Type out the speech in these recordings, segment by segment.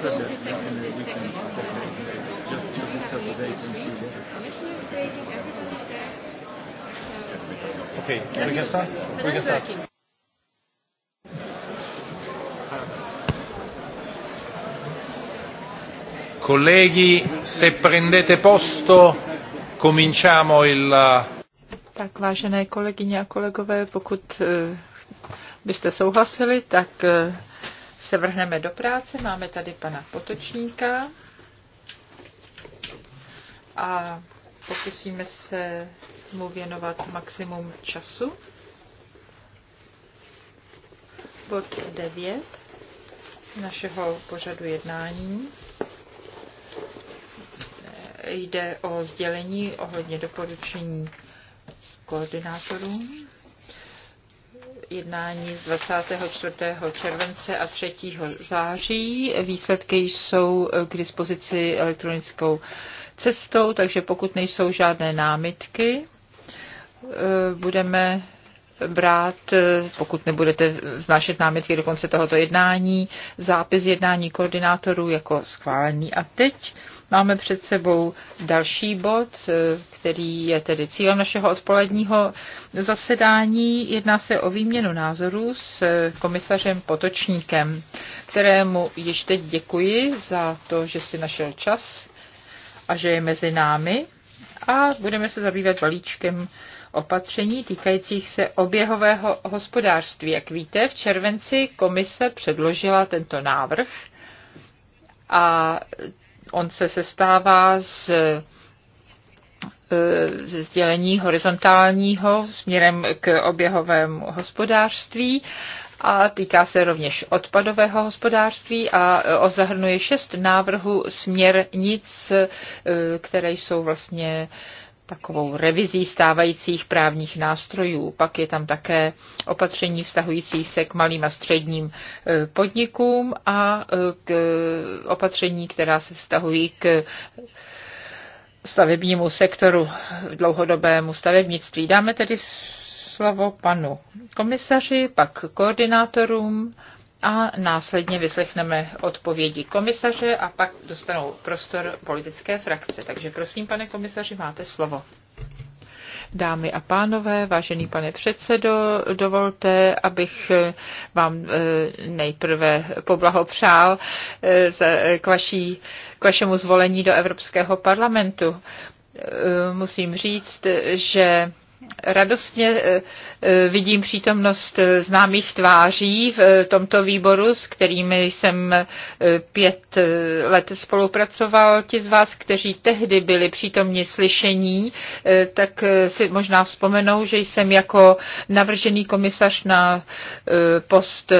said that we can just discuss the date and see later. Commissioner is waiting, everybody is there. Okay, we can start. We can start. Colleghi, se prendete posto, cominciamo il. Uh, tak vážené kolegyně a kolegové, pokud eh, byste souhlasili, tak eh, se vrhneme do práce. Máme tady pana Potočníka a pokusíme se mu věnovat maximum času. Bod 9 našeho pořadu jednání jde o sdělení ohledně doporučení koordinátorům jednání z 24. července a 3. září. Výsledky jsou k dispozici elektronickou cestou, takže pokud nejsou žádné námitky, eh, budeme brát, eh, pokud nebudete znášet námitky do konce tohoto jednání, zápis jednání koordinátorů jako schválený. A teď Máme před sebou další bod, eh, který je tedy cílem našeho odpoledního zasedání. Jedná se o výměnu názorů s eh, komisařem Potočníkem, kterému již teď děkuji za to, že si našel čas a že je mezi námi. A budeme se zabývat balíčkem opatření týkajících se oběhového hospodářství. Jak víte, v červenci komise předložila tento návrh a On se sestává z eh, ze sdělení horizontálního směrem k oběhovému hospodářství a týká se rovněž odpadového hospodářství a eh, zahrnuje šest návrhů směrnic, eh, které jsou vlastně takovou revizí stávajících právních nástrojů. Pak je tam také opatření vztahující se k malým a středním e, podnikům a e, k e, opatření, která se vztahují k stavebnímu sektoru, dlouhodobému stavebnictví. Dáme tedy slovo panu komisaři, pak koordinátorům a následně vyslechneme odpovědi komisaře a pak dostanou prostor politické frakce. Takže prosím, pane komisaři, máte slovo. Dámy a pánové, vážený pane předsedo, dovolte, abych vám eh, nejprve poblahopřál eh, k, vaší, k vašemu zvolení do Evropského parlamentu. Eh, musím říct, že radostně eh, eh, vidím přítomnost eh, známých tváří v tomto výboru, s kterými jsem pět let spolupracoval. Ti z vás, kteří tehdy byli přítomni slyšení, tak si možná vzpomenou, že jsem jako navržený komisař na post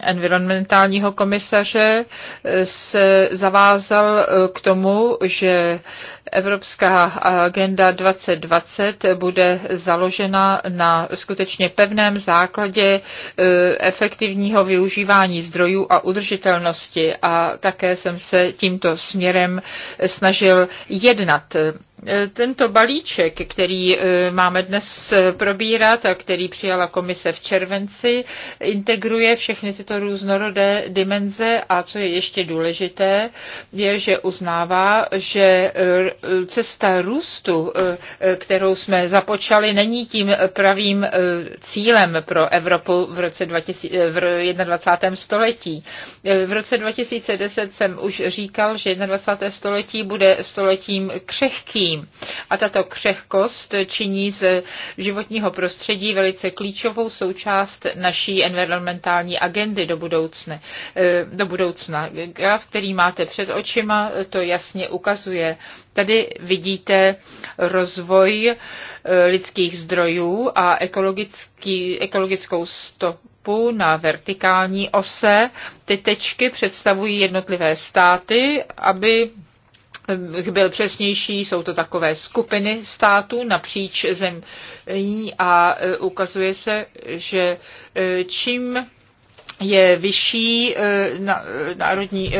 environmentálního komisaře eh, se zavázal eh, k tomu, že Evropská agenda 2020 bude založena na skutečně pevném základě eh, efektivního využívání zdrojů a udržitelnosti. A také jsem se tímto směrem snažil jednat E, tento balíček, který e, máme dnes e, probírat a který přijala komise v červenci, integruje všechny tyto různorodé dimenze a co je ještě důležité, je, že uznává, že cesta růstu, kterou jsme započali, není tím pravým cílem pro Evropu v roce 20, v 21. století. V roce 2010 jsem už říkal, že 21. století bude stoletím křehkým kritériím. A tato křehkost činí z životního prostředí velice klíčovou součást naší environmentální agendy do budoucna. Eh, do budoucna. Graf, který máte před očima, to jasně ukazuje. Tady vidíte rozvoj eh, lidských zdrojů a ekologický, ekologickou stopu na vertikální ose. Ty tečky představují jednotlivé státy, aby byl přesnější, jsou to takové skupiny států napříč zemí a e, ukazuje se, že e, čím je vyšší e, národní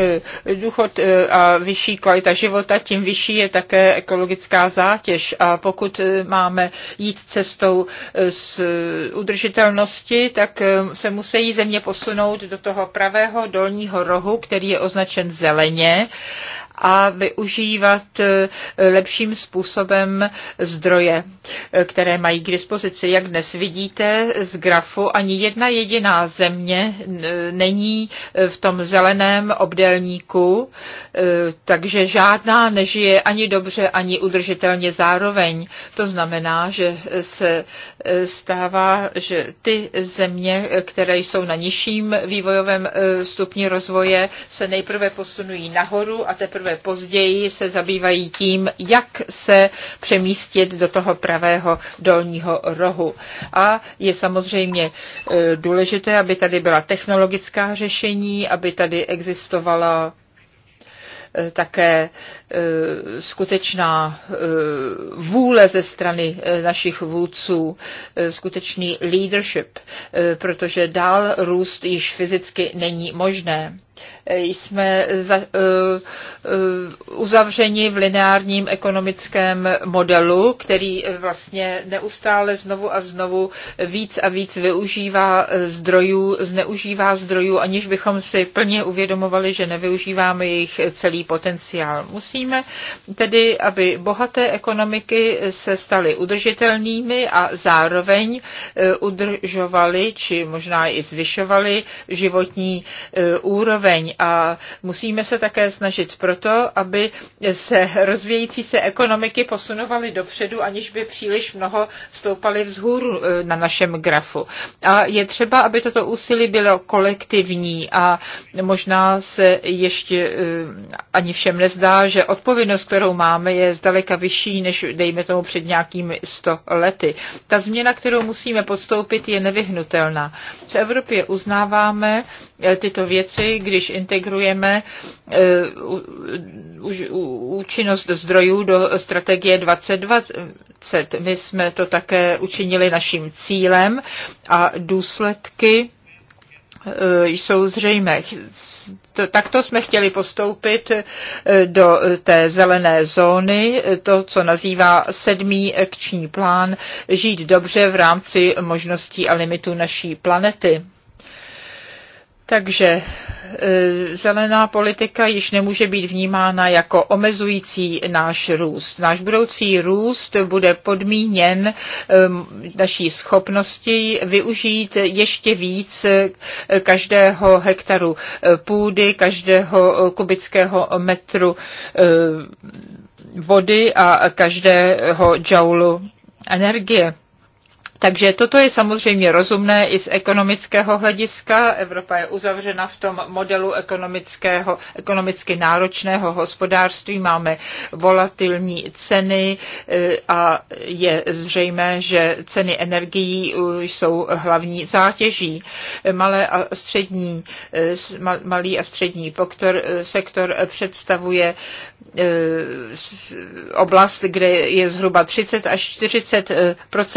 důchod a vyšší kvalita života, tím vyšší je také ekologická zátěž. A pokud máme jít cestou z udržitelnosti, tak se musí země posunout do toho pravého dolního rohu, který je označen zeleně a využívat eh, lepším způsobem zdroje, eh, které mají k dispozici. Jak dnes vidíte z grafu, ani jedna jediná země není eh, v tom zeleném obdélníku, takže žádná nežije ani dobře, ani udržitelně zároveň. To znamená, že se stává, že ty země, které jsou na nižším vývojovém stupni rozvoje, se nejprve posunují nahoru a teprve teprve později se zabývají tím, jak se přemístit do toho pravého dolního rohu. A je samozřejmě e, důležité, aby tady byla technologická řešení, aby tady existovala e, také e, skutečná vůle ze strany našich vůdců, skutečný leadership, protože dál růst již fyzicky není možné. Jsme za, eh, eh, uzavřeni v lineárním ekonomickém modelu, který vlastně neustále znovu a znovu víc a víc využívá zdrojů, zneužívá zdrojů, aniž bychom si plně uvědomovali, že nevyužíváme jejich celý potenciál. Musíme tedy, aby bohaté ekonomiky se staly udržitelnými a zároveň eh, udržovaly či možná i zvyšovaly životní úroveň úroveň a musíme se také snažit proto, aby se rozvíjející se ekonomiky posunovaly dopředu, aniž by příliš mnoho stoupaly vzhůru e, na našem grafu. A je třeba, aby toto úsilí bylo kolektivní a možná se ještě e, ani všem nezdá, že odpovědnost, kterou máme, je zdaleka vyšší, než dejme tomu před nějakými 100 lety. Ta změna, kterou musíme podstoupit, je nevyhnutelná. V Evropě uznáváme e, tyto věci, když když integrujeme eh, účinnost zdrojů do strategie 2020. My jsme to také učinili naším cílem a důsledky eh, jsou zřejmé. Takto jsme chtěli postoupit eh, do té zelené zóny, to, co nazývá sedmý akční plán, žít dobře v rámci možností a limitů naší planety. Takže e, zelená politika již nemůže být vnímána jako omezující náš růst. Náš budoucí růst bude podmíněn e, naší schopností využít ještě víc e, každého hektaru půdy, každého kubického metru vody a každého džaulu energie. Takže toto je samozřejmě rozumné i z ekonomického hlediska. Evropa je uzavřena v tom modelu ekonomického, ekonomicky náročného hospodářství. Máme volatilní ceny eh, a je zřejmé, že ceny energií jsou hlavní zátěží. Malé a střední, eh, malý a střední sektor, eh, sektor představuje oblast, kde je zhruba 30 až 40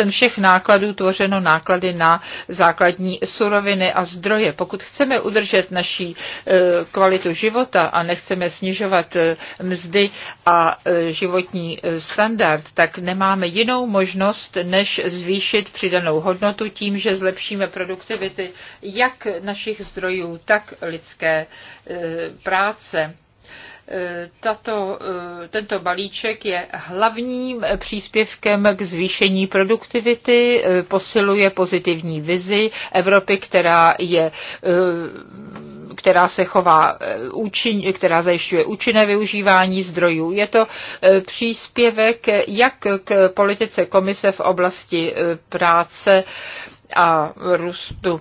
všech nákladů nákladů tvořeno náklady na základní suroviny a zdroje. Pokud chceme udržet naší e, kvalitu života a nechceme snižovat e, mzdy a e, životní standard, tak nemáme jinou možnost, než zvýšit přidanou hodnotu tím, že zlepšíme produktivity jak našich zdrojů, tak lidské práce. Tato, eh, tento balíček je hlavním příspěvkem k zvýšení produktivity, eh, posiluje pozitivní vizi Evropy, která je eh, která se chová která zajišťuje účinné využívání zdrojů. Je to příspěvek jak k politice komise v oblasti práce a růstu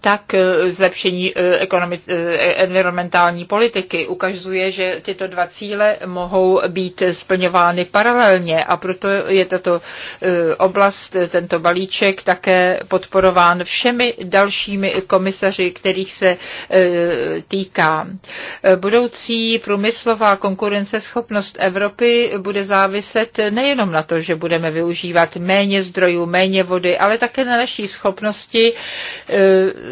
tak e, zlepšení e, e, environmentální politiky ukazuje, že tyto dva cíle mohou být splňovány paralelně a proto je tato oblast, tento balíček také podporován všemi dalšími komisaři, kterých se týká. Budoucí průmyslová konkurenceschopnost Evropy bude záviset nejenom na to, že budeme využívat méně zdrojů, méně vody, ale také na naší schopnosti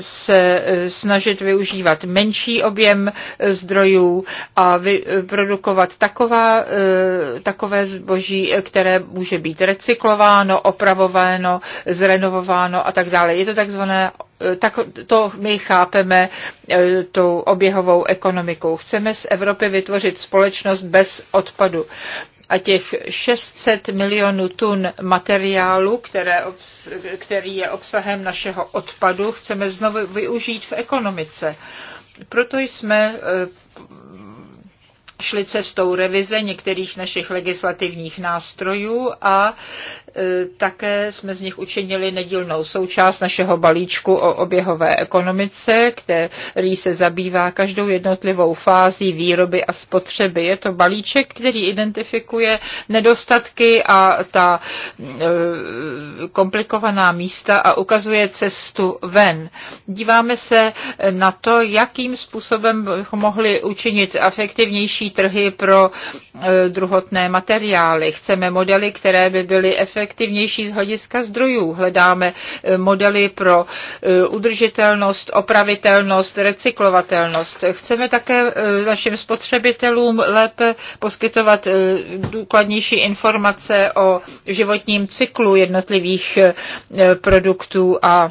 se eh, snažit využívat menší objem eh, zdrojů a eh, produkovat taková, takové zboží, které může být recyklováno, opravováno, zrenovováno a tak dále. Je to takzvané tak to my chápeme tou oběhovou ekonomikou. Chceme z Evropy vytvořit společnost bez odpadu a těch 600 milionů tun materiálu, které, který je obsahem našeho odpadu, chceme znovu využít v ekonomice. Proto jsme e, šli cestou revize některých našich legislativních nástrojů a E, také jsme z nich učinili nedílnou součást našeho balíčku o oběhové ekonomice, který se zabývá každou jednotlivou fází výroby a spotřeby. Je to balíček, který identifikuje nedostatky a ta e, komplikovaná místa a ukazuje cestu ven. Díváme se na to, jakým způsobem bychom mohli učinit efektivnější trhy pro e, druhotné materiály. Chceme modely, které by byly efektivní efektivnější z hlediska zdrojů. Hledáme eh, modely pro eh, udržitelnost, opravitelnost, recyklovatelnost. Chceme také eh, našim spotřebitelům lépe poskytovat důkladnější informace o životním cyklu jednotlivých produktů a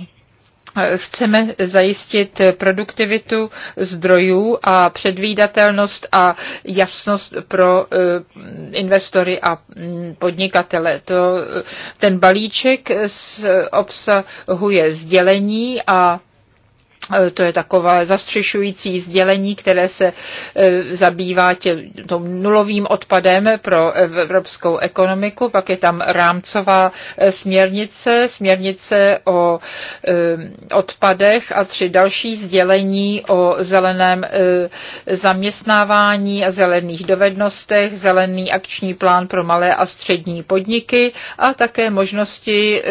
chceme zajistit produktivitu zdrojů a předvídatelnost a jasnost pro eh, investory a mm, podnikatele. To, eh, ten balíček obsahuje sdělení a Eh, to je takové zastřešující sdělení, které se eh, zabývá tím nulovým odpadem pro evropskou ekonomiku. Pak je tam rámcová eh, směrnice, směrnice o odpadech a tři další sdělení o zeleném zaměstnávání a zelených dovednostech, zelený akční plán pro malé a střední podniky a také možnosti,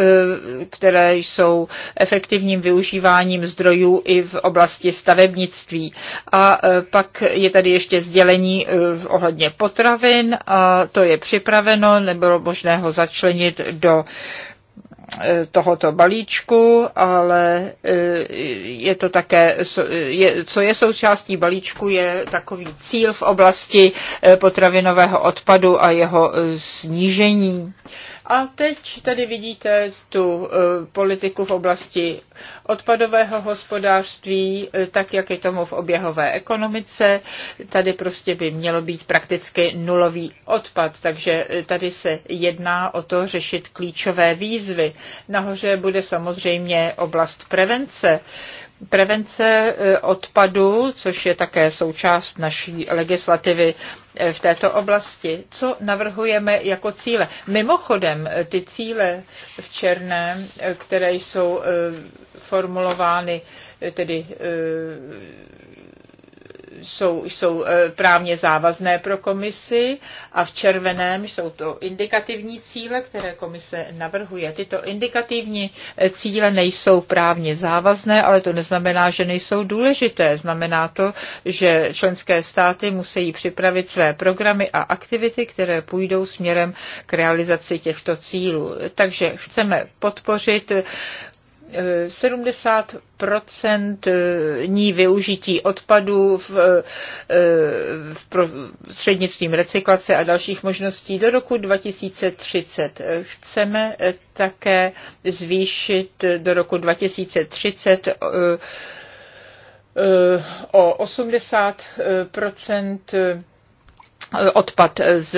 které jsou efektivním využíváním zdrojů i v oblasti stavebnictví. A e, pak je tady ještě sdělení e, ohledně potravin a to je připraveno, nebylo možné ho začlenit do e, tohoto balíčku, ale je to také, co je součástí balíčku, je takový cíl v oblasti potravinového odpadu a jeho snížení. A teď tady vidíte tu e, politiku v oblasti odpadového hospodářství, e, tak jak je tomu v oběhové ekonomice. Tady prostě by mělo být prakticky nulový odpad, takže e, tady se jedná o to řešit klíčové výzvy. Nahoře bude samozřejmě oblast prevence. Prevence e, odpadu, což je také součást naší legislativy e, v této oblasti. Co navrhujeme jako cíle? Mimochodem, e, ty cíle v černém, které jsou formulovány tedy jsou, jsou eh, právně závazné pro komisi a v červeném jsou to indikativní cíle, které komise navrhuje. Tyto indikativní eh, cíle nejsou právně závazné, ale to neznamená, že nejsou důležité. Znamená to, že členské státy musí připravit své programy a aktivity, které půjdou směrem k realizaci těchto cílů. Takže chceme podpořit 70 ní využití odpadů v, eh, v střednictvím recyklace a dalších možností do roku 2030. Chceme také zvýšit do roku 2030 eh, eh, o 80 odpad z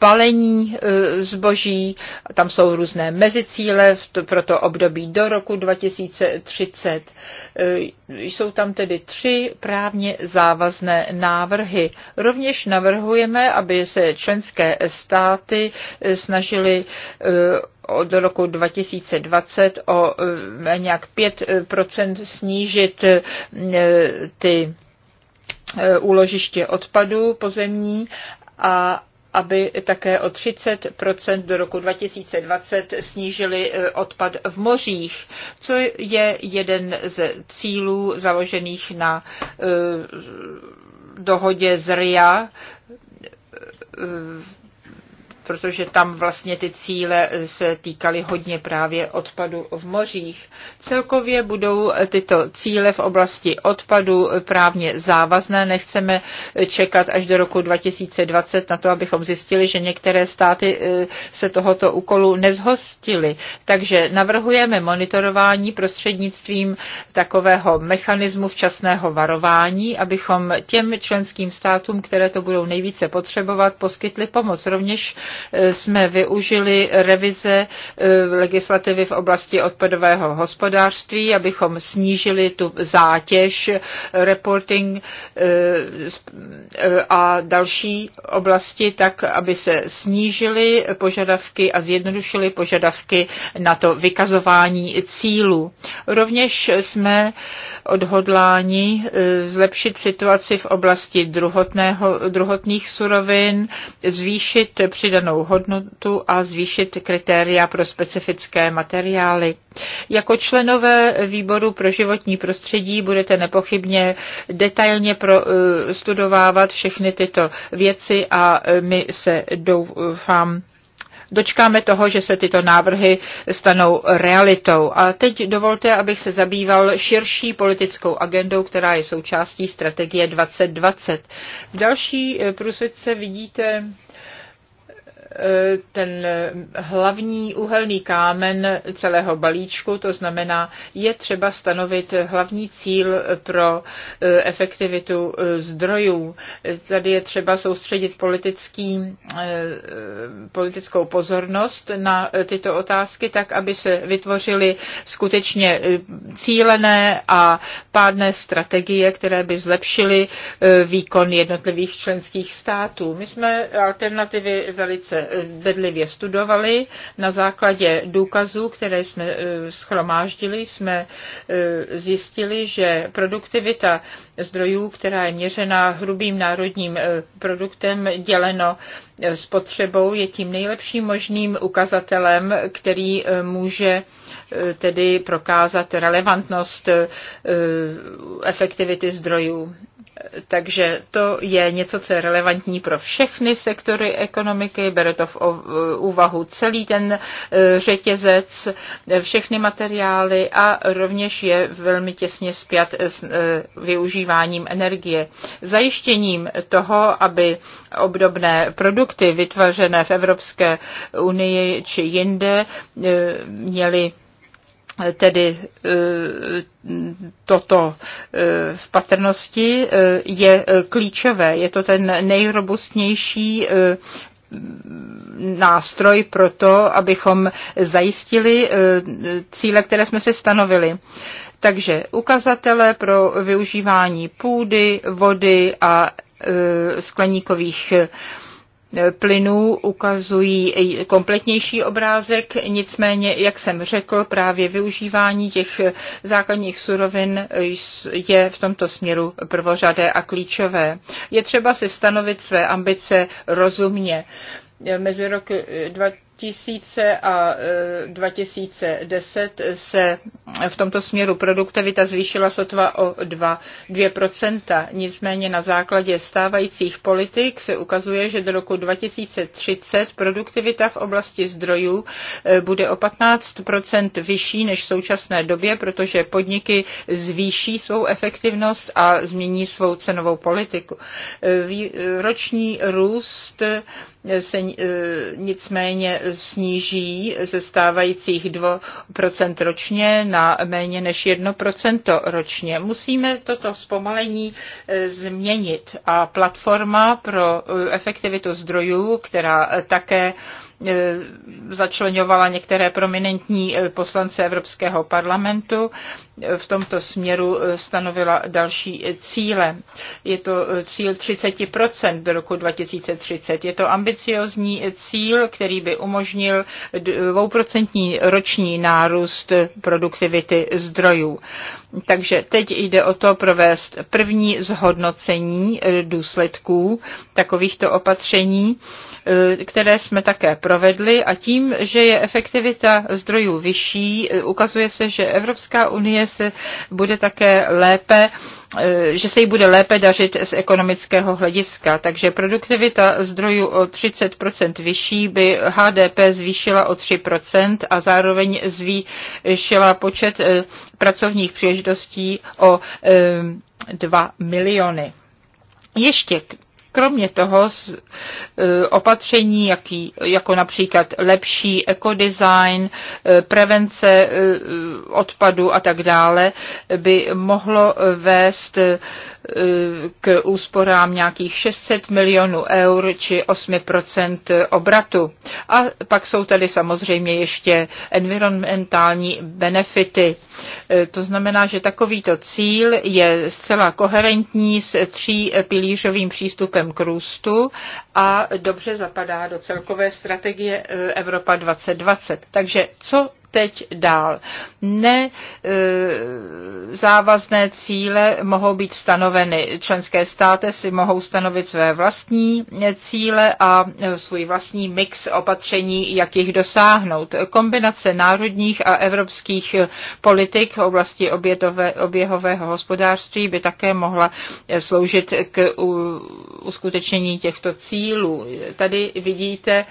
balení e, zboží, tam jsou různé mezicíle pro to období do roku 2030. E, jsou tam tedy tři právně závazné návrhy. Rovněž navrhujeme, aby se členské státy e, snažily od roku 2020 o nějak 5% snížit ty úložiště odpadů pozemní a aby také o 30 do roku 2020 snížili e, odpad v mořích, co je jeden z cílů založených na e, dohodě z RIA e, protože tam vlastně ty cíle se týkaly hodně právě odpadu v mořích. Celkově budou tyto cíle v oblasti odpadu právně závazné. Nechceme čekat až do roku 2020 na to, abychom zjistili, že některé státy e, se tohoto úkolu nezhostily. Takže navrhujeme monitorování prostřednictvím takového mechanismu včasného varování, abychom těm členským státům, které to budou nejvíce potřebovat, poskytli pomoc. Rovněž Eh, jsme využili revize eh, legislativy v oblasti odpadového hospodářství, abychom snížili tu zátěž reporting eh, a další oblasti tak, aby se snížily požadavky a zjednodušily požadavky na to vykazování cílů. Rovněž jsme odhodláni zlepšit situaci v oblasti druhotného, druhotných surovin, zvýšit přidat přidanou hodnotu a zvýšit kritéria pro specifické materiály. Jako členové výboru pro životní prostředí budete nepochybně detailně pro, eh, studovávat všechny tyto věci a eh, my se doufám dočkáme toho, že se tyto návrhy stanou realitou. A teď dovolte, abych se zabýval širší politickou agendou, která je součástí strategie 2020. V další eh, průsvědce vidíte Eh, ten hlavní uhelný kámen celého balíčku, to znamená, je třeba stanovit hlavní cíl pro eh, efektivitu eh, zdrojů. Tady je třeba soustředit politický, politickou pozornost na tyto otázky, tak aby se vytvořily skutečně cílené a pádné strategie, které by zlepšily výkon jednotlivých členských států. My jsme alternativy velice bedlivě studovali. Na základě důkazů, které jsme eh, schromáždili, jsme eh, zjistili, že produktivita zdrojů, která je měřena hrubým národním eh, produktem děleno spotřebou, je tím nejlepším možným ukazatelem, který může tedy prokázat relevantnost eh, efektivity zdrojů. Takže to je něco, co je relevantní pro všechny sektory ekonomiky, bere to v úvahu celý ten eh, řetězec, všechny materiály a rovněž je velmi těsně spjat s eh, využíváním energie. Zajištěním toho, aby obdobné produkty vytvořené v Evropské unii či jinde měly tedy e, toto e, v patrnosti e, je klíčové. Je to ten nejrobustnější nástroj pro to, abychom zajistili cíle, které jsme si stanovili. Takže ukazatele pro využívání půdy, vody a skleníkových plynů ukazují kompletnější obrázek, nicméně, jak jsem řekl, právě využívání těch základních surovin je v tomto směru prvořadé a klíčové. Je třeba si stanovit své ambice rozumně mezi roky 2000 2000 a 2010 e, se v tomto směru produktivita zvýšila sotva o 2, 2%. Nicméně na základě stávajících politik se ukazuje, že do roku 2030 produktivita v oblasti zdrojů e, bude o 15% vyšší než v současné době, protože podniky zvýší svou efektivnost a změní svou cenovou politiku. E, roční růst se eh, nicméně sníží ze stávajících 2% ročně na méně než 1% ročně. Musíme toto zpomalení eh, změnit a platforma pro eh, efektivitu zdrojů, která také E, začlenovala některé prominentní e, poslance Evropského parlamentu. E, v tomto směru stanovila další cíle. Je to cíl 30% do roku 2030. Je to ambiciozní cíl, který by umožnil dvouprocentní roční nárůst produktivity zdrojů. Takže teď jde o to provést první zhodnocení důsledků takovýchto opatření, které jsme také provedli a tím, že je efektivita zdrojů vyšší, eh, ukazuje se, že Evropská unie se bude také lépe eh, že se jí bude lépe dařit z ekonomického hlediska. Takže produktivita zdrojů o 30 vyšší by HDP zvýšila o 3 a zároveň zvýšila počet eh, pracovních příležitostí o 2 miliony. Ještě Kromě toho e, opatření, jaký, jako například lepší ekodesign, e, prevence e, odpadu a tak dále, by mohlo vést k úsporám nějakých 600 milionů eur či 8% obratu. A pak jsou tady samozřejmě ještě environmentální benefity. To znamená, že takovýto cíl je zcela koherentní s tří pilířovým přístupem tempem k růstu a dobře zapadá do celkové strategie eh, Evropa 2020. Takže co teď dál. Ne e, závazné cíle mohou být stanoveny. Členské státy si mohou stanovit své vlastní cíle a e, svůj vlastní mix opatření, jak jich dosáhnout. Kombinace národních a evropských e, politik v oblasti obětové, oběhového hospodářství by také mohla sloužit k uskutečnění těchto cílů. Tady vidíte,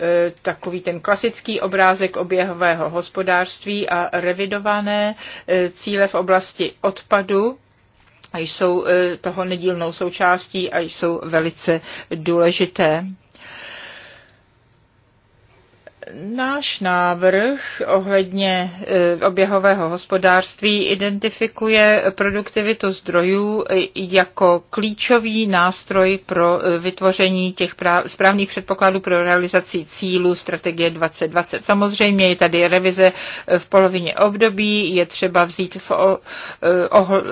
E, takový ten klasický obrázek oběhového hospodářství a revidované e, cíle v oblasti odpadu jsou e, toho nedílnou součástí a jsou velice důležité. Náš návrh ohledně eh, oběhového hospodářství identifikuje produktivitu zdrojů eh, jako klíčový nástroj pro eh, vytvoření těch správných předpokladů pro realizaci cílů strategie 2020. Samozřejmě je tady revize v polovině období, je třeba vzít v ohl,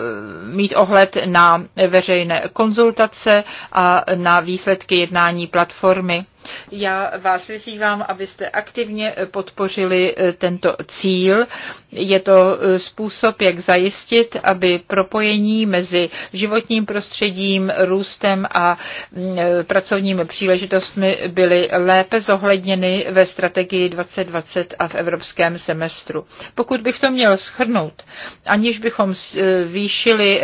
mít ohled na veřejné konzultace a na výsledky jednání platformy já vás vyzývám, abyste aktivně eh, podpořili eh, tento cíl. Je to eh, způsob, jak zajistit, aby propojení mezi životním prostředím, růstem a mm, pracovními příležitostmi byly lépe zohledněny ve strategii 2020 a v evropském semestru. Pokud bych to měl schrnout, aniž bychom výšili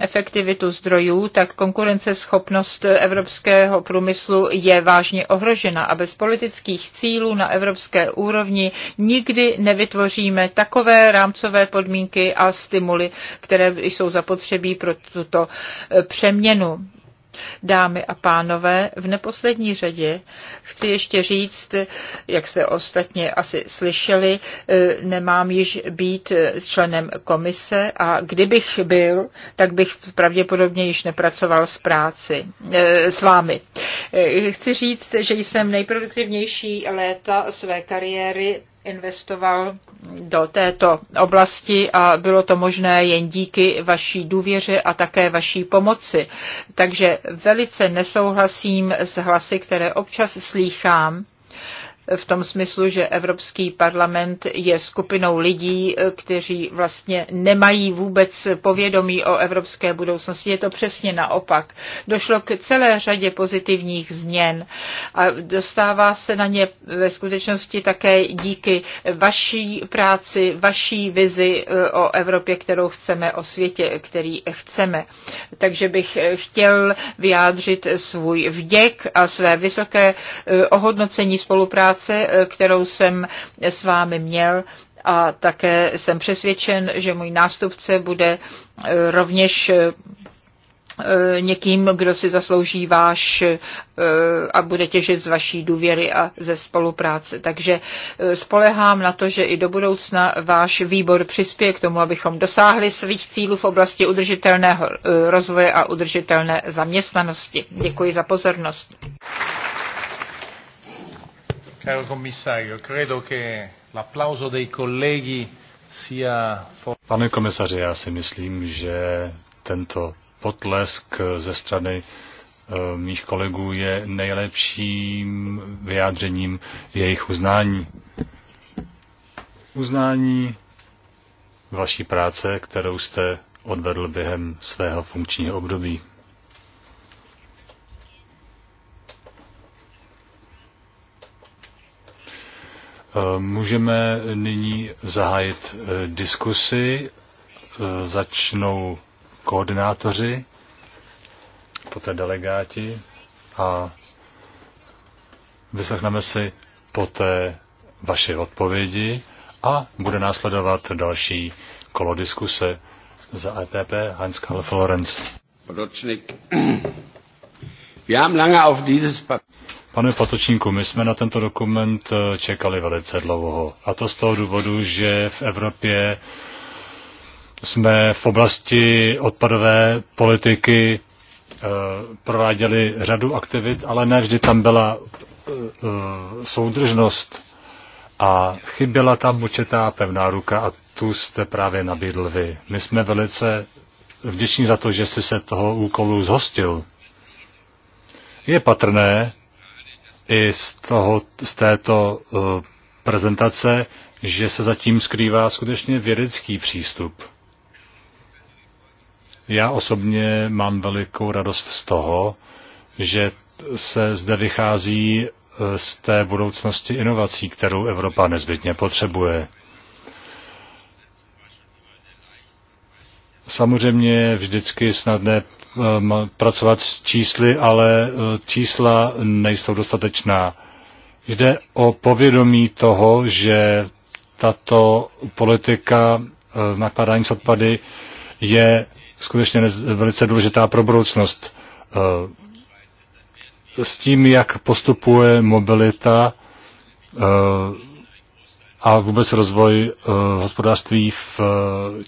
efektivitu zdrojů, tak konkurenceschopnost evropského průmyslu je vážně ohrožena a bez politických cílů na evropské úrovni nikdy nevytvoříme takové rámcové podmínky a stimuly, které jsou zapotřebí pro tuto eh, přeměnu. Dámy a pánové, v neposlední řadě chci ještě říct, jak jste ostatně asi slyšeli, eh, nemám již být eh, členem komise a kdybych byl, tak bych pravděpodobně již nepracoval s práci eh, s vámi. Chci říct, že jsem nejproduktivnější léta své kariéry investoval do této oblasti a bylo to možné jen díky vaší důvěře a také vaší pomoci. Takže velice nesouhlasím s hlasy, které občas slýchám v tom smyslu, že Evropský parlament je skupinou lidí, kteří vlastně nemají vůbec povědomí o evropské budoucnosti. Je to přesně naopak. Došlo k celé řadě pozitivních změn a dostává se na ně ve skutečnosti také díky vaší práci, vaší vizi e, o Evropě, kterou chceme, o světě, který chceme. Takže bych chtěl vyjádřit svůj vděk a své vysoké e, ohodnocení spolupráce práce, eh, kterou jsem s vámi měl a také jsem přesvědčen, že můj nástupce bude eh, rovněž eh, někým, kdo si zaslouží váš a bude těžit z vaší důvěry a ze spolupráce. Takže spolehám na to, že i do budoucna váš výbor přispěje k tomu, abychom dosáhli svých cílů v oblasti udržitelného rozvoje a udržitelné zaměstnanosti. Děkuji za pozornost. Caro komisario, credo che l'applauso dei colleghi sia... Pane komisaři, já si myslím, že tento potlesk ze strany eh, mých kolegů je nejlepším vyjádřením jejich uznání. Uznání vaší práce, kterou jste odvedl během svého funkčního období. Eh, můžeme nyní zahájit eh, diskusy. Eh, začnou koordinátoři, poté delegáti a vyslechneme si poté vaše odpovědi a bude následovat další kolo diskuse za ATP e Hans Karl Florenz. Wir haben lange auf dieses Papier. Pane Patočníku, my jsme na tento dokument eh, čekali velice dlouho. A to z toho důvodu, že v Evropě jsme v oblasti odpadové politiky eh, prováděli řadu aktivit, ale ne vždy tam byla eh, soudržnost a chyběla tam určitá pevná ruka a tu jste právě nabídl vy. My jsme velice vděční za to, že jste se toho úkolu zhostil. Je patrné, i z, toho, z této uh, prezentace, že se zatím skrývá skutečně vědecký přístup. Já osobně mám velikou radost z toho, že se zde vychází eh, z té budoucnosti inovací, kterou Evropa nezbytně potřebuje. Samozřejmě vždycky snadné Eh, pracovat s čísly, ale eh, čísla nejsou dostatečná. Jde o povědomí toho, že tato politika eh, nakládání s odpady je skutečně velice důležitá pro budoucnost. S tím, jak postupuje mobilita a vůbec rozvoj hospodářství v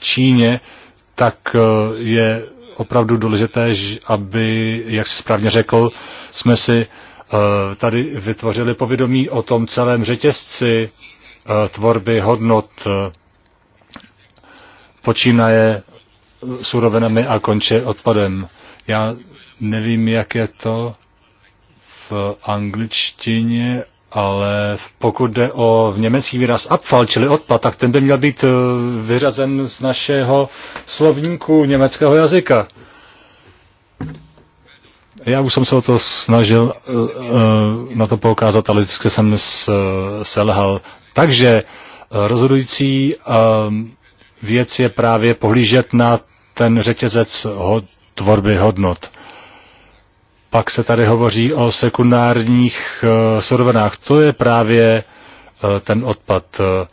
Číně, tak je opravdu důležité, aby, jak si správně řekl, jsme si eh, tady vytvořili povědomí o tom celém řetězci eh, tvorby hodnot eh, počínaje surovinami a konče odpadem. Já nevím, jak je to v angličtině, ale pokud jde o v německý výraz abfall, čili odpad, tak ten by měl být eh, vyřazen z našeho slovníku německého jazyka. Já už jsem se o to snažil eh, eh, na to poukázat, ale vždycky jsem selhal. Takže rozhodující věc je právě pohlížet na ten řetězec tvorby hodnot. Pak se tady hovoří o sekundárních eh, surovinách. To je právě eh, ten odpad. Eh,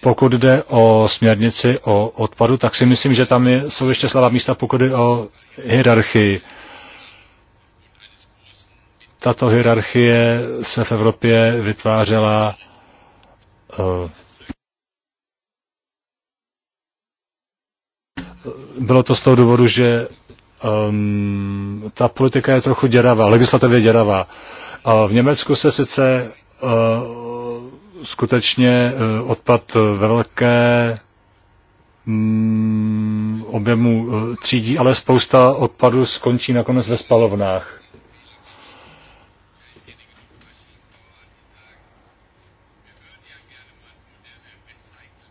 pokud jde o směrnici o odpadu, tak si myslím, že tam je, jsou ještě slabá místa, pokud jde o hierarchii. Tato hierarchie se v Evropě vytvářela bylo to z toho důvodu, že um, ta politika je trochu děravá, legislativě děravá. A v Německu se sice uh, skutečně uh, odpad ve velké mm, objemu eh, třídí, ale spousta odpadu skončí nakonec ve spalovnách.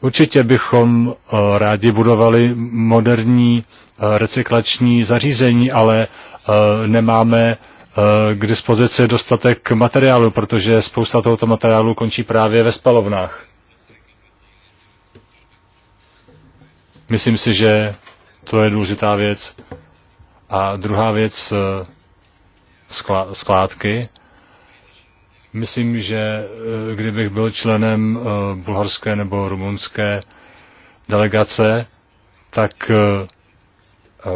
Určitě bychom rádi budovali moderní Eh, recyklační zařízení, ale eh, nemáme eh, k dispozici dostatek materiálu, protože spousta tohoto materiálu končí právě ve spalovnách. Myslím si, že to je důležitá věc. A druhá věc, skládky. Myslím, že kdybych byl členem bulharské nebo rumunské delegace, tak Eh,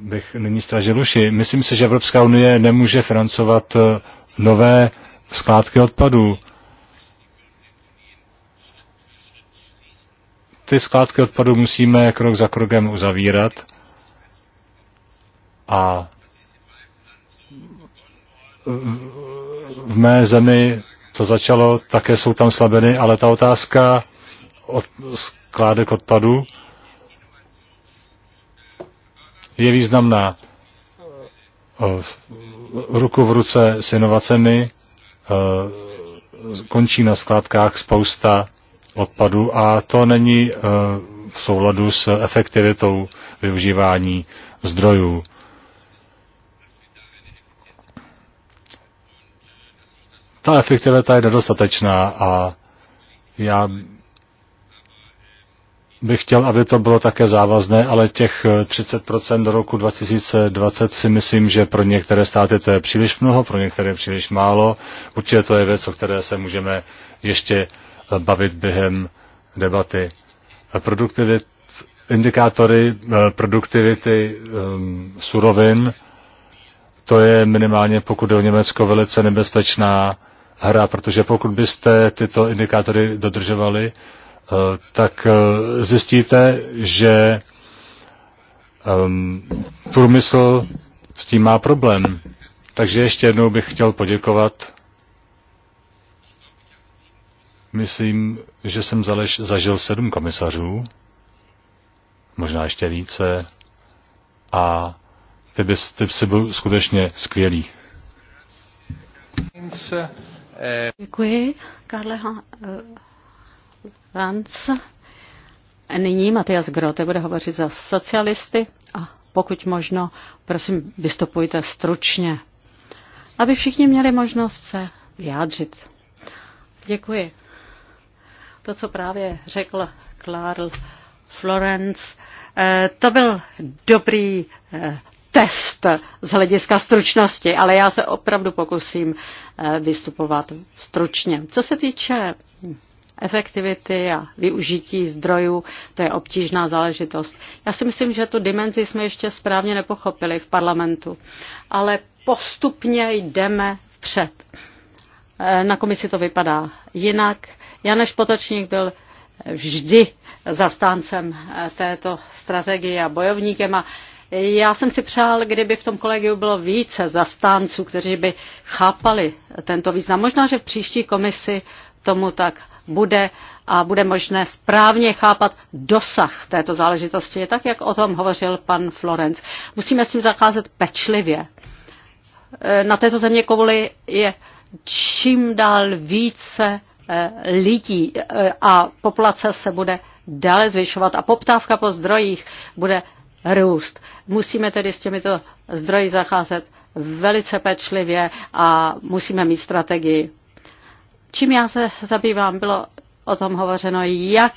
bych nyní stražil uši. Myslím si, že Evropská unie nemůže financovat eh, nové skládky odpadů. Ty skládky odpadů musíme krok za krokem uzavírat a v mé zemi to začalo, také jsou tam slabiny, ale ta otázka od skládek odpadů je významná ruku v ruce s inovacemi, končí na skládkách spousta odpadu a to není v souladu s efektivitou využívání zdrojů. Ta efektivita je nedostatečná a já bych chtěl, aby to bylo také závazné, ale těch 30% eh, do roku 2020 si myslím, že pro některé státy to je příliš mnoho, pro některé příliš málo. Určitě to je věc, o které se můžeme ještě eh, bavit během debaty. Produktivit, indikátory eh, produktivity ehm, surovin, to je minimálně, pokud je o Německo, velice nebezpečná hra, protože pokud byste tyto indikátory dodržovali, Eh, tak eh, zjistíte, že ehm, průmysl s tím má problém. Takže ještě jednou bych chtěl poděkovat. Myslím, že jsem zalež, zažil sedm komisařů, možná ještě více, a ty bys, ty jsi byl skutečně skvělý. Děkuji, Karle Franz. Nyní Matias Grote bude hovořit za socialisty a pokud možno, prosím, vystupujte stručně, aby všichni měli možnost se vyjádřit. Děkuji. To, co právě řekl Karl Florence, eh, to byl dobrý eh, test z hlediska stručnosti, ale já se opravdu pokusím eh, vystupovat stručně. Co se týče efektivity a využití zdrojů, to je obtížná záležitost. Já si myslím, že tu dimenzi jsme ještě správně nepochopili v parlamentu, ale postupně jdeme vpřed. Na komisi to vypadá jinak. Janeš Potočník byl vždy zastáncem této strategie a bojovníkem a já jsem si přál, kdyby v tom kolegiu bylo více zastánců, kteří by chápali tento význam. Možná, že v příští komisi tomu tak bude a bude možné správně chápat dosah této záležitosti, tak jak o tom hovořil pan Florenc. Musíme s tím zacházet pečlivě. E, na této země kouli je čím dál více e, lidí e, a populace se bude dále zvyšovat a poptávka po zdrojích bude růst. Musíme tedy s těmito zdroji zacházet velice pečlivě a musíme mít strategii čím já se zabývám, bylo o tom hovořeno, jak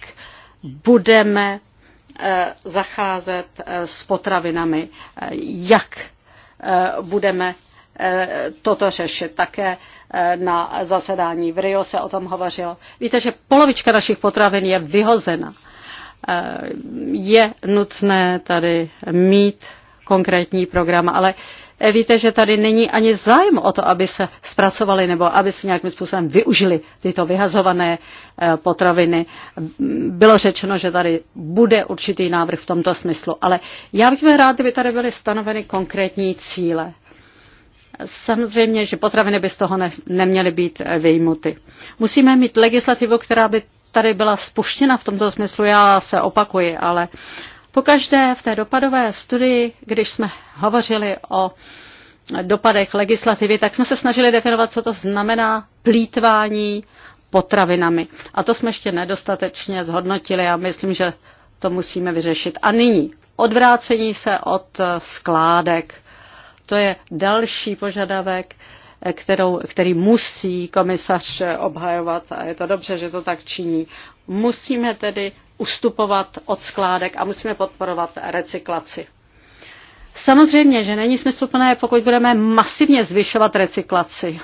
budeme eh, zacházet eh, s potravinami, eh, jak budeme toto řešit. Také na zasedání v Rio se o tom hovořilo. Víte, že polovička našich potravin je vyhozena. Je nutné tady mít konkrétní program, ale Víte, že tady není ani zájem o to, aby se zpracovaly nebo aby se nějakým způsobem využili tyto vyhazované eh, potraviny. Bylo řečeno, že tady bude určitý návrh v tomto smyslu, ale já bych byl rád, kdyby tady byly stanoveny konkrétní cíle. Samozřejmě, že potraviny by z toho ne, neměly být eh, vyjmuty. Musíme mít legislativu, která by tady byla spuštěna v tomto smyslu. Já se opakuji, ale uh, Pokaždé v té dopadové studii, když jsme hovořili o dopadech legislativy, tak jsme se snažili definovat, co to znamená plítvání potravinami. A to jsme ještě nedostatečně zhodnotili a myslím, že to musíme vyřešit. A nyní odvrácení se od skládek. To je další požadavek, kterou, který musí komisař obhajovat a je to dobře, že to tak činí. Musíme tedy ustupovat od skládek a musíme podporovat recyklaci. Samozřejmě, že není smysluplné, pokud budeme masivně zvyšovat recyklaci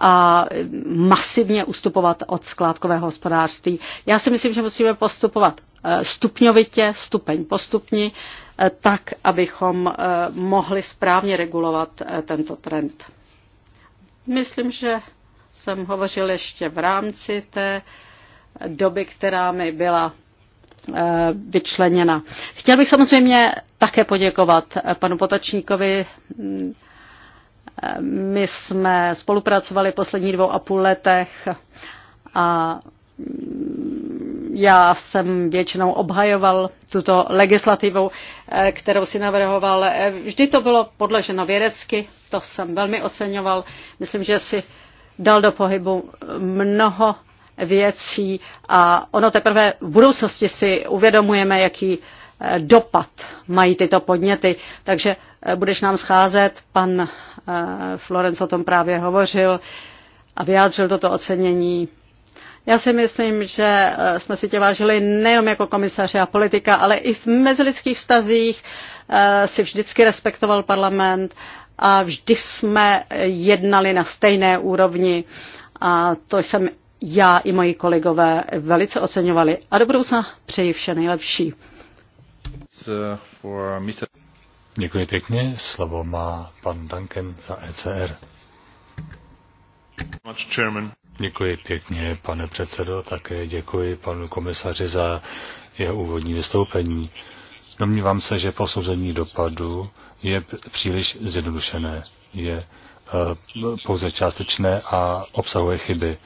a masivně ustupovat od skládkového hospodářství. Já si myslím, že musíme postupovat eh, stupňovitě, stupeň postupně, eh, tak, abychom eh, mohli správně regulovat tento trend. Myslím, že jsem hovořil ještě v rámci té doby, která mi byla eh, vyčleněna. Chtěl bych samozřejmě také poděkovat eh, panu Potačníkovi. Mm, eh, my jsme spolupracovali poslední dvou a půl letech a mm, já jsem většinou obhajoval tuto legislativu, kterou si navrhoval. Vždy to bylo podleženo vědecky, to jsem velmi oceňoval. Myslím, že si dal do pohybu mnoho věcí a ono teprve v budoucnosti si uvědomujeme, jaký eh, dopad mají tyto podněty. Takže eh, budeš nám scházet, pan eh, Florenc o tom právě hovořil a vyjádřil toto ocenění. Já si myslím, že jsme si tě vážili nejen jako komisaře a politika, ale i v mezilidských vztazích si vždycky respektoval parlament a vždy jsme jednali na stejné úrovni. A to jsem já i moji kolegové velice oceňovali a do budoucna přeji vše nejlepší. Děkuji pěkně. Slovo má pan Duncan za ECR. Děkuji pěkně, pane předsedo. Také děkuji panu komisaři za jeho úvodní vystoupení. Domnívám se, že posouzení dopadu je příliš zjednodušené, je eh, pouze částečné a obsahuje chyby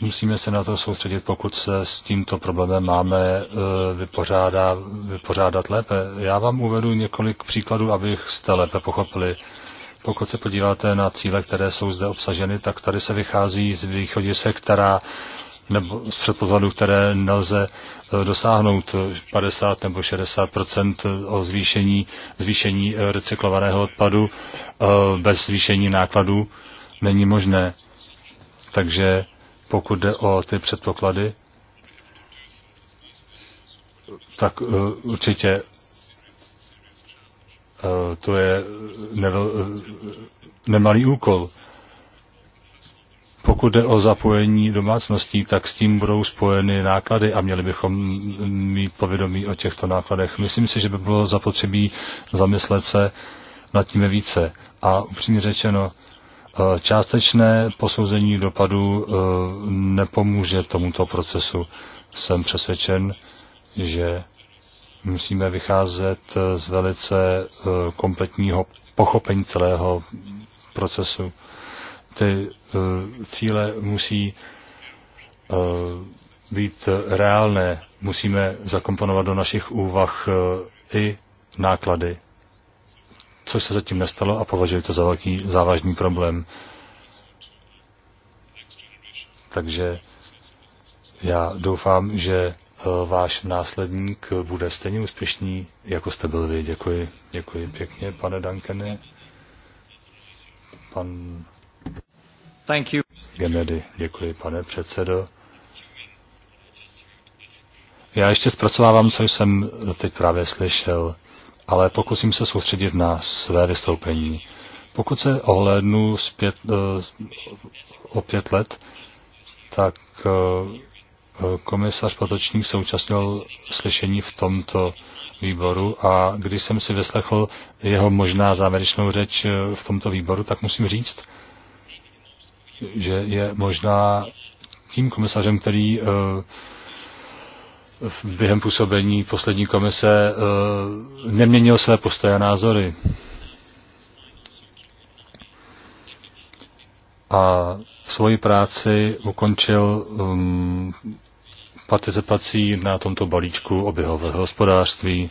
musíme se na to soustředit, pokud se s tímto problémem máme eh, vypořádat, vypořádat lépe. Já vám uvedu několik příkladů, abyste lépe pochopili. Pokud se podíváte na cíle, které jsou zde obsaženy, tak tady se vychází z východisek, která nebo z předpokladů, které nelze eh, dosáhnout 50 nebo 60 o zvýšení, zvýšení eh, recyklovaného odpadu bez zvýšení nákladů není možné. Takže pokud jde o ty předpoklady, tak eh, určitě eh, to je nevel, eh, nemalý úkol. Pokud jde o zapojení domácností, tak s tím budou spojeny náklady a měli bychom mít povědomí o těchto nákladech. Myslím si, že by bylo zapotřebí zamyslet se nad tím více. A upřímně řečeno, Eh, částečné posouzení dopadu eh, nepomůže tomuto procesu. Jsem přesvědčen, že musíme vycházet eh, z velice kompletního pochopení celého procesu. Ty cíle musí být reálné. Musíme zakomponovat do našich úvah i náklady což se zatím nestalo a považuji to za velký závažný problém. Takže já doufám, že e, váš následník bude stejně úspěšný, jako jste byl vy. Děkuji, děkuji pěkně, pane Dankene. Pan Thank you. Genedy, děkuji, pane předsedo. Já ještě zpracovávám, co jsem teď právě slyšel ale pokusím se soustředit na své vystoupení. Pokud se ohlédnu zpět, eh, o pět let, tak eh, komisař Potočník se účastnil slyšení v tomto výboru a když jsem si vyslechl jeho možná závěrečnou řeč eh, v tomto výboru, tak musím říct, že je možná tím komisařem, který během působení poslední komise eh, neměnil své postoje a názory. A svoji práci ukončil um, participací na tomto balíčku oběhového hospodářství.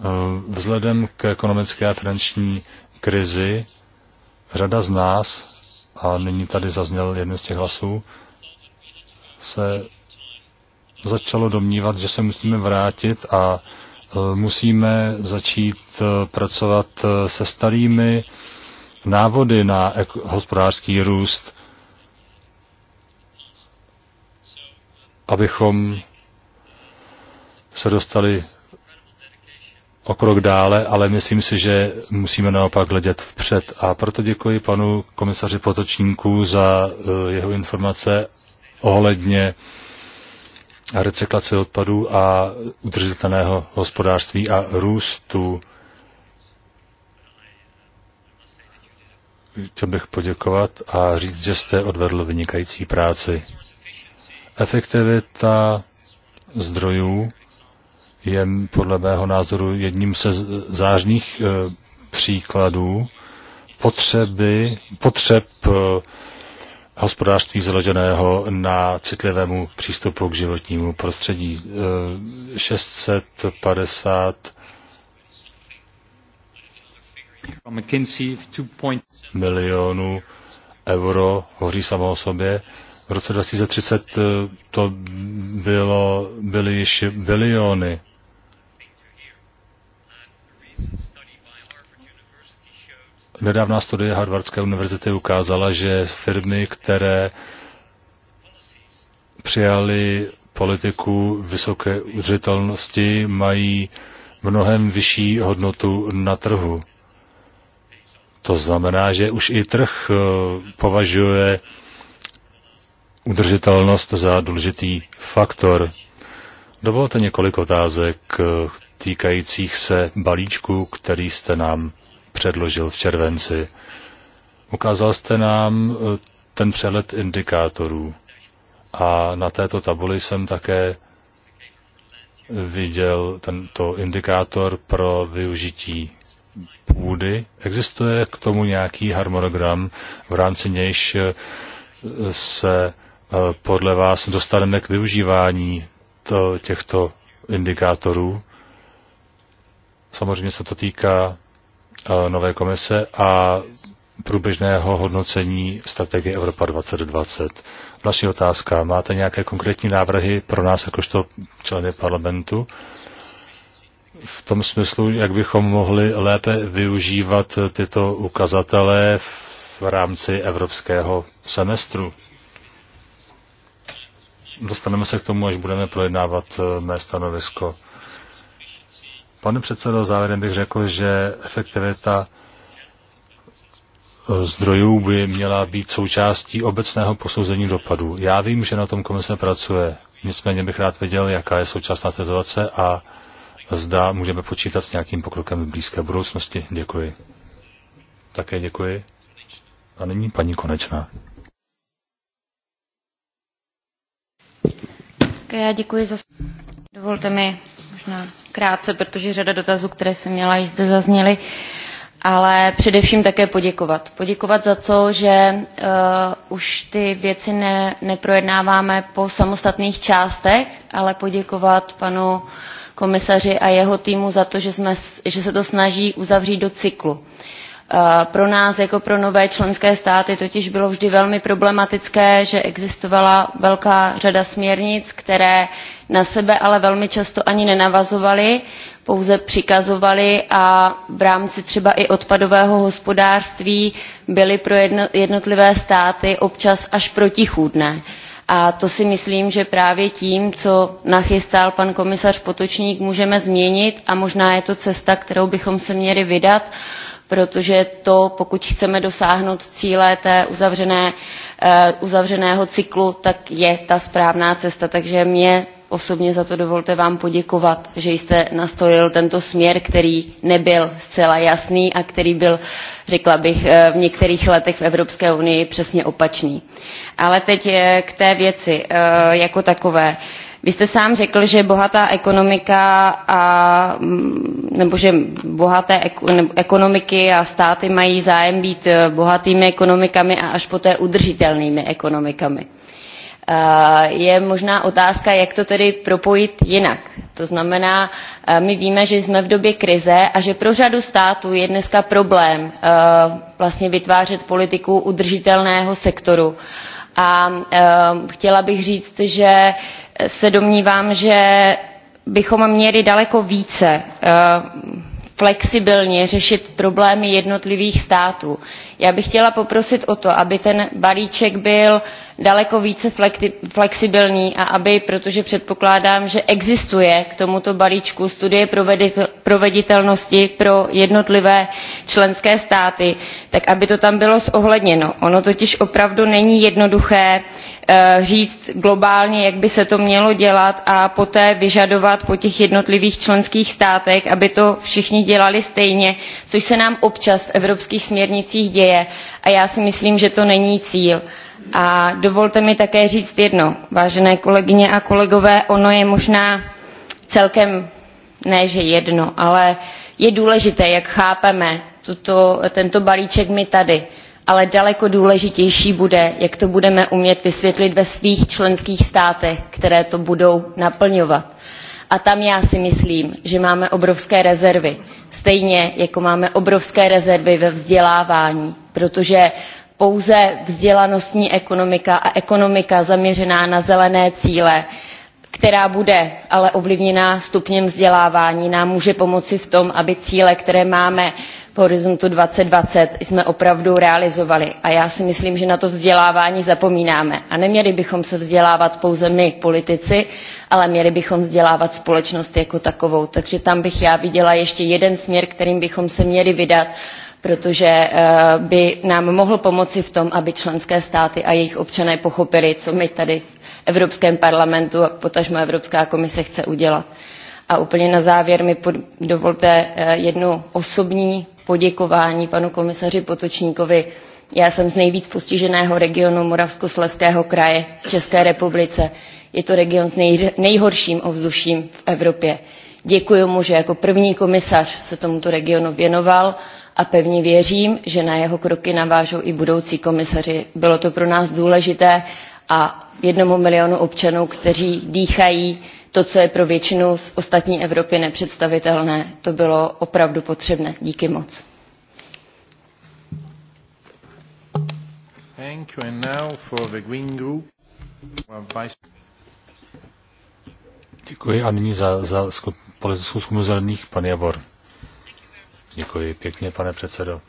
Eh, vzhledem k ekonomické a finanční krizi řada z nás, a nyní tady zazněl jeden z těch hlasů, se začalo domnívat, že se musíme vrátit a e, musíme začít e, pracovat e, se starými návody na hospodářský růst, abychom se dostali o krok dále, ale myslím si, že musíme naopak hledět vpřed. A proto děkuji panu komisaři Potočníku za jeho informace ohledně recyklace odpadů a udržitelného hospodářství a růstu. Chtěl bych poděkovat a říct, že jste odvedl vynikající práci. Efektivita zdrojů je podle mého názoru jedním ze zářných eh, příkladů potřeby, potřeb eh, hospodářství založeného na citlivému přístupu k životnímu prostředí. 650 eh, milionů euro hoří samo o sobě. V roce 2030 eh, to bylo, byly již biliony nedávná studie Harvardské univerzity ukázala, že firmy, které přijali politiku vysoké udržitelnosti, mají mnohem vyšší hodnotu na trhu. To znamená, že už i trh eh, považuje udržitelnost za důležitý faktor. Dovolte několik otázek eh, týkajících se balíčku, který jste nám předložil v červenci. Ukázal jste nám eh, ten přehled indikátorů. A na této tabuli jsem také viděl tento indikátor pro využití půdy. Existuje k tomu nějaký harmonogram, v rámci nějž eh, se eh, podle vás dostaneme k využívání to, těchto indikátorů. Samozřejmě se to týká Eh, nové komise a průběžného hodnocení strategie Evropa 2020. Další otázka. Máte nějaké konkrétní návrhy pro nás, jakožto členy parlamentu? v tom smyslu, jak bychom mohli lépe využívat tyto ukazatele v rámci evropského semestru. Dostaneme se k tomu, až budeme projednávat eh, mé stanovisko. Pane předsedo, závěrem bych řekl, že efektivita eh, zdrojů by měla být součástí obecného posouzení dopadů. Já vím, že na tom komise pracuje, nicméně bych rád věděl, jaká je současná situace a zda můžeme počítat s nějakým pokrokem v blízké budoucnosti. Děkuji. Také děkuji. A nyní paní Konečná. Já děkuji za... Dovolte mi možná krátce, protože řada dotazů, které jsem měla, již zde zazněly, ale především také poděkovat. Poděkovat za to, že uh, už ty věci ne, neprojednáváme po samostatných částech, ale poděkovat panu komisaři a jeho týmu za to, že, jsme, že se to snaží uzavřít do cyklu Eh, pro nás jako pro nové členské státy totiž bylo vždy velmi problematické že existovala velká řada směrnic které na sebe ale velmi často ani nenavazovaly pouze přikazovaly a v rámci třeba i odpadového hospodářství byly pro jednotlivé státy občas až protichůdné. A to si myslím, že právě tím, co nachystal pan komisař Potočník, můžeme změnit a možná je to cesta, kterou bychom se měli vydat protože to, pokud chceme dosáhnout cíle té uzavřené, eh, uzavřeného cyklu, tak je ta správná cesta. Takže mě osobně za to dovolte vám poděkovat, že jste nastojil tento směr, který nebyl zcela jasný a který byl, řekla bych, eh, v některých letech v Evropské unii přesně opačný. Ale teď eh, k té věci jako takové. Vy jste sám řekl, že bohatá ekonomika a, mm, nebo že bohaté ekonomiky a státy mají zájem být eh, bohatými ekonomikami a až poté udržitelnými ekonomikami. Eh, je možná otázka, jak to tedy propojit jinak. To znamená, eh, my víme, že jsme v době krize a že pro řadu států je dneska problém vlastně vytvářet politiku udržitelného sektoru. A chtěla bych říct, že se domnívám, že bychom měli daleko více eh, flexibilně řešit problémy jednotlivých států. já bych chtěla poprosit o to aby ten balíček byl daleko více flexibilní a aby protože předpokládám že existuje k tomuto balíčku studie proveditelnosti pro jednotlivé členské státy tak aby to tam bylo zohledněno. ono totiž opravdu není jednoduché uh, Eh, říct globálně jak by se to mělo dělat a poté vyžadovat po těch jednotlivých členských státech aby to všichni dělali stejně což se nám občas v evropských směrnicích děje a já si myslím že to není cíl. a dovolte mi také říct jedno vážené kolegyně a kolegové ono je možná celkem ne že jedno ale je důležité jak chápeme tuto, tento balíček my tady ale daleko důležitější bude jak to budeme umět vysvětlit ve svých členských státech které to budou naplňovat. a tam já si myslím že máme obrovské rezervy stejně jako máme obrovské rezervy ve vzdělávání protože pouze vzdělanostní ekonomika a ekonomika zaměřená na zelené cíle která bude ale ovlivněna stupněm vzdělávání nám může pomoci v tom aby cíle které máme v horizontu 2020 jsme opravdu realizovali. A já si myslím, že na to vzdělávání zapomínáme. A neměli bychom se vzdělávat pouze my, politici, ale měli bychom vzdělávat společnost jako takovou. Takže tam bych já viděla ještě jeden směr, kterým bychom se měli vydat protože eh, by nám mohl pomoci v tom, aby členské státy a jejich občané pochopili, co my tady v Evropském parlamentu a potažmo Evropská komise chce udělat. A úplně na závěr mi pod, dovolte eh, jedno osobní poděkování panu komisaři Potočníkovi. Já jsem z nejvíc postiženého regionu Moravskoslezského kraje v České republice. Je to region s nej, nejhorším ovzduším v Evropě. Děkuji mu, že jako první komisař se tomuto regionu věnoval a pevně věřím, že na jeho kroky navážou i budoucí komisaři. Bylo to pro nás důležité a jednomu milionu občanů, kteří dýchají to, co je pro většinu z ostatní Evropy nepředstavitelné, to bylo opravdu potřebné. Díky moc. Thank you. And now for the Green Group. Děkuji a nyní za, za politickou skupinu zelených pan Javor. Děkuji pěkně, pane předsedo.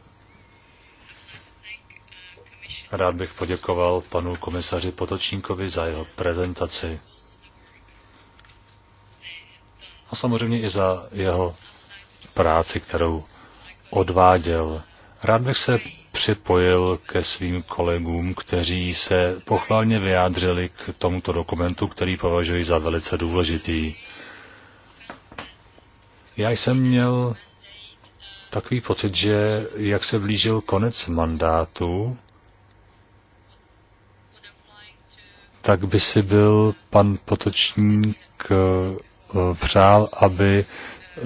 Rád bych poděkoval panu komisaři Potočníkovi za jeho prezentaci a samozřejmě i za jeho práci, kterou odváděl. Rád bych se připojil ke svým kolegům, kteří se pochválně vyjádřili k tomuto dokumentu, který považuji za velice důležitý. Já jsem měl takový pocit, že jak se blížil konec mandátu, tak by si byl pan Potočník Eh, přál, aby eh,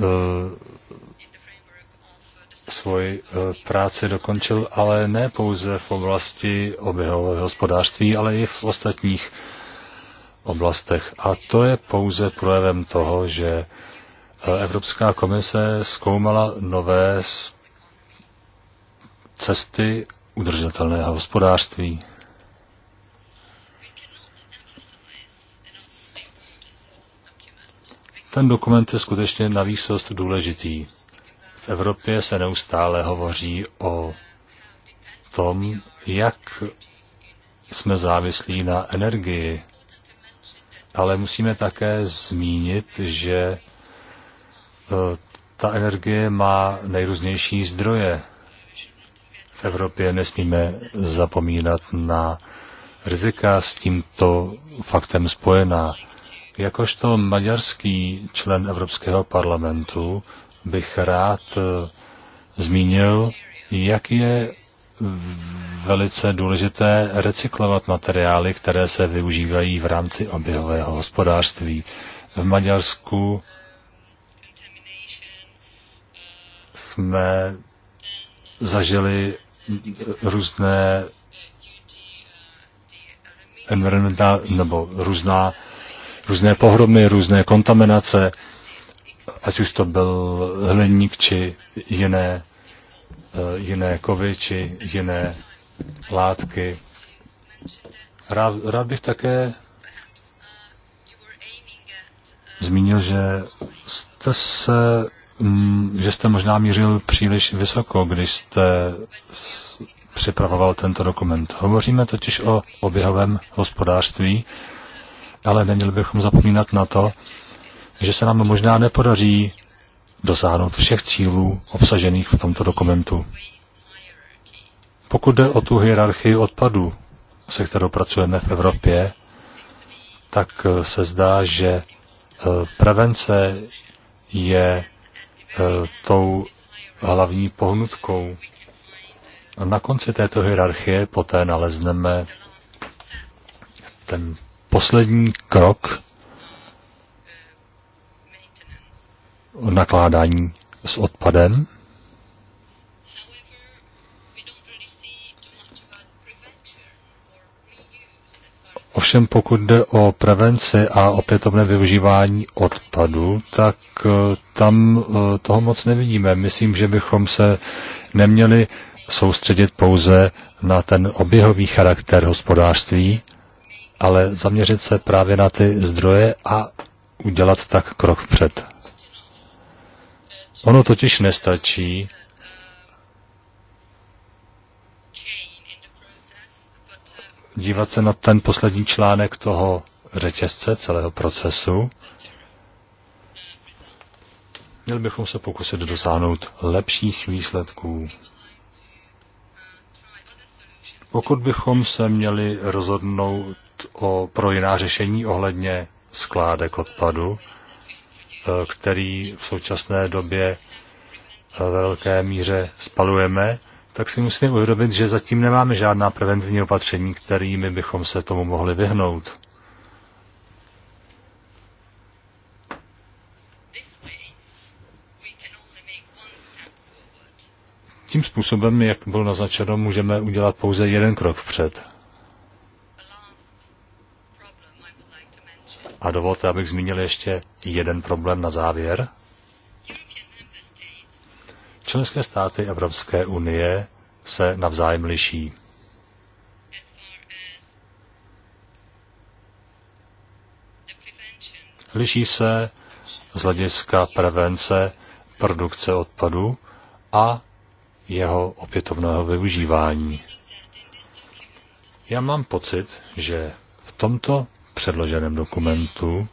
svoji eh, práci dokončil, ale ne pouze v oblasti oběhového hospodářství, ale i v ostatních oblastech. A to je pouze projevem toho, že Evropská komise zkoumala nové cesty udržitelného hospodářství. Ten dokument je skutečně na výsost důležitý. V Evropě se neustále hovoří o tom, jak jsme závislí na energii. Ale musíme také zmínit, že e, ta energie má nejrůznější zdroje. V Evropě nesmíme zapomínat na rizika s tímto faktem spojená. Jakožto maďarský člen Evropského parlamentu bych rád eh, zmínil, jak je velice důležité recyklovat materiály, které se využívají v rámci oběhového hospodářství. V Maďarsku jsme zažili různé environmentální nebo různá různé pohromy, různé kontaminace, ať už to byl hliník či jiné, eh, jiné kovy či jiné látky. Rád, rád bych také zmínil, že jste se, mm, že jste možná mířil příliš vysoko, když jste připravoval tento dokument. Hovoříme totiž o oběhovém hospodářství ale neměli bychom zapomínat na to, že se nám možná nepodaří dosáhnout všech cílů obsažených v tomto dokumentu. Pokud jde o tu hierarchii odpadů, se kterou pracujeme v Evropě, tak eh, se zdá, že eh, prevence je eh, tou hlavní pohnutkou. Na konci této hierarchie poté nalezneme ten poslední krok nakládání s odpadem. Ovšem pokud jde o prevenci a opětovné využívání odpadu, tak eh, tam eh, toho moc nevidíme. Myslím, že bychom se neměli soustředit pouze na ten oběhový charakter hospodářství, ale zaměřit se právě na ty zdroje a udělat tak krok vpřed. Ono totiž nestačí dívat se na ten poslední článek toho řetězce, celého procesu. Měli bychom se pokusit dosáhnout lepších výsledků. Pokud bychom se měli rozhodnout o, pro jiná řešení ohledně skládek odpadu, e, který v současné době e, ve velké míře spalujeme, tak si musíme uvědomit, že zatím nemáme žádná preventivní opatření, kterými bychom se tomu mohli vyhnout. Tím způsobem, jak bylo naznačeno, můžeme udělat pouze jeden krok vpřed. A dovolte, abych zmínil ještě jeden problém na závěr. Členské státy Evropské unie se navzájem liší. Liší se z hlediska prevence produkce odpadu a jeho opětovného využívání. Já mám pocit, že v tomto předloženém dokumentu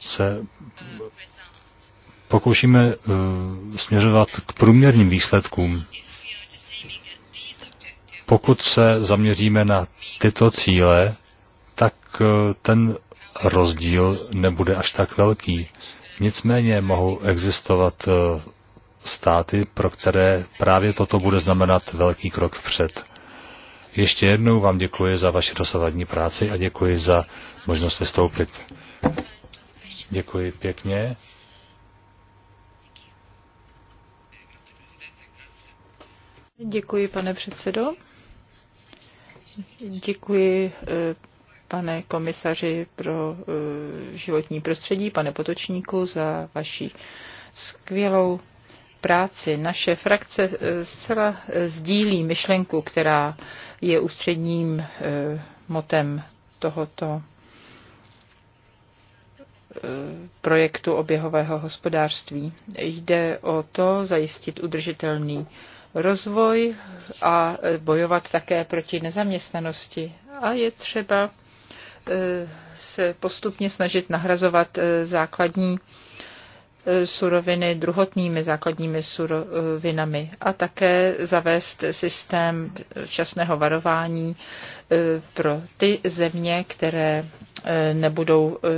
se pokoušíme eh, směřovat k průměrným výsledkům. Pokud se zaměříme na tyto cíle, tak eh, ten rozdíl nebude až tak velký. Nicméně mohou existovat eh, státy, pro které právě toto bude znamenat velký krok vpřed. Ještě jednou vám děkuji za vaši dosavadní práci a děkuji za možnost vystoupit. Děkuji pěkně. Děkuji, pane předsedo. Děkuji, eh, pane komisaři pro eh, životní prostředí, pane Potočníku, za vaši skvělou práci. Naše frakce eh, zcela eh, sdílí myšlenku, která je ústředním eh, motem tohoto projektu oběhového hospodářství. Jde o to zajistit udržitelný rozvoj a bojovat také proti nezaměstnanosti. A je třeba se postupně snažit nahrazovat základní suroviny druhotnými základními surovinami a také zavést systém včasného varování e, pro ty země, které e, nebudou e,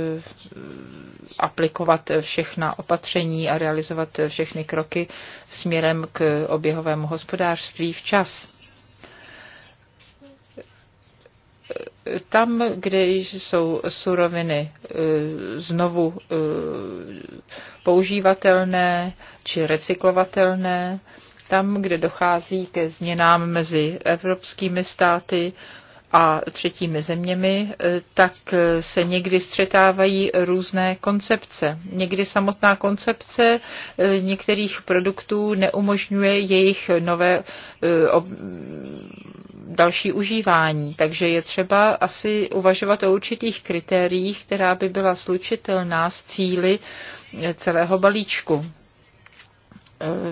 aplikovat všechna opatření a realizovat všechny kroky směrem k oběhovému hospodářství včas. tam, kde jsou suroviny e, znovu e, používatelné či recyklovatelné, tam, kde dochází ke změnám mezi evropskými státy, a třetími zeměmi, e, tak e, se někdy střetávají různé koncepce. Někdy samotná koncepce e, některých produktů neumožňuje jejich nové další užívání. Takže je třeba asi uvažovat o určitých kritériích, která by byla slučitelná s cíly celého balíčku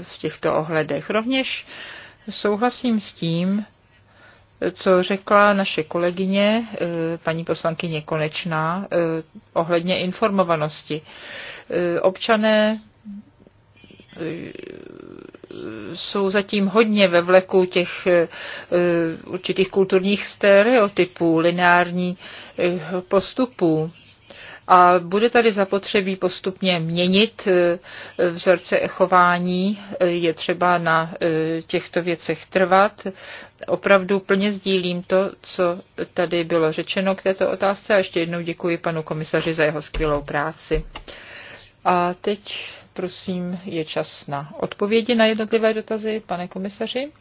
v těchto ohledech. Rovněž souhlasím s tím, co řekla naše kolegyně, eh, paní poslankyně Konečná, eh, ohledně informovanosti. Eh, občané jsou zatím hodně ve vleku těch určitých kulturních stereotypů, lineární postupů. A bude tady zapotřebí postupně měnit e, vzorce chování, e, je třeba na e, těchto věcech trvat. Opravdu plně sdílím to, co tady bylo řečeno k této otázce a ještě jednou děkuji panu komisaři za jeho skvělou práci. A teď prosím, je čas na odpovědi na jednotlivé dotazy, pane komisaři.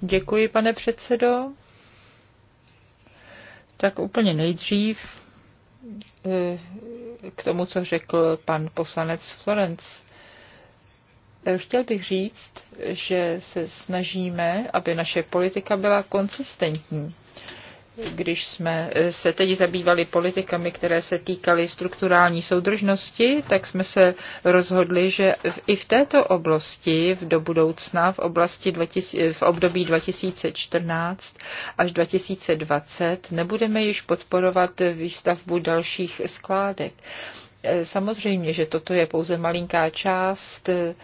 Děkuji, pane předsedo. Tak úplně nejdřív Eh, k tomu, co řekl pan poslanec Florence. Eh, chtěl bych říct, že se snažíme, aby naše politika byla konsistentní když jsme eh, se teď zabývali politikami, které se týkaly strukturální soudržnosti, tak jsme se rozhodli, že i v této oblasti do budoucna, v, oblasti 20, v období 2014 až 2020, nebudeme již podporovat výstavbu dalších skládek. Eh, samozřejmě, že toto je pouze malinká část eh,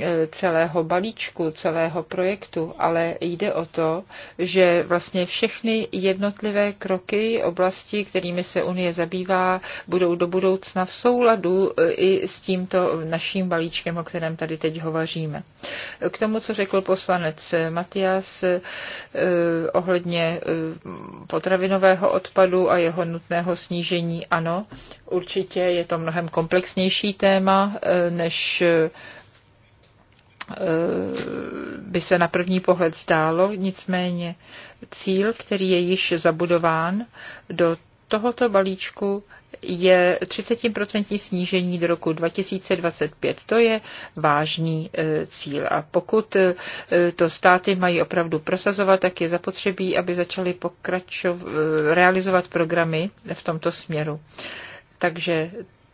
Eh, celého balíčku, celého projektu, ale jde o to, že vlastně všechny jednotlivé kroky oblasti, kterými se Unie zabývá, budou do budoucna v souladu eh, i s tímto naším balíčkem, o kterém tady teď hovoříme. K tomu, co řekl poslanec Matias eh, ohledně potravinového odpadu a jeho nutného snížení, ano, určitě je to mnohem komplexnější téma, než by se na první pohled zdálo, nicméně cíl, který je již zabudován do tohoto balíčku je 30% snížení do roku 2025. To je vážný eh, cíl. A pokud eh, to státy mají opravdu prosazovat, tak je zapotřebí, aby začaly eh, realizovat programy v tomto směru. Takže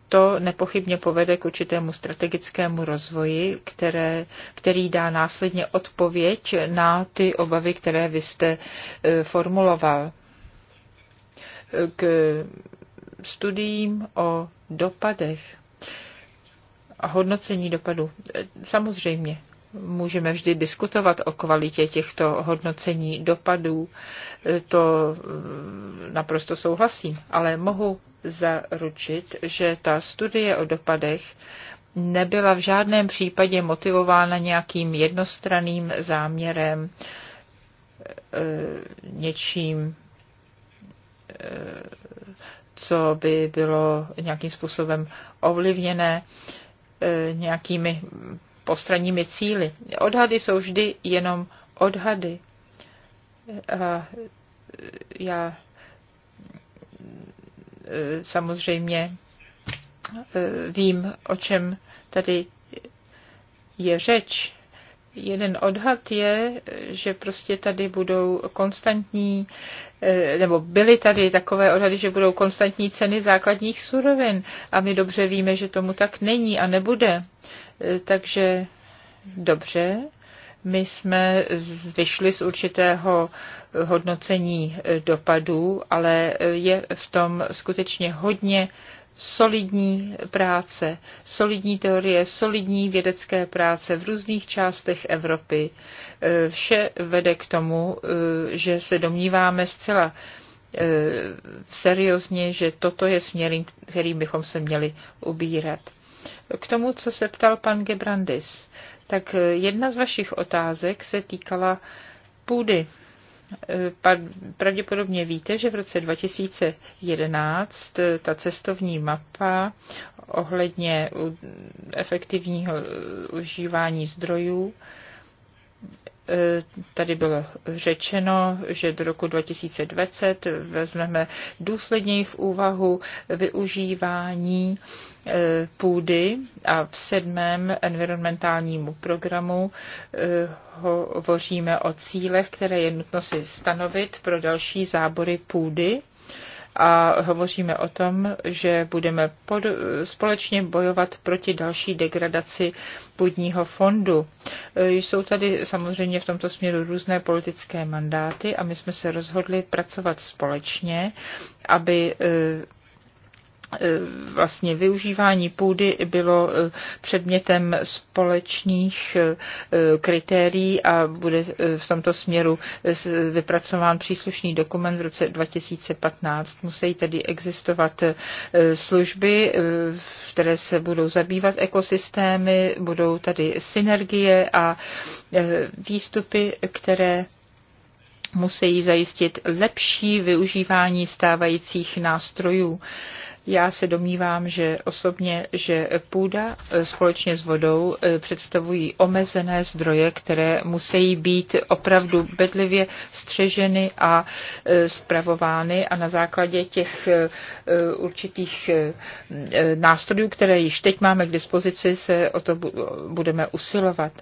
to nepochybně povede k určitému strategickému rozvoji, které, který dá následně odpověď na ty obavy, které vy jste e, formuloval. K studiím o dopadech a hodnocení dopadu. E, samozřejmě, můžeme vždy diskutovat o kvalitě těchto hodnocení dopadů, to mm, naprosto souhlasím, ale mohu zaručit, že ta studie o dopadech nebyla v žádném případě motivována nějakým jednostranným záměrem, e, něčím, e, co by bylo nějakým způsobem ovlivněné e, nějakými postranními cíly. Odhady jsou vždy jenom odhady. A e, já e, samozřejmě e, vím, o čem tady je řeč. Jeden odhad je, že prostě tady budou konstantní, nebo byly tady takové odhady, že budou konstantní ceny základních surovin. A my dobře víme, že tomu tak není a nebude. Takže dobře, my jsme vyšli z určitého hodnocení eh, dopadů, ale eh, je v tom skutečně hodně solidní práce, solidní teorie, solidní vědecké práce v různých částech Evropy. Eh, vše vede k tomu, že se domníváme zcela seriózně, že toto je směr, kterým bychom se měli ubírat. K tomu, co se ptal pan Gebrandis, tak eh, jedna z vašich otázek se týkala půdy. Eh, pravděpodobně víte, že v roce 2011 eh, ta cestovní mapa ohledně efektivního užívání zdrojů tady bylo řečeno, že do roku 2020 vezmeme důsledněji v úvahu využívání e, půdy a v sedmém environmentálnímu programu e, hovoříme o cílech, které je nutno si stanovit pro další zábory půdy a hovoříme o tom, že budeme pod, společně bojovat proti další degradaci půdního fondu. E, jsou tady samozřejmě v tomto směru různé politické mandáty a my jsme se rozhodli pracovat společně, aby e, E, vlastně využívání půdy bylo e, předmětem společných e, kritérií a bude v tomto směru vypracován příslušný dokument v roce 2015. Musí tedy existovat služby, které se budou zabývat ekosystémy, budou tady synergie a výstupy, které musí zajistit lepší využívání stávajících nástrojů já se domnívám, že osobně, že půda eh, společně s vodou eh, představují omezené zdroje, které musí být opravdu bedlivě střeženy a eh, spravovány a na základě těch určitých nástrojů, které již teď máme k dispozici, se o to budeme usilovat.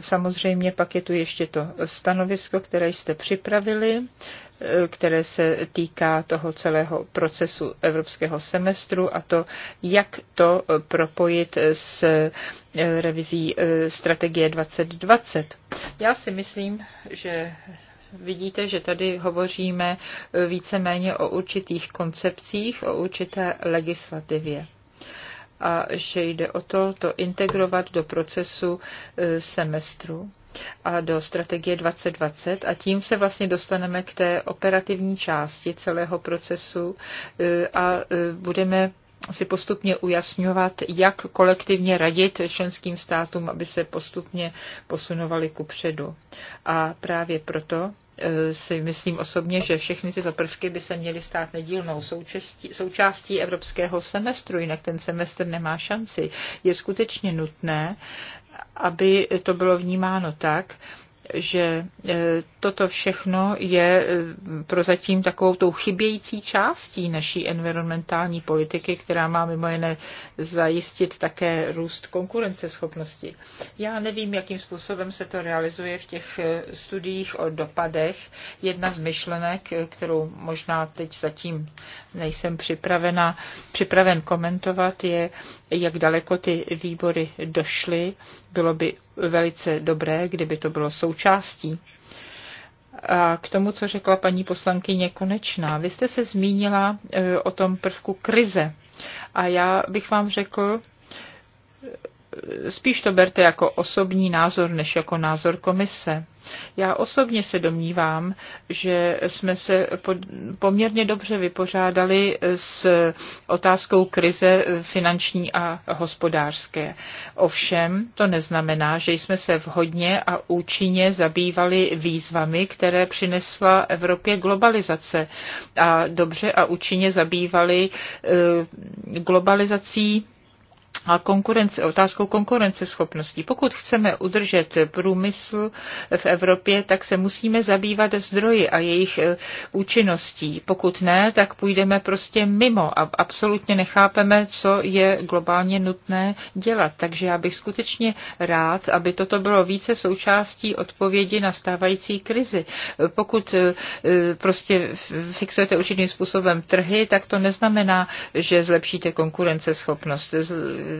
Samozřejmě pak je tu ještě to stanovisko, které jste připravili. Eh, které se týká toho celého procesu evropského semestru a to, jak to eh, propojit s eh, revizí strategie 2020. Já si myslím, že vidíte, že tady hovoříme víceméně o určitých koncepcích, o určité legislativě a že jde o to, to integrovat do procesu semestru a do strategie 2020 a tím se vlastně dostaneme k té operativní části celého procesu e, a e, budeme si postupně ujasňovat, jak kolektivně radit členským státům, aby se postupně posunovali ku předu. A právě proto e, si myslím osobně, že všechny tyto prvky by se měly stát nedílnou součástí, součástí evropského semestru, jinak ten semestr nemá šanci. Je skutečně nutné aby to bylo vnímáno tak, že e, toto všechno je e, prozatím takovou tou chybějící částí naší environmentální politiky, která má mimo jiné zajistit také růst konkurenceschopnosti. Já nevím, jakým způsobem se to realizuje v těch e, studiích o dopadech. Jedna z myšlenek, kterou možná teď zatím nejsem připravena, připraven komentovat, je, jak daleko ty výbory došly. Bylo by velice dobré, kdyby to bylo součástí. A k tomu, co řekla paní poslankyně Konečná, vy jste se zmínila e, o tom prvku krize. A já bych vám řekl, spíš to berte jako osobní názor, než jako názor komise. Já osobně se domnívám, že jsme se poměrně dobře vypořádali s otázkou krize finanční a hospodářské. Ovšem, to neznamená, že jsme se vhodně a účinně zabývali výzvami, které přinesla Evropě globalizace a dobře a účinně zabývali eh, globalizací a konkurence, otázkou konkurenceschopnosti. Pokud chceme udržet průmysl v Evropě, tak se musíme zabývat zdroji a jejich eh, účinností. Pokud ne, tak půjdeme prostě mimo a absolutně nechápeme, co je globálně nutné dělat. Takže já bych skutečně rád, aby toto bylo více součástí odpovědi na stávající krizi. Pokud eh, eh, prostě fixujete určitým způsobem trhy, tak to neznamená, že zlepšíte konkurenceschopnost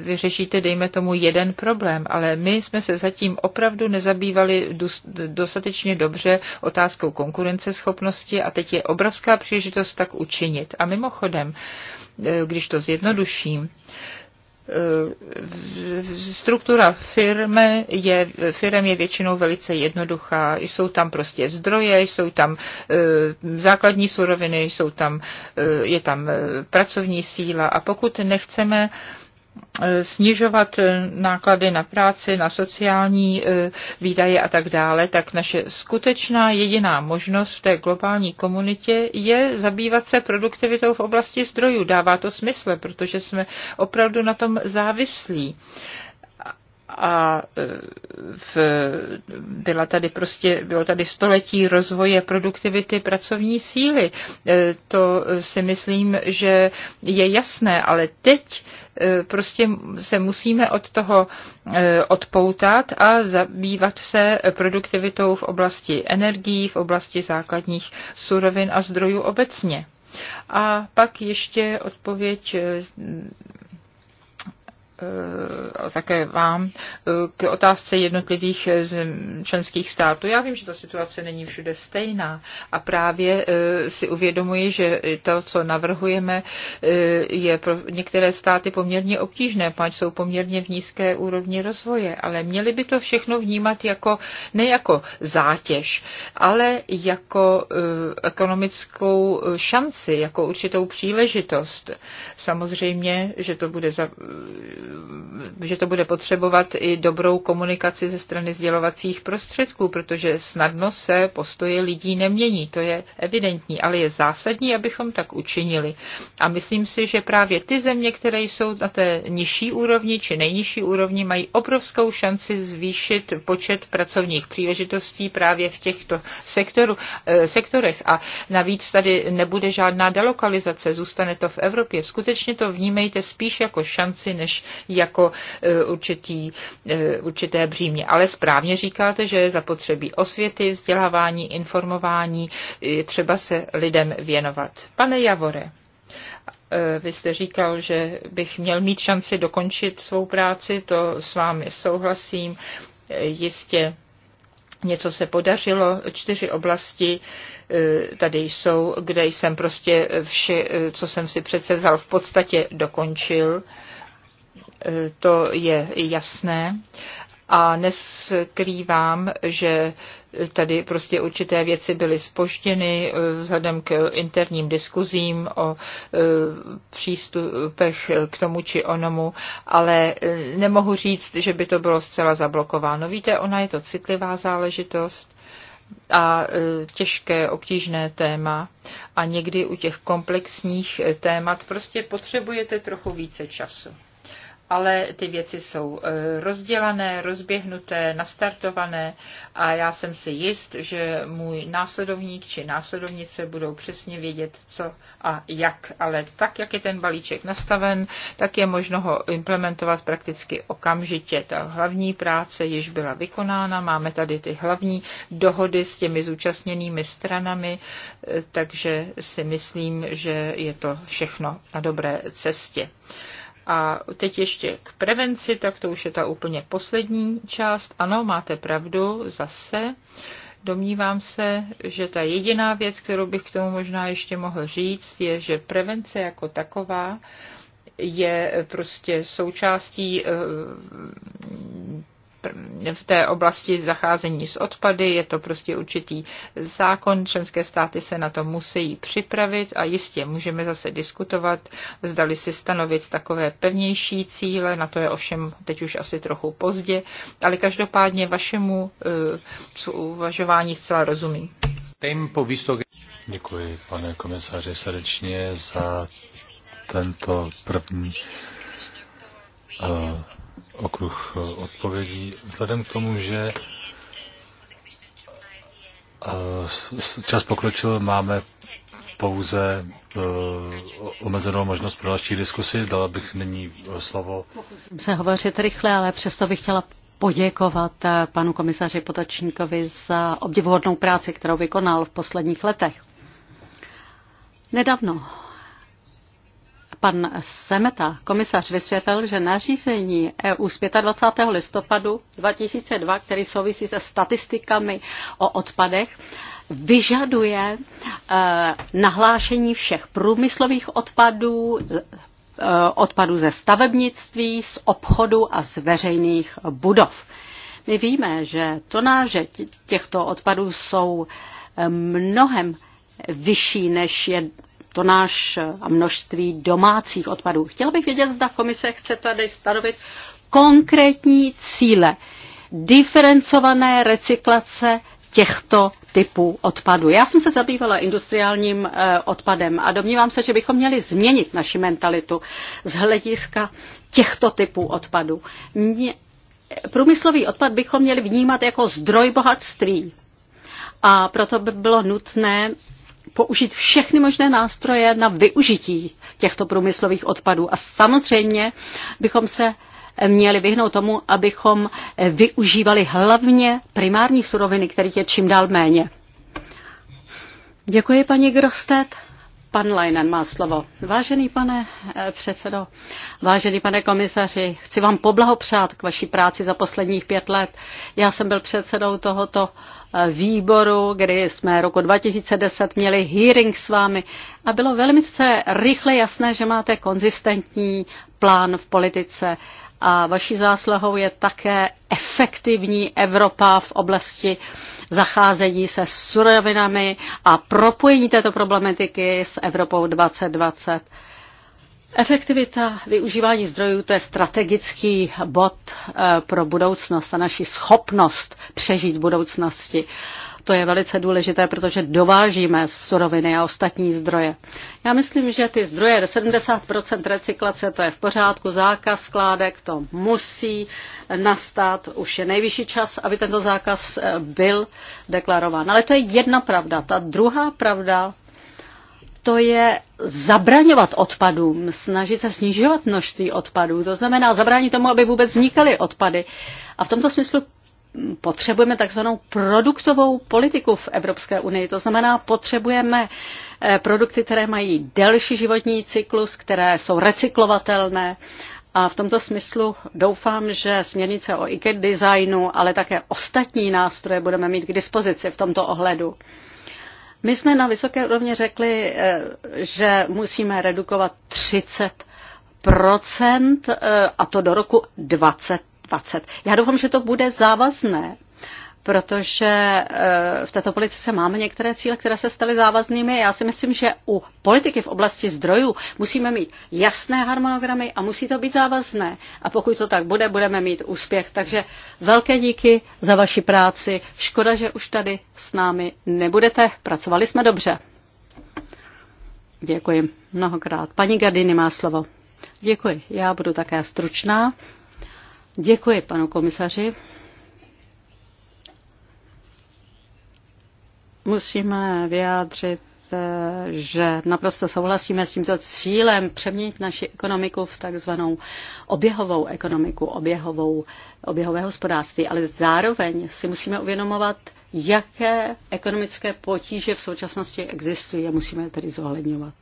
vyřešíte, dejme tomu, jeden problém, ale my jsme se zatím opravdu nezabývali dostatečně dobře otázkou konkurenceschopnosti a teď je obrovská příležitost tak učinit. A mimochodem, eh, když to zjednoduším, eh, struktura firmy je, firm je většinou velice jednoduchá. Jsou tam prostě zdroje, jsou tam eh, základní suroviny, jsou tam, je tam pracovní síla a pokud nechceme Eh, snižovat eh, náklady na práci, na sociální eh, výdaje a tak dále, tak naše skutečná jediná možnost v té globální komunitě je zabývat se produktivitou v oblasti zdrojů. Dává to smysl, protože jsme opravdu na tom závislí a e, v, byla tady prostě, bylo tady století rozvoje produktivity pracovní síly. E, to si myslím, že je jasné, ale teď e, prostě se musíme od toho odpoutat a zabývat se produktivitou v oblasti energií, v oblasti základních surovin a zdrojů obecně. A pak ještě odpověď také vám e, k otázce jednotlivých e, členských států. Já vím, že ta situace není všude stejná a právě e, si uvědomuji, že to, co navrhujeme, je pro některé státy poměrně obtížné, pač jsou poměrně v nízké úrovni rozvoje, ale měli by to všechno vnímat jako ne jako zátěž, ale jako ekonomickou šanci, jako určitou příležitost. Samozřejmě, že to bude za, že to bude potřebovat i dobrou komunikaci ze strany sdělovacích prostředků, protože snadno se postoje lidí nemění, to je evidentní, ale je zásadní, abychom tak učinili. A myslím si, že právě ty země, které jsou na té nižší úrovni či nejnižší úrovni, mají obrovskou šanci zvýšit počet pracovních příležitostí právě v těchto sektoru, eh, sektorech. A navíc tady nebude žádná delokalizace, zůstane to v Evropě. Skutečně to vnímejte spíš jako šanci než jako e, určitý, e, určité břímě. Ale správně říkáte, že je zapotřebí osvěty, vzdělávání, informování, třeba se lidem věnovat. Pane Javore, e, vy jste říkal, že bych měl mít šanci dokončit svou práci, to s vámi souhlasím. Jistě něco se podařilo, čtyři oblasti tady jsou, kde jsem prostě vše, co jsem si přece vzal, v podstatě dokončil to je jasné. A neskrývám, že tady prostě určité věci byly spoštěny eh, vzhledem k interním diskuzím o eh, přístupech k tomu či onomu, ale eh, nemohu říct, že by to bylo zcela zablokováno. Víte, ona je to citlivá záležitost a těžké, obtížné téma. A někdy u těch komplexních témat prostě potřebujete trochu více času ale ty věci jsou eh, rozdělané, rozběhnuté, nastartované a já jsem si jist, že můj následovník či následovnice budou přesně vědět, co a jak. Ale tak, jak je ten balíček nastaven, tak je možno ho implementovat prakticky okamžitě. Ta hlavní práce již byla vykonána, máme tady ty hlavní dohody s těmi zúčastněnými stranami, eh, takže si myslím, že je to všechno na dobré cestě. A teď ještě k prevenci, tak to už je ta úplně poslední část. Ano, máte pravdu, zase. Domnívám se, že ta jediná věc, kterou bych k tomu možná ještě mohl říct, je, že prevence jako taková je prostě součástí eh, v té oblasti zacházení s odpady. Je to prostě určitý zákon. Členské státy se na to musí připravit a jistě můžeme zase diskutovat, zdali si stanovit takové pevnější cíle. Na to je ovšem teď už asi trochu pozdě, ale každopádně vašemu uh, uvažování zcela rozumím. Tempo visto... Děkuji, pane komisaři, srdečně za tento první uh, okruh eh, odpovědí. Vzhledem k tomu, že eh, čas pokročil, máme pouze eh, omezenou možnost pro další diskusi. Dala bych nyní slovo. Pokusím se hovořit rychle, ale přesto bych chtěla poděkovat panu komisaři Potočníkovi za obdivuhodnou práci, kterou vykonal v posledních letech. Nedávno Pan Semeta, komisař, vysvětlil, že nařízení EU z 25. listopadu 2002, který souvisí se statistikami o odpadech, vyžaduje eh, nahlášení všech průmyslových odpadů, eh, odpadů ze stavebnictví, z obchodu a z veřejných budov. My víme, že tonáže těchto odpadů jsou eh, mnohem vyšší, než je tonáž a eh, množství domácích odpadů. Chtěla bych vědět, zda komise chce tady stanovit konkrétní cíle diferencované recyklace těchto typů odpadů. Já jsem se zabývala industriálním eh, odpadem a domnívám se, že bychom měli změnit naši mentalitu z hlediska těchto typů odpadů. Mě, průmyslový odpad bychom měli vnímat jako zdroj bohatství. A proto by bylo nutné použít všechny možné nástroje na využití těchto průmyslových odpadů. A samozřejmě bychom se měli vyhnout tomu, abychom využívali hlavně primární suroviny, kterých je čím dál méně. Děkuji, paní Grostet. Pan Leinen má slovo. Vážený pane eh, předsedo, vážený pane komisaři, chci vám poblahopřát k vaší práci za posledních pět let. Já jsem byl předsedou tohoto eh, výboru, kdy jsme roku 2010 měli hearing s vámi a bylo velmi rychle jasné, že máte konzistentní plán v politice a vaší záslahou je také efektivní Evropa v oblasti zacházení se surovinami a propojení této problematiky s Evropou 2020. Efektivita využívání zdrojů to je strategický bod eh, pro budoucnost a naši schopnost přežít v budoucnosti. To je velice důležité, protože dovážíme suroviny a ostatní zdroje. Já myslím, že ty zdroje 70% recyklace, to je v pořádku, zákaz skládek, to musí nastat, už je nejvyšší čas, aby tento zákaz eh, byl deklarován. Ale to je jedna pravda. Ta druhá pravda to je zabraňovat odpadům, snažit se snižovat množství odpadů. To znamená zabránit tomu, aby vůbec vznikaly odpady. A v tomto smyslu potřebujeme takzvanou produktovou politiku v Evropské unii. To znamená, potřebujeme eh, produkty, které mají delší životní cyklus, které jsou recyklovatelné. A v tomto smyslu doufám, že směrnice o IKEA designu, ale také ostatní nástroje budeme mít k dispozici v tomto ohledu. My jsme na vysoké úrovni řekli, eh, že musíme redukovat 30 eh, a to do roku 20 2020. Já doufám, že to bude závazné, protože eh, v této politice máme některé cíle, které se staly závaznými. Já si myslím, že u politiky v oblasti zdrojů musíme mít jasné harmonogramy a musí to být závazné. A pokud to tak bude, budeme mít úspěch. Takže velké díky za vaši práci. Škoda, že už tady s námi nebudete. Pracovali jsme dobře. Děkuji mnohokrát. Paní Gardiny má slovo. Děkuji. Já budu také stručná. Děkuji panu komisaři. Musíme vyjádřit, eh, že naprosto souhlasíme s tímto cílem přeměnit naši ekonomiku v takzvanou oběhovou ekonomiku, oběhovou, oběhové hospodářství, ale zároveň si musíme uvědomovat, jaké ekonomické potíže v současnosti existují a musíme je tedy zohledňovat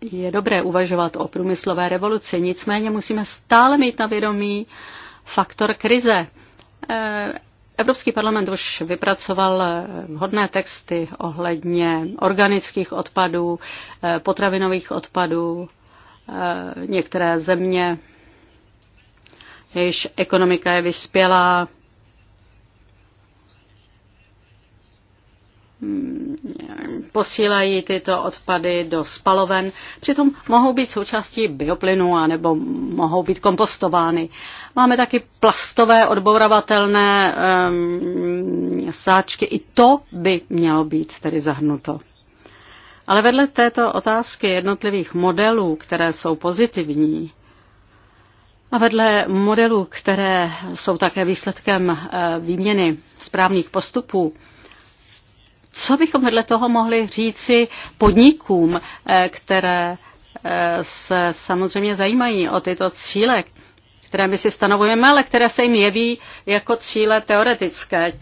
je dobré uvažovat o průmyslové revoluci, nicméně musíme stále mít na vědomí faktor krize. Eh, Evropský parlament už vypracoval eh, hodné texty ohledně organických odpadů, eh, potravinových odpadů. Některé země, jejichž ekonomika je vyspělá, posílají tyto odpady do spaloven. Přitom mohou být součástí bioplynu anebo mohou být kompostovány. Máme taky plastové odbouravatelné um, sáčky. I to by mělo být tedy zahrnuto. Ale vedle této otázky jednotlivých modelů, které jsou pozitivní, a vedle modelů, které jsou také výsledkem eh, výměny správných postupů, co bychom vedle toho mohli říci podnikům, eh, které eh, se samozřejmě zajímají o tyto cíle, které my si stanovujeme, ale které se jim jeví jako cíle teoretické.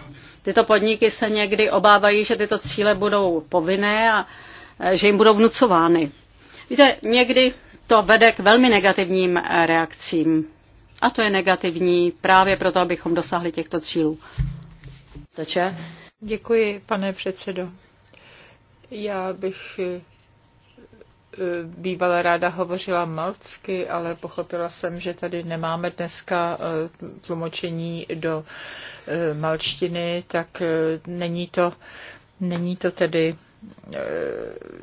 Tyto podniky se někdy obávají, že tyto cíle budou povinné a eh, že jim budou vnucovány. Víte, někdy to vede k velmi negativním reakcím. A to je negativní právě proto, abychom dosáhli těchto cílů. Takže Děkuji, pane předsedo. Já bych eh, bývala ráda hovořila malcky, ale pochopila jsem, že tady nemáme dneska eh, tlumočení do eh, malčtiny, tak není to, není to tedy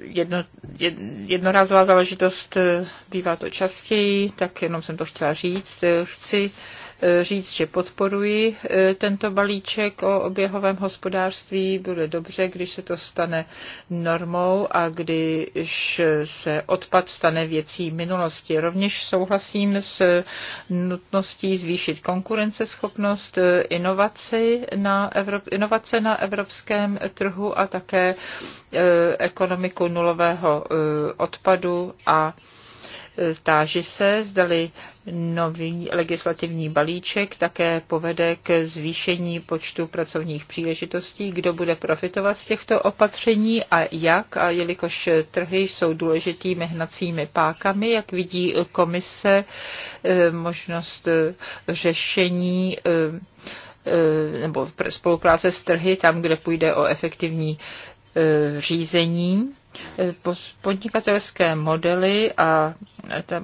jedno, jednorázová záležitost, bývá to častěji, tak jenom jsem to chtěla říct. Chci říct, že podporuji e, tento balíček o oběhovém hospodářství. Bude dobře, když se to stane normou a když se odpad stane věcí minulosti. Rovněž souhlasím s nutností zvýšit konkurenceschopnost e, inovaci na Evrop, inovace na evropském trhu a také e, ekonomiku nulového odpadu a Eh, táži se, zdali nový legislativní balíček také povede k zvýšení počtu pracovních příležitostí, kdo bude profitovat z těchto opatření a jak, a jelikož trhy jsou důležitými hnacími pákami, jak vidí komise eh, možnost eh, řešení nebo spolupráce s trhy tam, kde půjde o efektivní řízení Eh, podnikatelské modely a eh, ta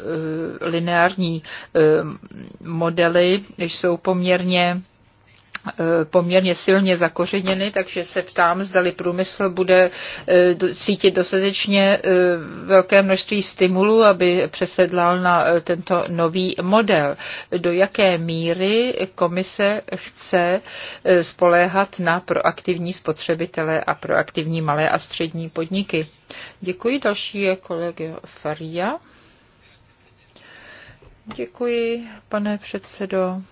eh, lineární modely jsou poměrně Eh, poměrně silně zakořeněny, takže se ptám, zdali průmysl bude eh, cítit dostatečně eh, velké množství stimulů, aby přesedlal na tento nový model. Do jaké míry komise chce spoléhat na proaktivní spotřebitele a proaktivní malé a střední podniky? Děkuji. Další je kolega Faria. Děkuji, pane předsedo.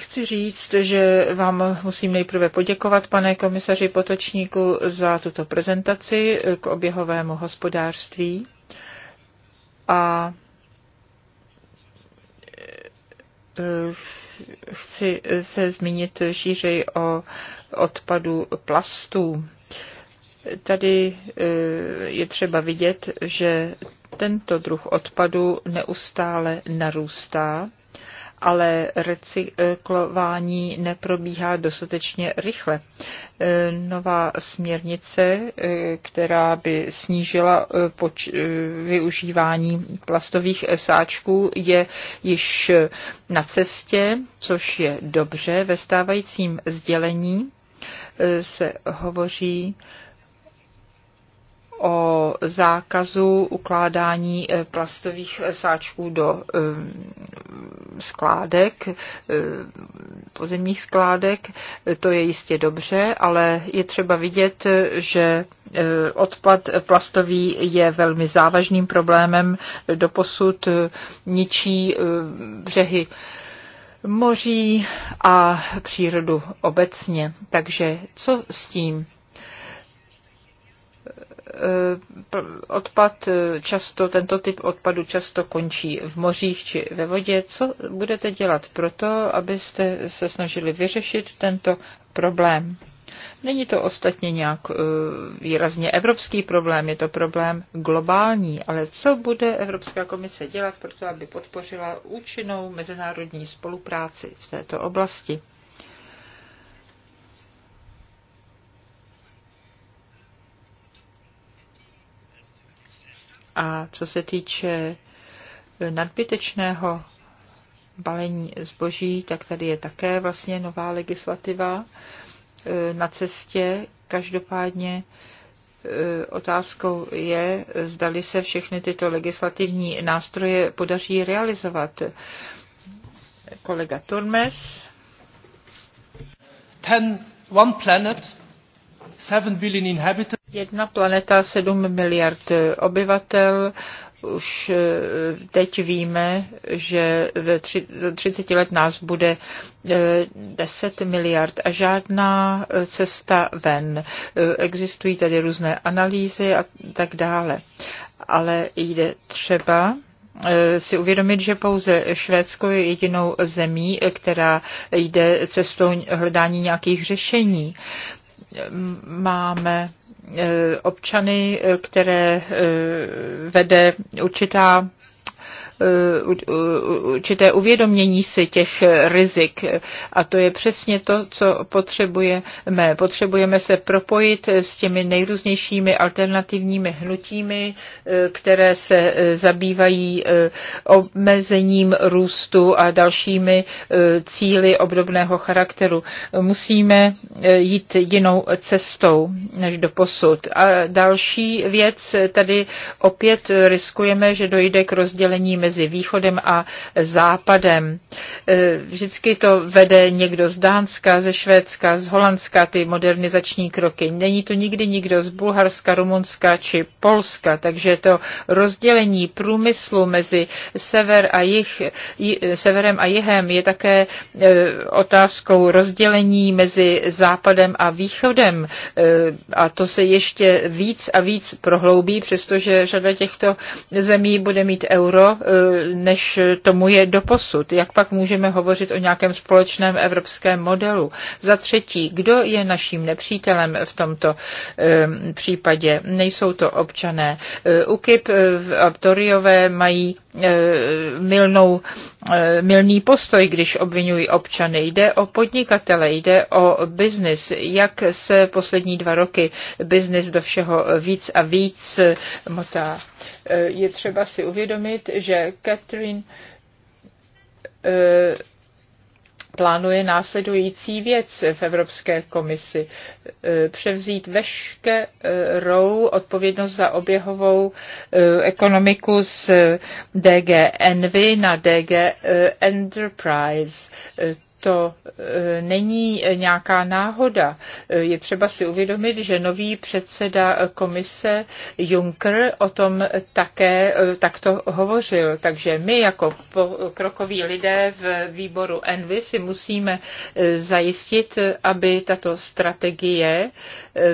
Chci říct, že vám musím nejprve poděkovat, pane komisaři Potočníku, za tuto prezentaci k oběhovému hospodářství. A eh, chci se zmínit šířej o odpadu plastů. Tady eh, je třeba vidět, že tento druh odpadu neustále narůstá ale recyklování neprobíhá dostatečně rychle. E, nová směrnice, e, která by snížila e, využívání plastových sáčků, je již na cestě, což je dobře. Ve stávajícím sdělení se hovoří o zákazu ukládání eh, plastových eh, sáčků do eh, skládek, pozemních skládek. To je jistě dobře, ale je třeba vidět, že odpad plastový je velmi závažným problémem. Doposud ničí břehy moří a přírodu obecně. Takže co s tím? Eh, odpad eh, často, tento typ odpadu často končí v mořích či ve vodě. Co budete dělat proto, abyste se snažili vyřešit tento problém? Není to ostatně nějak eh, výrazně evropský problém, je to problém globální, ale co bude Evropská komise dělat pro to, aby podpořila účinnou mezinárodní spolupráci v této oblasti? A co se týče eh, nadbytečného balení zboží, tak tady je také vlastně nová legislativa eh, na cestě. Každopádně eh, otázkou je, zdali se všechny tyto legislativní nástroje podaří realizovat. Kolega Turmes. Ten, one planet, seven billion inhabitants. Jedna planeta, 7 miliard obyvatel, už eh, teď víme, že ve tři, za 30 let nás bude 10 eh, miliard a žádná eh, cesta ven. Existují tady různé analýzy a tak dále. Ale jde třeba si uvědomit, že pouze Švédsko je jedinou zemí, která jde cestou hledání nějakých řešení máme eh, občany, eh, které eh, vede určitá Eh, určité uvědomění si těch rizik. A to je přesně to, co potřebujeme. Potřebujeme se propojit s těmi nejrůznějšími alternativními hnutími, eh, které se eh, zabývají omezením růstu a dalšími cíly obdobného charakteru. Musíme jít jinou cestou než do posud. A další věc, tady opět riskujeme, že dojde k rozdělení mezi mezi východem a západem. E, vždycky to vede někdo z Dánska, ze Švédska, z Holandska, ty modernizační kroky. Není to nikdy nikdo z Bulharska, Rumunska či Polska, takže to rozdělení průmyslu mezi sever a jih, severem a jihem je také e, otázkou rozdělení mezi západem a východem. E, a to se ještě víc a víc prohloubí, přestože řada těchto zemí bude mít euro Eh, než tomu je doposud. Jak pak můžeme hovořit o nějakém společném evropském modelu? Za třetí, kdo je naším nepřítelem v tomto eh, případě? Nejsou to občané. Eh, UKIP a Toriové mají milnou, milný postoj, když obvinují občany. Jde o podnikatele, jde o biznis. Jak se poslední dva roky biznis do všeho víc a víc motá? Eh, je třeba si uvědomit, že Catherine eh, plánuje následující věc v Evropské komisi. Eh, převzít veškerou odpovědnost za oběhovou ekonomiku z DG Envy na DG Enterprise to eh, není nějaká náhoda. Eh, je třeba si uvědomit, že nový předseda komise Juncker o tom také eh, takto hovořil. Takže my jako krokoví lidé v výboru Envy si musíme zajistit, aby tato strategie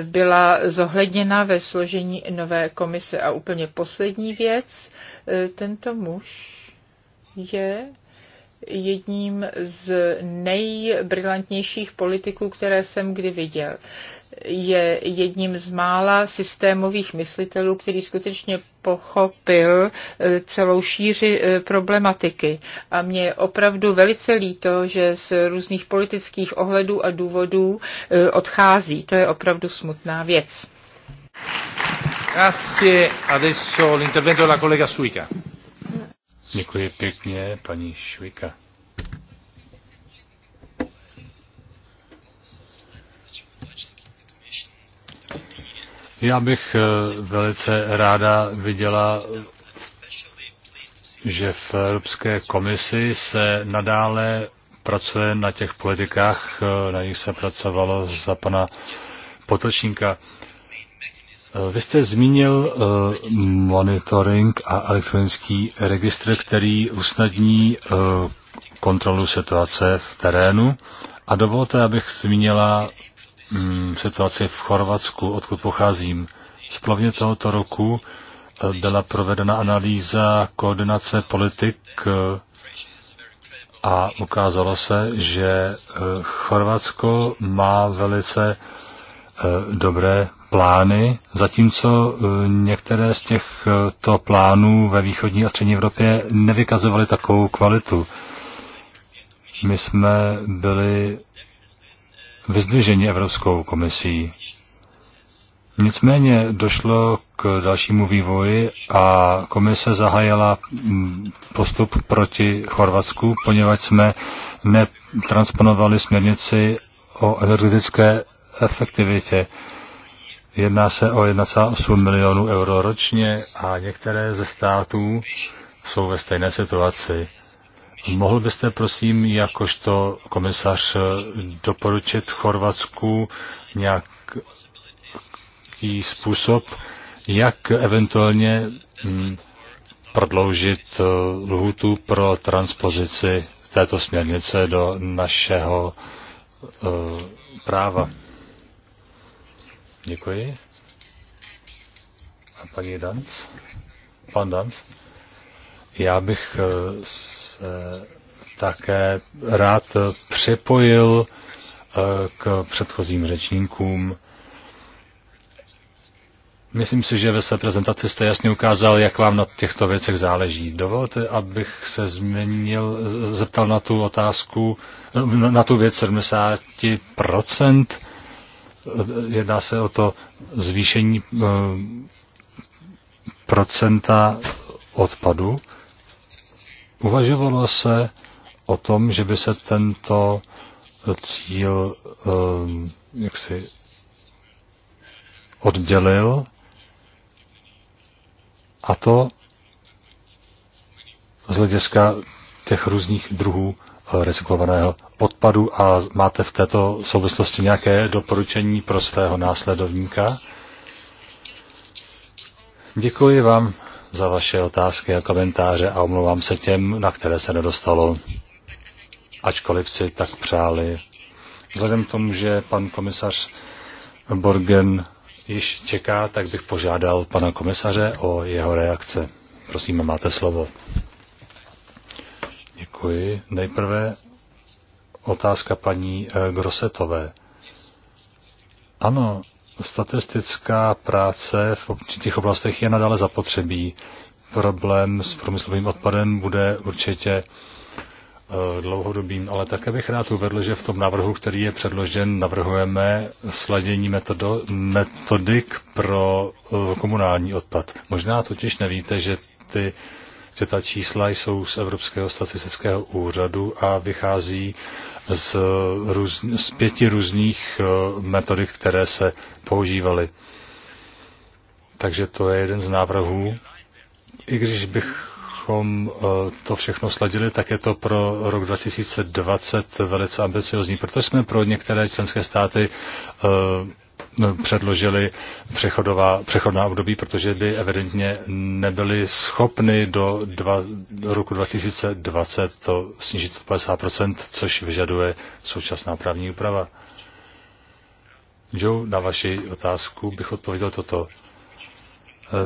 byla zohledněna ve složení nové komise. A úplně poslední věc, tento muž je jedním z nejbrilantnějších politiků, které jsem kdy viděl. Je jedním z mála systémových myslitelů, který skutečně pochopil eh, celou šíři eh, problematiky. A mě je opravdu velice líto, že z různých politických ohledů a důvodů eh, odchází. To je opravdu smutná věc. Grazie. Adesso l'intervento della collega Suica. Děkuji pěkně, paní Švika. Já bych eh, velice ráda viděla, že v Evropské komisi se nadále pracuje na těch politikách, eh, na nich se pracovalo za pana Potočníka. Eh, vy jste zmínil eh, monitoring a elektronický registr, který usnadní eh, kontrolu situace v terénu. A dovolte, abych zmínila mm, situaci v Chorvatsku, odkud pocházím. V plovně tohoto roku byla provedena analýza koordinace politik a ukázalo se, že Chorvatsko má velice dobré plány, zatímco e, některé z těchto e, plánů ve východní a střední Evropě nevykazovaly takovou kvalitu. My jsme byli vyzdviženi Evropskou komisí. Nicméně došlo k dalšímu vývoji a komise zahájila postup proti Chorvatsku, poněvadž jsme netransponovali směrnici o energetické efektivitě. Jedná se o 1,8 milionů euro ročně a některé ze států jsou ve stejné situaci. Mohl byste prosím jakožto komisař doporučit Chorvatsku nějaký způsob, jak eventuálně hm, prodloužit eh, lhutu pro transpozici této směrnice do našeho eh, práva? Děkuji. A paní Danc? Pan Danc? Já bych eh, se také rád připojil eh, k předchozím řečníkům. Myslím si, že ve své prezentaci jste jasně ukázal, jak vám na těchto věcech záleží. Dovolte, abych se změnil, zeptal na tu otázku, na tu věc 70% jedná se o to zvýšení eh, procenta odpadu. Uvažovalo se o tom, že by se tento cíl eh, jaksi oddělil a to z hlediska těch různých druhů recyklovaného odpadu a máte v této souvislosti nějaké doporučení pro svého následovníka? Děkuji vám za vaše otázky a komentáře a omlouvám se těm, na které se nedostalo, ačkoliv si tak přáli. Vzhledem k tomu, že pan komisař Borgen již čeká, tak bych požádal pana komisaře o jeho reakce. Prosím, máte slovo. Děkuji. Nejprve otázka paní eh, Grosetové. Ano, statistická práce v těch oblastech je nadále zapotřebí. Problém s průmyslovým odpadem bude určitě eh, dlouhodobým, ale také bych rád uvedl, že v tom návrhu, který je předložen, navrhujeme sladění metodo, metodik pro eh, komunální odpad. Možná totiž nevíte, že ty že ta čísla jsou z Evropského statistického úřadu a vychází z, růz, z pěti různých eh, metodik, které se používaly. Takže to je jeden z návrhů. I když bychom eh, to všechno sledili, tak je to pro rok 2020 velice ambiciozní, protože jsme pro některé členské státy eh, předložili přechodová, přechodná období, protože by evidentně nebyli schopni do, dva, do roku 2020 to snížit v 50%, což vyžaduje současná právní úprava. Joe, na vaši otázku bych odpověděl toto.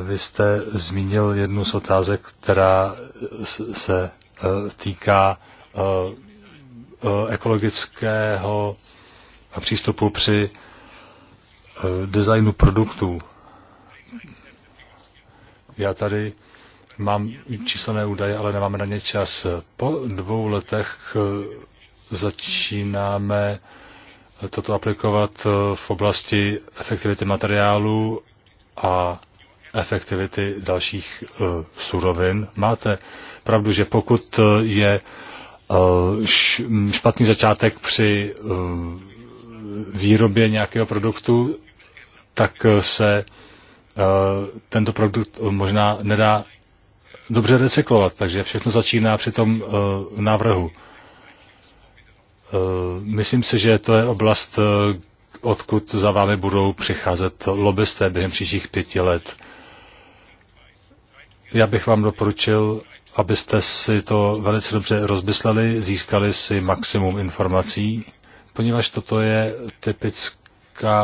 Vy jste zmínil jednu z otázek, která se e, týká e, e, ekologického přístupu při Eh, designu produktů. Já tady mám číselné údaje, ale nemáme na ně čas. Po dvou letech eh, začínáme eh, toto aplikovat v oblasti efektivity materiálu a efektivity dalších surovin. Máte pravdu, že pokud je špatný začátek při výrobě nějakého produktu, tak se eh, tento produkt možná nedá dobře recyklovat, takže všechno začíná při tom eh, návrhu. Eh, myslím si, že to je oblast, odkud za vámi budou přicházet lobbysté během příštích pěti let. Já bych vám doporučil, abyste si to velice dobře rozmysleli, získali si maximum informací poněvadž toto je typické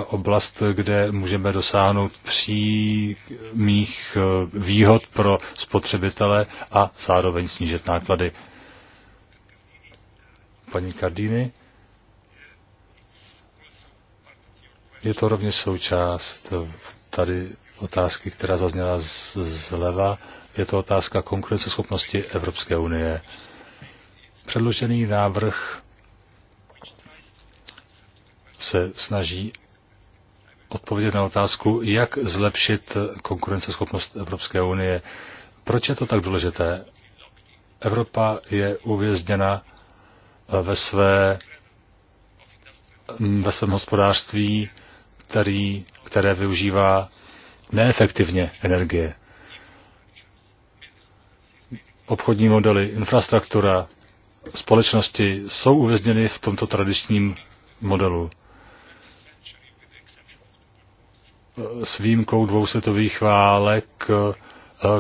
oblast, kde můžeme dosáhnout přímých eh, výhod pro spotřebitele a zároveň snížit náklady. Paní Kardiny? Je to rovněž součást tady otázky, která zazněla z, zleva. Je to otázka konkurenceschopnosti Evropské unie. Předložený návrh se snaží odpovědět na otázku, jak zlepšit konkurenceschopnost Evropské unie. Proč je to tak důležité? Evropa je uvězněna eh, ve, své, mm, ve svém hospodářství, který, které využívá neefektivně energie. Obchodní modely, infrastruktura, společnosti jsou uvězněny v tomto tradičním modelu. s výjimkou dvou světových válek eh,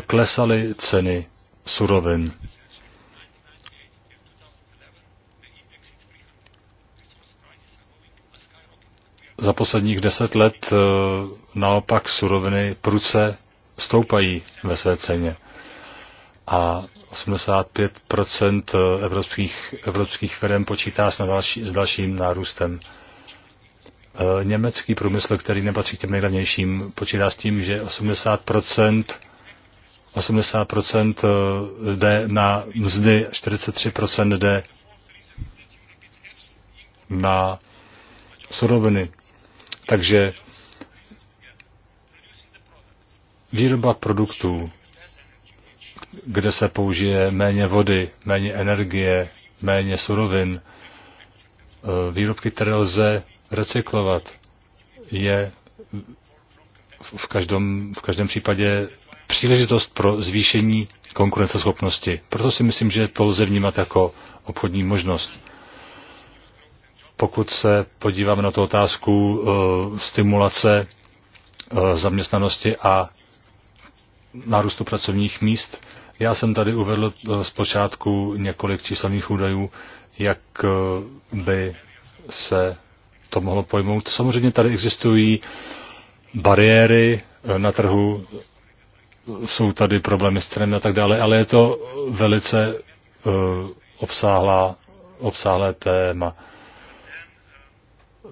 klesaly ceny surovin. Za posledních deset let eh, naopak suroviny pruce stoupají ve své ceně. A 85 eh, evropských, evropských firm počítá s, další, s dalším nárůstem Eh, německý průmysl, který nepatří k těm nejlevnějším, počítá s tím, že 80%, 80% eh, jde na mzdy, 43% jde na suroviny. Takže výroba produktů, kde se použije méně vody, méně energie, méně surovin, eh, výrobky, které lze recyklovat. Je v každém, v každém případě příležitost pro zvýšení konkurenceschopnosti. Proto si myslím, že to lze vnímat jako obchodní možnost. Pokud se podíváme na tu otázku e, stimulace e, zaměstnanosti a nárůstu pracovních míst, já jsem tady uvedl eh, z zpočátku několik číselných údajů, jak by se to mohlo pojmout. Samozřejmě tady existují bariéry eh, na trhu, jsou tady problémy s trhem a tak dále, ale je to velice uh, obsáhlá, obsáhlé téma,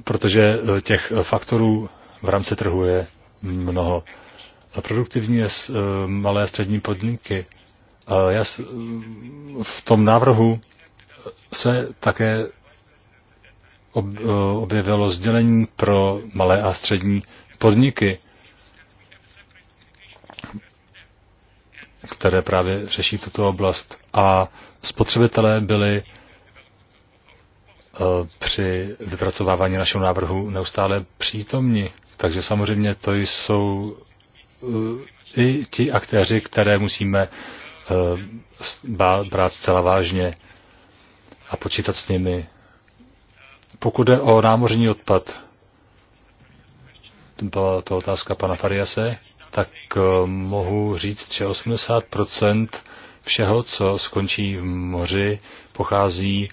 protože eh, těch faktorů v rámci trhu je mnoho. Produktivní je malé a střední podniky. Já v tom návrhu se také Eh, objevilo sdělení pro malé a střední podniky, které právě řeší tuto oblast. A spotřebitelé byli eh, při vypracovávání našeho návrhu neustále přítomni. Takže samozřejmě to jsou eh, i ti aktéři, které musíme brát zcela vážně a počítat s nimi. Pokud jde o námořní odpad, to byla to otázka pana Fariase, tak eh, mohu říct, že 80% všeho, co skončí v moři, pochází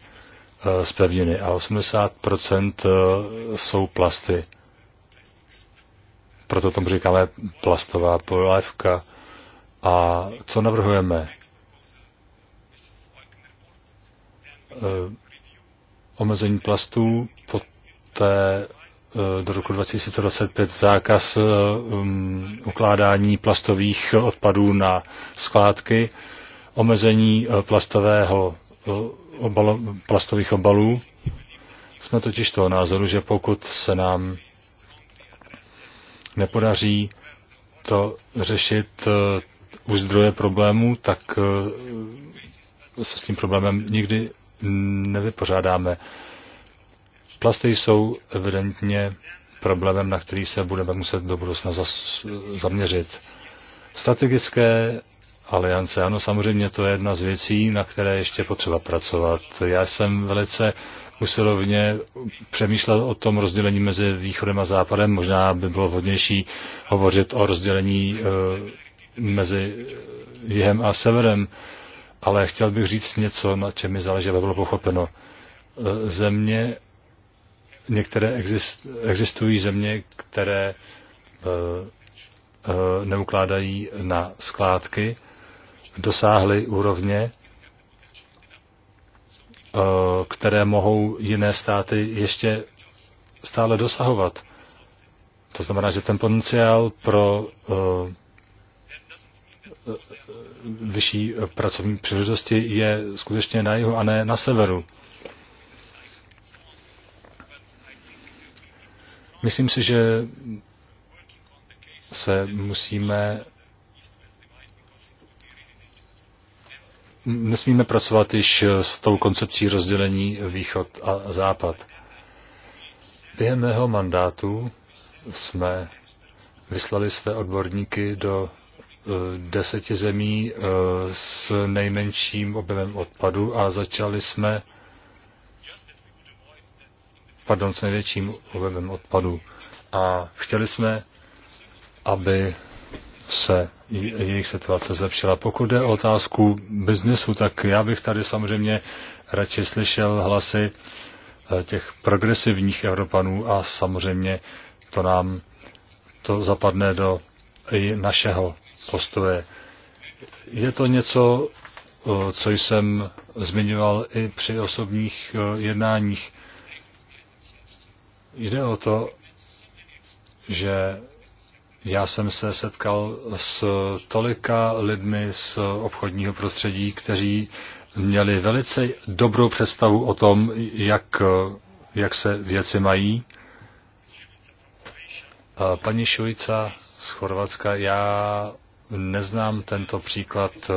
eh, z pevniny a 80% eh, jsou plasty. Proto tomu říkáme plastová polévka. A co navrhujeme? omezení plastů, poté eh, do roku 2025 zákaz eh, um, ukládání plastových odpadů na skládky, omezení eh, plastového obalo, plastových obalů. Jsme totiž toho názoru, že pokud se nám nepodaří to řešit u zdroje problémů, tak se s tím problémem nikdy nevypořádáme. Plasty jsou evidentně problémem, na který se budeme muset do budoucna zaměřit. Strategické aliance, ano, samozřejmě to je jedna z věcí, na které ještě potřeba pracovat. Já jsem velice usilovně přemýšlel o tom rozdělení mezi východem a západem. Možná by bylo vhodnější hovořit o rozdělení eh, mezi jihem a severem ale chtěl bych říct něco, na čem mi záleží, aby bylo pochopeno. E, země, některé exist, existují země, které e, e, neukládají na skládky, dosáhly úrovně, které mohou jiné státy ještě stále dosahovat. To znamená, že ten potenciál pro vyšší pracovní příležitosti je skutečně na jihu a ne na severu. Myslím si, že se musíme nesmíme pracovat již s tou koncepcí rozdělení východ a západ. Během mého mandátu jsme vyslali své odborníky do Eh, deseti zemí eh, s nejmenším objemem odpadu a začali jsme pardon, s největším objemem odpadu. A chtěli jsme, aby se jejich situace zlepšila. Pokud jde o otázku biznesu, tak já bych tady samozřejmě radši slyšel hlasy eh, těch progresivních Evropanů a samozřejmě to nám to zapadne do i našeho postoje. Je to něco, co jsem zmiňoval i při osobních jednáních. Jde o to, že já jsem se setkal s tolika lidmi z obchodního prostředí, kteří měli velice dobrou představu o tom, jak, jak se věci mají. Paní Šujica z Chorvatska, já Neznám tento příklad eh,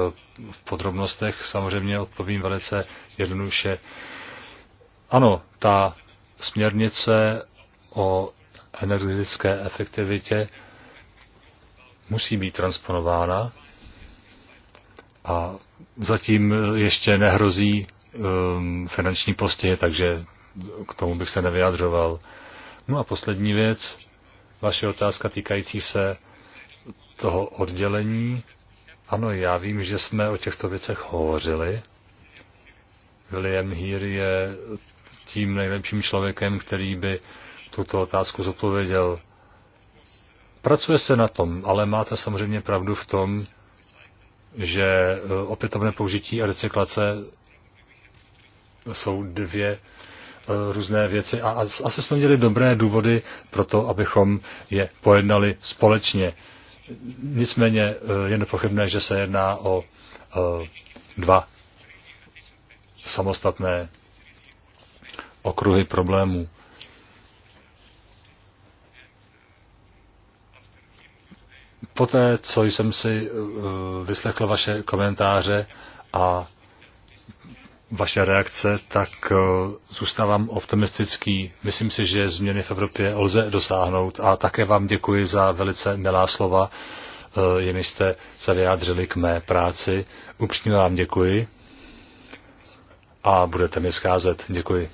v podrobnostech, samozřejmě odpovím velice jednoduše. Ano, ta směrnice o energetické efektivitě musí být transponována a zatím eh, ještě nehrozí um, finanční postihy, takže k tomu bych se nevyjadřoval. No a poslední věc, vaše otázka týkající se toho oddělení. Ano, já vím, že jsme o těchto věcech hovořili. William Heer je tím nejlepším člověkem, který by tuto otázku zodpověděl. Pracuje se na tom, ale máte samozřejmě pravdu v tom, že eh, opětovné použití a recyklace jsou dvě eh, různé věci a asi jsme měli dobré důvody pro to, abychom je pojednali společně. Nicméně eh, je nepochybné, že se jedná o eh, dva samostatné okruhy problémů. Poté, co jsem si eh, vyslechl vaše komentáře a vaše reakce, tak eh, zůstávám optimistický. Myslím si, že změny v Evropě lze dosáhnout a také vám děkuji za velice milá slova, eh, jimi jste se vyjádřili k mé práci. Upřímně vám děkuji a budete mi scházet. Děkuji.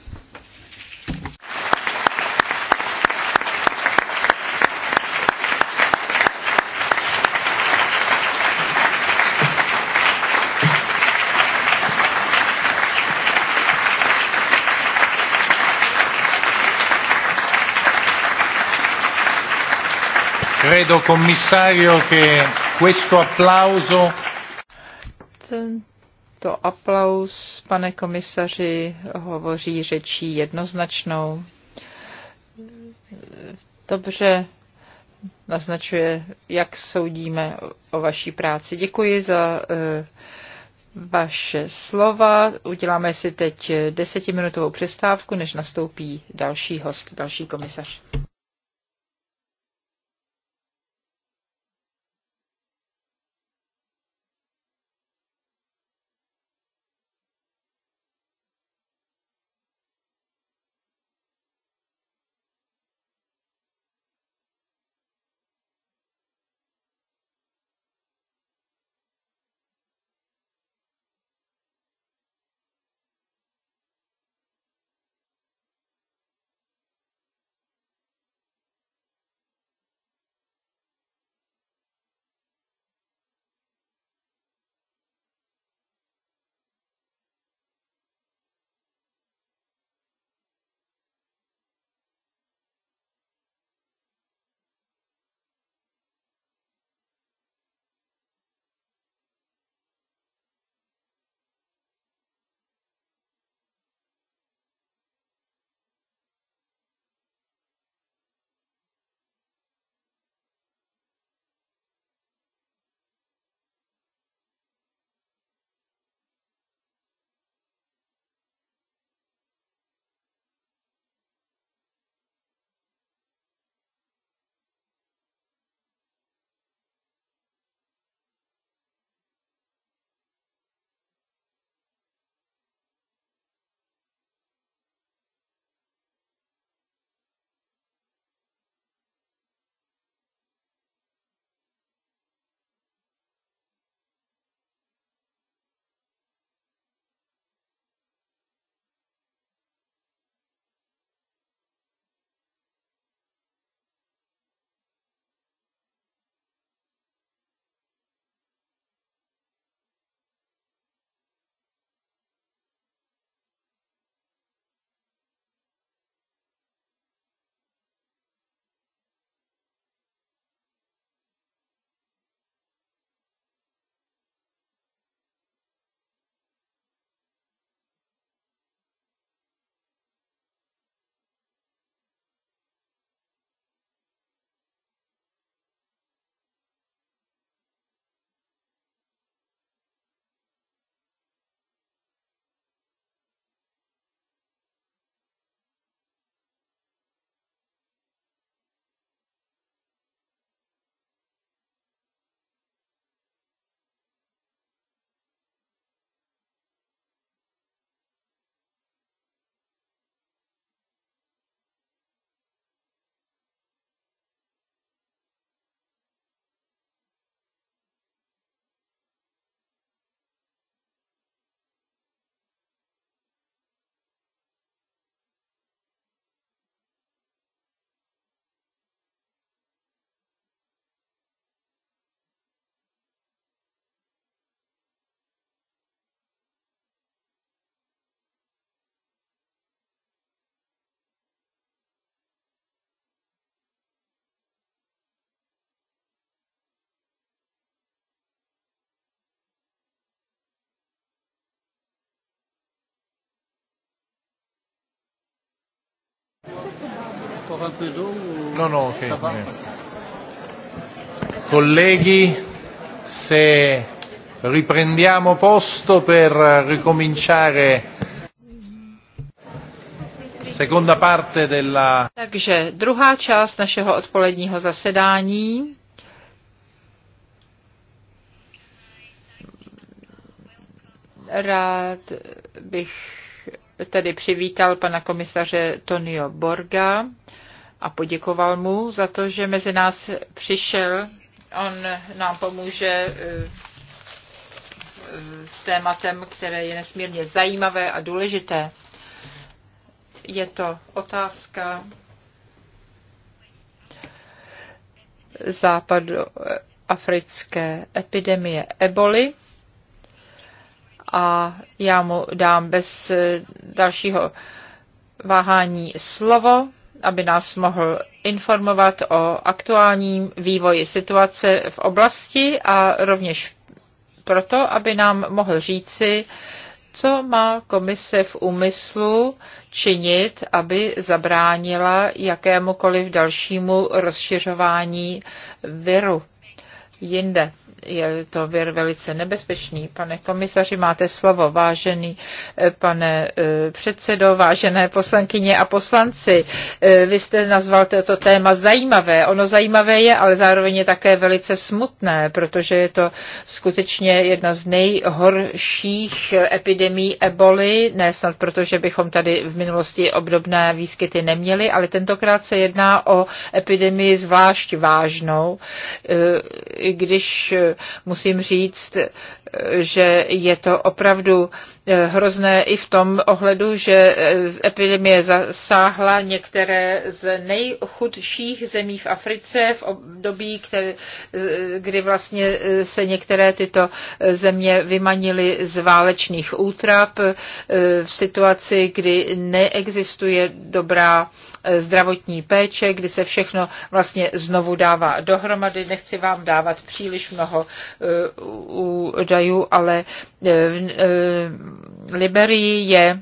credo, commissario, che questo applauso... Tento aplaus, pane komisaři, hovoří řečí jednoznačnou. Dobře naznačuje, jak soudíme o vaší práci. Děkuji za eh, vaše slova. Uděláme si teď desetiminutovou přestávku, než nastoupí další host, další komisař. encore un peu d'eau ou... Non, non, ok. okay. Colleghi, se riprendiamo posto per ricominciare seconda parte della... Takže druhá část našeho odpoledního zasedání. Rád bych tedy přivítal pana komisaře Tonio Borga a poděkoval mu za to, že mezi nás přišel. On nám pomůže eh, eh, s tématem, které je nesmírně zajímavé a důležité. Je to otázka africké epidemie eboli a já mu dám bez eh, dalšího váhání slovo aby nás mohl informovat o aktuálním vývoji situace v oblasti a rovněž proto, aby nám mohl říci, co má komise v úmyslu činit, aby zabránila jakémukoliv dalšímu rozšiřování viru jinde. Je to věr velice nebezpečný. Pane komisaři, máte slovo, vážený eh, pane eh, předsedo, vážené poslankyně a poslanci. Eh, vy jste nazval toto téma zajímavé. Ono zajímavé je, ale zároveň je také velice smutné, protože je to skutečně jedna z nejhorších epidemí eboli, ne snad proto, že bychom tady v minulosti obdobné výskyty neměli, ale tentokrát se jedná o epidemii zvlášť vážnou, když eh, musím říct, eh, že je to opravdu eh, hrozné i v tom ohledu, že epidemie zasáhla některé z nejchudších zemí v Africe v období, kdy vlastně se některé tyto země vymanily z válečných útrap v situaci, kdy neexistuje dobrá zdravotní péče, kdy se všechno vlastně znovu dává dohromady. Nechci vám dávat příliš mnoho eh, údajů, ale eh, eh, v Liberii je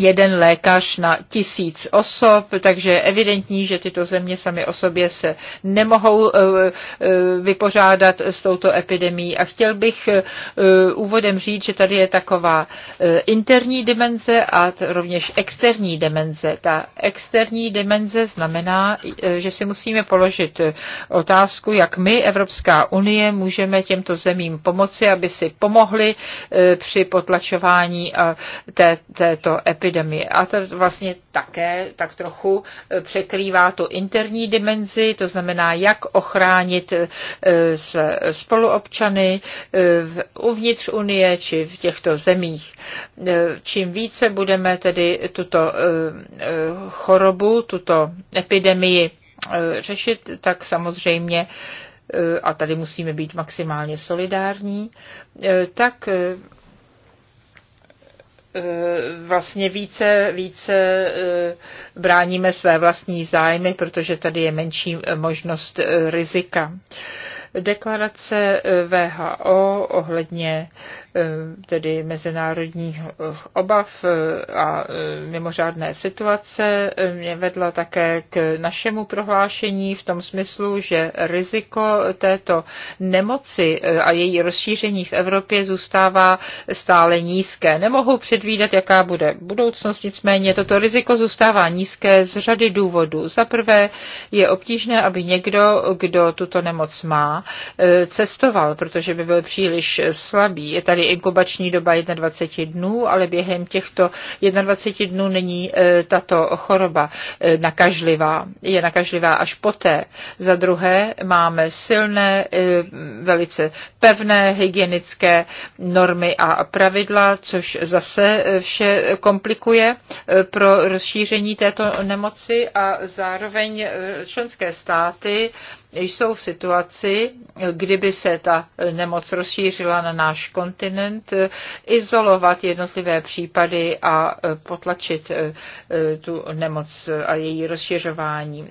jeden lékař na tisíc osob, takže je evidentní, že tyto země sami o sobě se nemohou eh, eh, vypořádat s touto epidemí. A chtěl bych eh, úvodem říct, že tady je taková interní dimenze a rovněž externí dimenze. Ta externí dimenze znamená, že si musíme položit otázku, jak my, Evropská unie, můžeme těmto zemím pomoci, aby si pomohli při potlačování té, této epidemie epidemie. A to vlastně také tak trochu e, překrývá tu interní dimenzi, to znamená, jak ochránit e, své spoluobčany e, uvnitř Unie či v těchto zemích. Čím více budeme tedy tuto chorobu, tuto epidemii řešit, tak samozřejmě a tady musíme být maximálně solidární, tak Eh, vlastně více, více eh, bráníme své vlastní zájmy, protože tady je menší eh, možnost rizika. Deklarace eh, VHO ohledně eh, tedy mezinárodních obav eh, a mimořádné situace mě vedla také k našemu prohlášení v tom smyslu, že riziko této nemoci a její rozšíření v Evropě zůstává stále nízké. Nemohu předvídat, jaká bude budoucnost, nicméně toto riziko zůstává nízké z řady důvodů. Za prvé je obtížné, aby někdo, kdo tuto nemoc má, E, cestoval, protože by byl příliš slabý. Je tady inkubační doba 21 dnů, ale během těchto 21 dnů není e, tato choroba e, nakažlivá. Je nakažlivá až poté. Za druhé máme silné, velice pevné hygienické normy a pravidla, což zase vše komplikuje pro rozšíření této nemoci a zároveň členské státy jsou v situaci, kdyby se ta nemoc rozšířila na náš kontinent, izolovat jednotlivé případy a e, potlačit e, e, tu nemoc a její rozšiřování.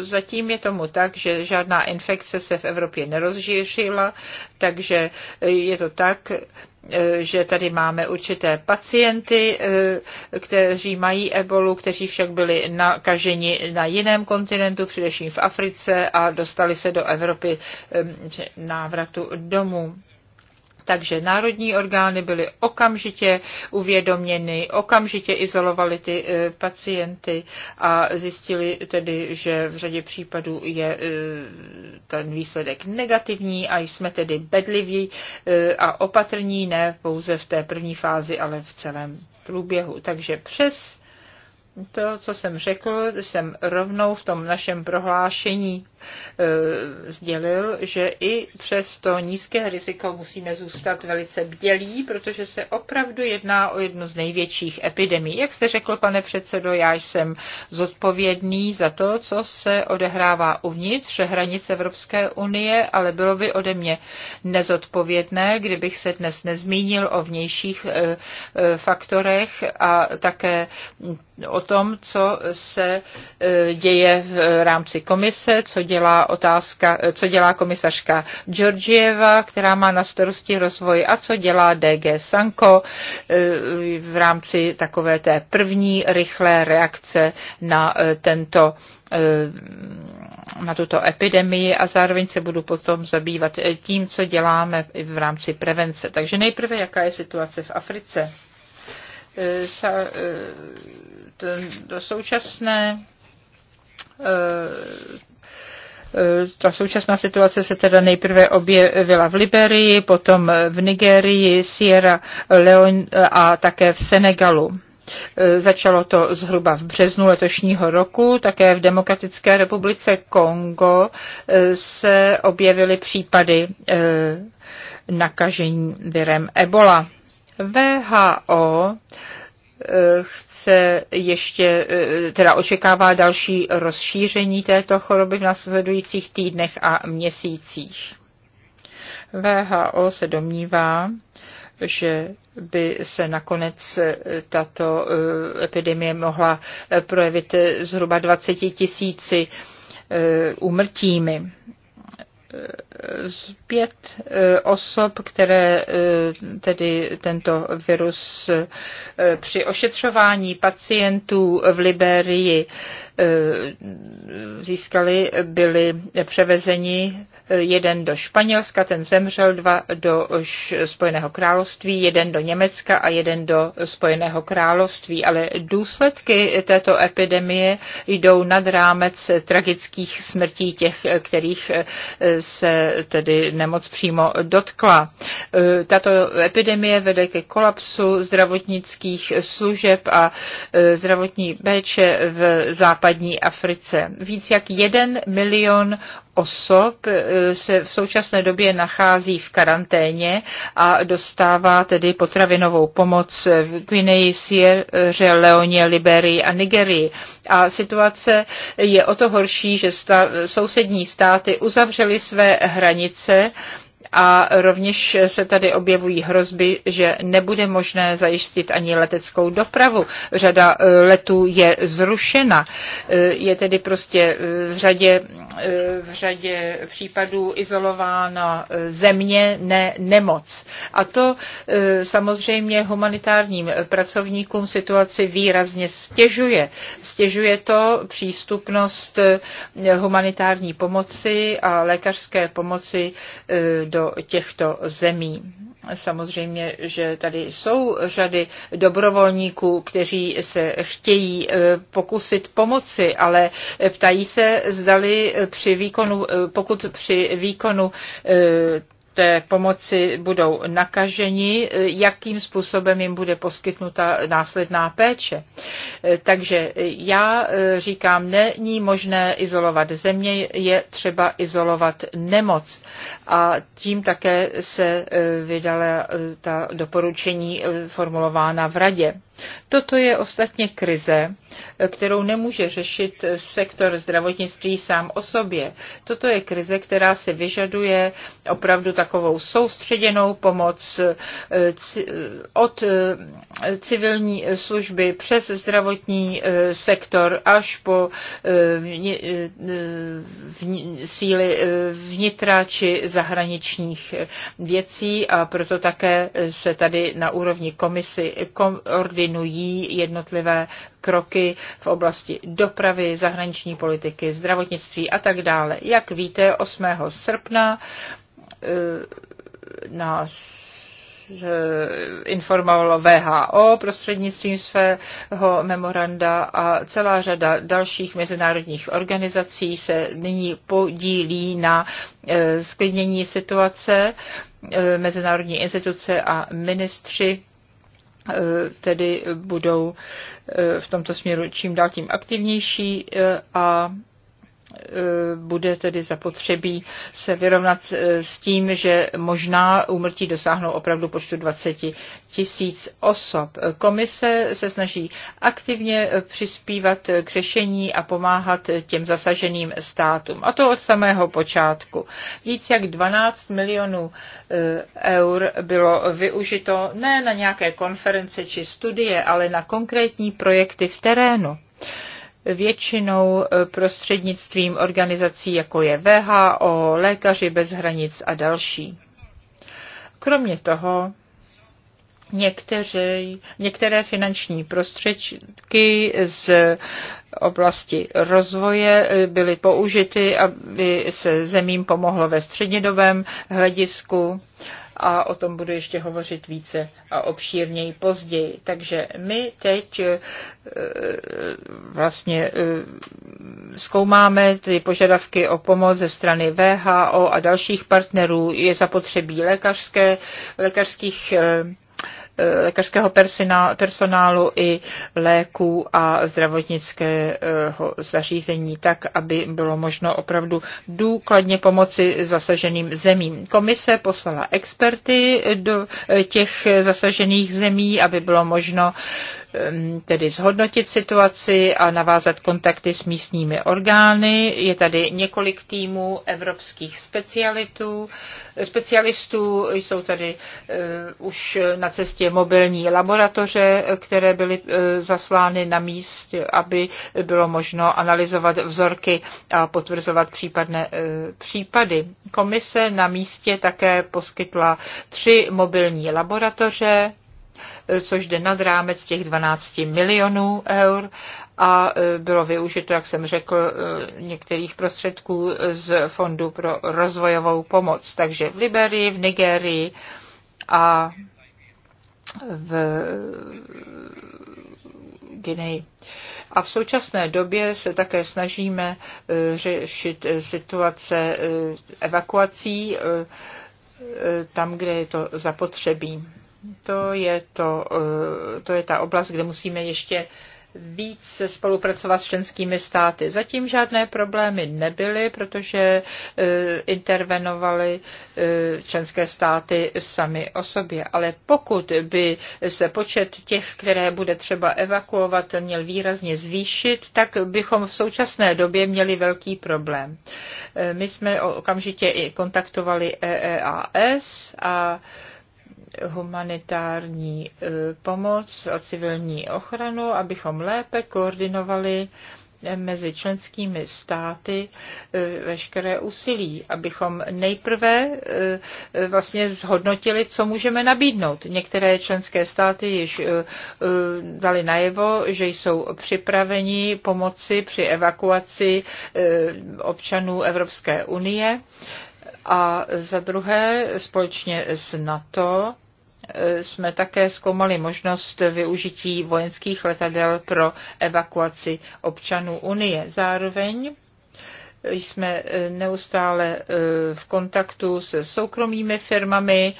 Zatím je tomu tak, že žádná infekce se v Evropě nerozšířila, takže je to tak, E, že tady máme určité pacienty, e, kteří mají ebolu, kteří však byli nakaženi na jiném kontinentu, především v Africe a dostali se do Evropy e, návratu domů. Takže národní orgány byly okamžitě uvědoměny, okamžitě izolovali ty e, pacienty a zjistili tedy, že v řadě případů je e, ten výsledek negativní a jsme tedy bedliví e, a opatrní ne pouze v té první fázi, ale v celém průběhu. Takže přes to, co jsem řekl, jsem rovnou v tom našem prohlášení e, sdělil, že i přes to nízké riziko musíme zůstat velice bdělí, protože se opravdu jedná o jednu z největších epidemí. Jak jste řekl, pane předsedo, já jsem zodpovědný za to, co se odehrává uvnitř hranic Evropské unie, ale bylo by ode mě nezodpovědné, kdybych se dnes nezmínil o vnějších e, e, faktorech a také o tom, co se e, děje v rámci komise, co dělá otázka, e, co dělá komisařka Georgieva, která má na starosti rozvoj a co dělá DG Sanko e, v rámci takové té první rychlé reakce na tento na tuto epidemii a zároveň se budu potom zabývat tím, co děláme v rámci prevence. Takže nejprve, jaká je situace v Africe. Eh, eh, do současné eh, ta současná situace se teda nejprve objevila v Liberii, potom v Nigerii, Sierra Leone a také v Senegalu. Začalo to zhruba v březnu letošního roku. Také v Demokratické republice Kongo se objevily případy nakažení virem Ebola. VHO eh, chce ještě, eh, teda očekává další rozšíření této choroby v následujících týdnech a měsících. VHO se domnívá, že by se nakonec eh, tato epidemie mohla projevit zhruba 20 tisíci úmrtími pět e, osob, které e, tedy tento virus e, při ošetřování pacientů v Liberii získali, byli převezeni jeden do Španělska, ten zemřel, dva do Spojeného království, jeden do Německa a jeden do Spojeného království. Ale důsledky této epidemie jdou nad rámec tragických smrtí těch, kterých eh, se tedy nemoc přímo dotkla. Eh, tato epidemie vede ke kolapsu zdravotnických služeb a eh, zdravotní péče v západní Africe. Víc jak jeden milion osob eh, se v současné době nachází v karanténě a dostává tedy potravinovou pomoc v Guineji, Sierra Leone, Liberii a Nigerii. A situace je o to horší, že sta- sousední státy uzavřely své hranice a rovněž se tady objevují hrozby, že nebude možné zajistit ani leteckou dopravu. Řada e, letů je zrušena. E, je tedy prostě e, v řadě, v řadě případů izolována země, ne nemoc. A to samozřejmě humanitárním pracovníkům situaci výrazně stěžuje. Stěžuje to přístupnost humanitární pomoci a lékařské pomoci do do těchto zemí. Samozřejmě, že tady jsou řady dobrovolníků, kteří se chtějí eh, pokusit pomoci, ale ptají se, zdali při výkonu, eh, pokud při výkonu eh, té pomoci budou nakaženi, jakým způsobem jim bude poskytnuta následná péče. Takže já e, říkám, není možné izolovat země, je třeba izolovat nemoc. A tím také se e, vydala e, ta doporučení formulována v radě. Toto je ostatně krize, kterou nemůže řešit sektor zdravotnictví sám o sobě. Toto je krize, která si vyžaduje opravdu takovou soustředěnou pomoc eh, eh, od eh, civilní služby přes zdravotní sektor až po síly vnitra či zahraničních věcí a proto také se tady na úrovni komisy koordinuje koordinují jednotlivé kroky v oblasti dopravy, zahraniční politiky, zdravotnictví a tak dále. Jak víte, 8. srpna eh, nás eh, informovalo VHO prostřednictvím svého memoranda a celá řada dalších mezinárodních organizací se nyní podílí na sklidnění eh, situace. Mezinárodní instituce a ministři Eh, tedy budou eh, v tomto směru čím dál tím aktivnější eh, a Eh, bude tedy zapotřebí se vyrovnat eh, s tím, že možná úmrtí dosáhnou opravdu počtu 20 tisíc osob. Komise se snaží aktivně eh, přispívat k řešení a pomáhat těm zasaženým státům. A to od samého počátku. Víc jak 12 milionů eur bylo využito ne na nějaké konference či studie, ale na konkrétní projekty v terénu většinou eh, prostřednictvím organizací jako je VHO, Lékaři bez hranic a další. Kromě toho, Někteří, některé finanční prostředky z oblasti rozvoje eh, byly použity, aby se zemím pomohlo ve střednědobém hledisku a o tom budu ještě hovořit více a obšírněji později. Takže my teď eh, vlastně eh, zkoumáme ty požadavky o pomoc ze strany VHO a dalších partnerů. Je zapotřebí lékařské, lékařských eh, lékařského personálu i léků a zdravotnického zařízení, tak, aby bylo možno opravdu důkladně pomoci zasaženým zemím. Komise poslala experty do těch zasažených zemí, aby bylo možno Ehm, tedy zhodnotit situaci a navázat kontakty s místními orgány. Je tady několik týmů evropských specialitů, specialistů, jsou tady uh, už na cestě mobilní laboratoře, které byly uh, zaslány na míst, aby bylo možno analyzovat vzorky a potvrzovat případné uh, případy. Komise na místě také poskytla tři mobilní laboratoře, Eh, což jde nad rámec těch 12 milionů eur a eh, bylo využito, jak jsem řekl, eh, některých prostředků z Fondu pro rozvojovou pomoc. Takže v Liberii, v Nigerii a v Gineji. A v současné době se také snažíme řešit situace evakuací tam, kde je to zapotřebí. To je, to, eh, to je ta oblast, kde musíme ještě víc spolupracovat s členskými státy. Zatím žádné problémy nebyly, protože eh, intervenovaly eh, členské státy sami o sobě. Ale pokud by se počet těch, které bude třeba evakuovat, měl výrazně zvýšit, tak bychom v současné době měli velký problém. My jsme okamžitě i kontaktovali EEAS a humanitární eh, pomoc a civilní ochranu, abychom lépe koordinovali eh, mezi členskými státy eh, veškeré úsilí, abychom nejprve vlastně zhodnotili, co můžeme nabídnout. Některé členské státy již dali najevo, že jsou připraveni pomoci při evakuaci občanů Evropské unie a za druhé společně s NATO jsme také zkoumali možnost využití vojenských letadel pro evakuaci občanů Unie. Zároveň jsme e, neustále e, v kontaktu se soukromými firmami,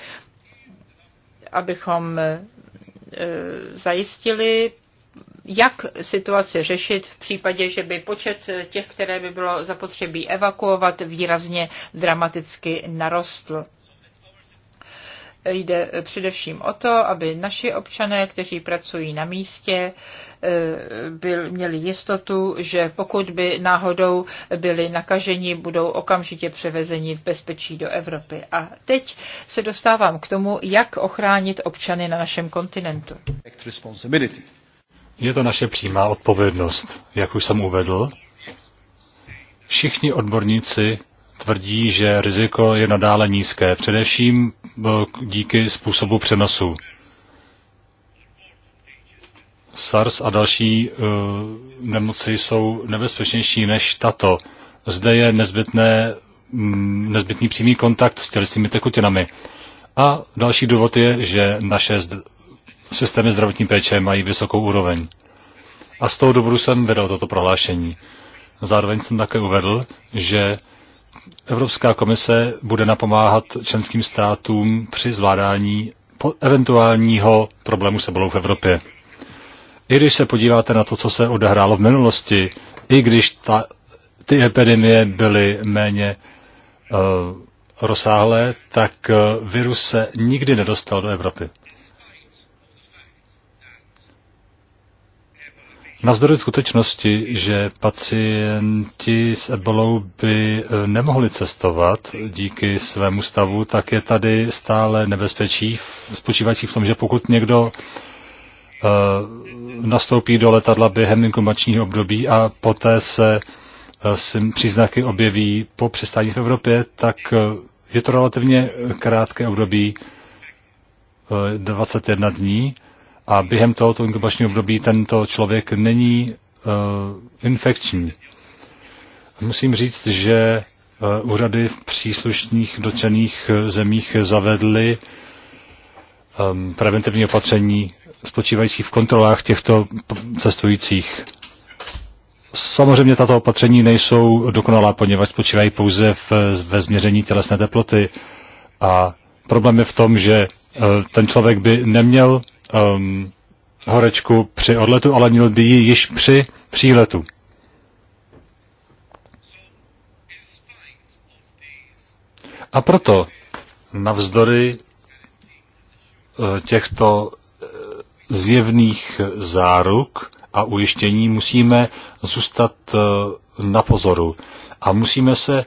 abychom e, zajistili, jak situaci řešit v případě, že by počet těch, které by bylo zapotřebí evakuovat, výrazně dramaticky narostl jde především o to, aby naši občané, kteří pracují na místě, eh, byl, měli jistotu, že pokud by náhodou byli nakaženi, budou okamžitě převezeni v bezpečí do Evropy. A teď se dostávám k tomu, jak ochránit občany na našem kontinentu. Je to naše přímá odpovědnost, jak už jsem uvedl. Všichni odborníci tvrdí, že riziko je nadále nízké, především eh, díky způsobu přenosu. SARS a další uh, nemoci jsou nebezpečnější než tato. Zde je nezbytné, mm, nezbytný přímý kontakt s tělesnými tekutinami. A další důvod je, že naše zd- systémy zdravotní péče mají vysokou úroveň. A z toho důvodu jsem vedl toto prohlášení. Zároveň jsem také uvedl, že Evropská komise bude napomáhat členským státům při zvládání eventuálního problému se ebolou v Evropě. I když se podíváte na to, co se odehrálo v minulosti, i když ta, ty epidemie byly méně uh, rozsáhlé, tak uh, virus se nikdy nedostal do Evropy. Nazdory skutečnosti, že pacienti s ebolou by eh, nemohli cestovat díky svému stavu, tak je tady stále nebezpečí spočívající v tom, že pokud někdo eh, nastoupí do letadla během inkubačního období a poté se eh, příznaky objeví po přistání v Evropě, tak je to relativně krátké období 21 dní a během tohoto inkubačního období tento člověk není uh, infekční. Musím říct, že uh, úřady v příslušných dotčených eh, zemích zavedly um, preventivní opatření spočívající v kontrolách těchto cestujících. Samozřejmě tato opatření nejsou dokonalá, poněvadž spočívají pouze v, ve změření tělesné teploty. A problém je v tom, že ten člověk by neměl um, horečku při odletu, ale měl by ji již při příletu. A proto navzdory eh, těchto eh, zjevných záruk a ujištění musíme zůstat eh, na pozoru a musíme se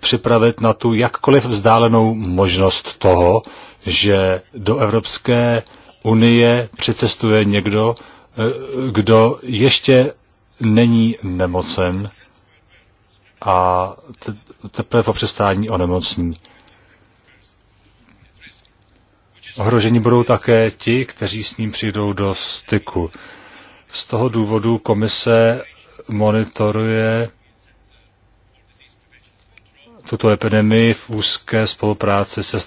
připravit na tu jakkoliv vzdálenou možnost toho, že do Evropské unie přicestuje někdo, eh, kdo ještě není nemocen a teprve po přestání onemocní. Ohroženi budou také ti, kteří s ním přijdou do styku. Z toho důvodu komise monitoruje tuto epidemii v úzké spolupráci se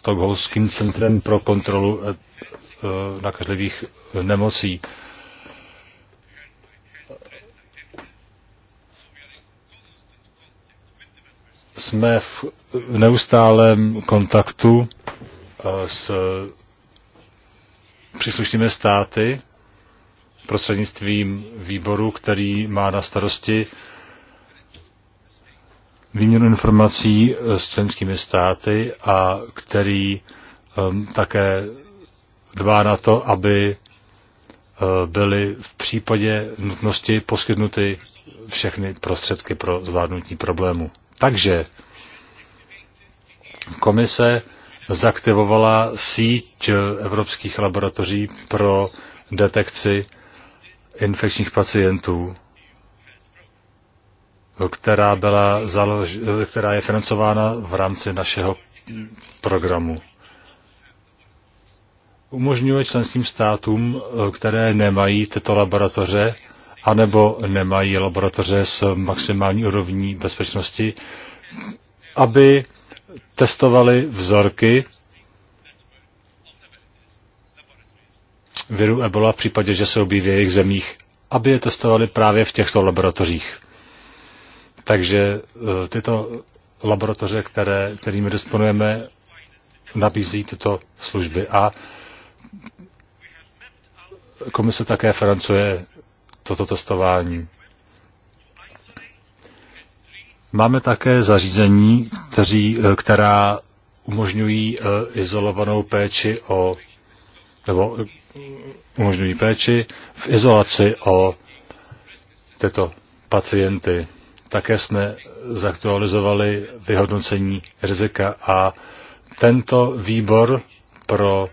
Stokholmským centrem pro kontrolu eh, eh, nakažlivých nemocí. Jsme v neustálém kontaktu eh, s příslušnými státy prostřednictvím výboru, který má na starosti výměnu informací eh, s členskými státy a který ehm, také dbá na to, aby eh, byly v případě nutnosti poskytnuty všechny prostředky pro zvládnutí problému. Takže komise zaktivovala síť eh, evropských laboratoří pro detekci infekčních pacientů která, byla založ, která je financována v rámci našeho programu. Umožňuje členským státům, které nemají tyto laboratoře, anebo nemají laboratoře s maximální úrovní bezpečnosti, aby testovali vzorky viru Ebola v případě, že se objeví v jejich zemích, aby je testovali právě v těchto laboratořích. Takže eh, tyto laboratoře, které, kterými disponujeme, nabízí tyto služby. A komise také francuje toto testování. Máme také zařízení, kteří, eh, která umožňují eh, izolovanou péči o nebo umožňují péči v izolaci o tyto pacienty. Také jsme zaktualizovali vyhodnocení rizika a tento výbor pro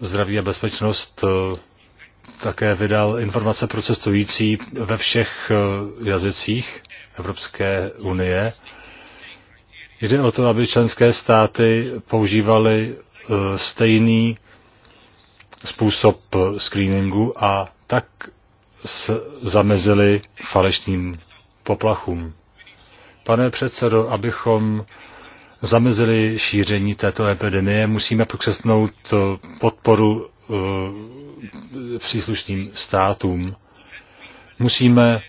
zdraví a bezpečnost eh, také vydal informace pro cestující ve všech eh, jazycích Evropské unie. Jde o to, aby členské státy používaly eh, stejný způsob screeningu a tak zamezili falešným poplachům. Pane předsedo, abychom zamezili šíření této epidemie, musíme přesnout eh, podporu eh, příslušným státům. Musíme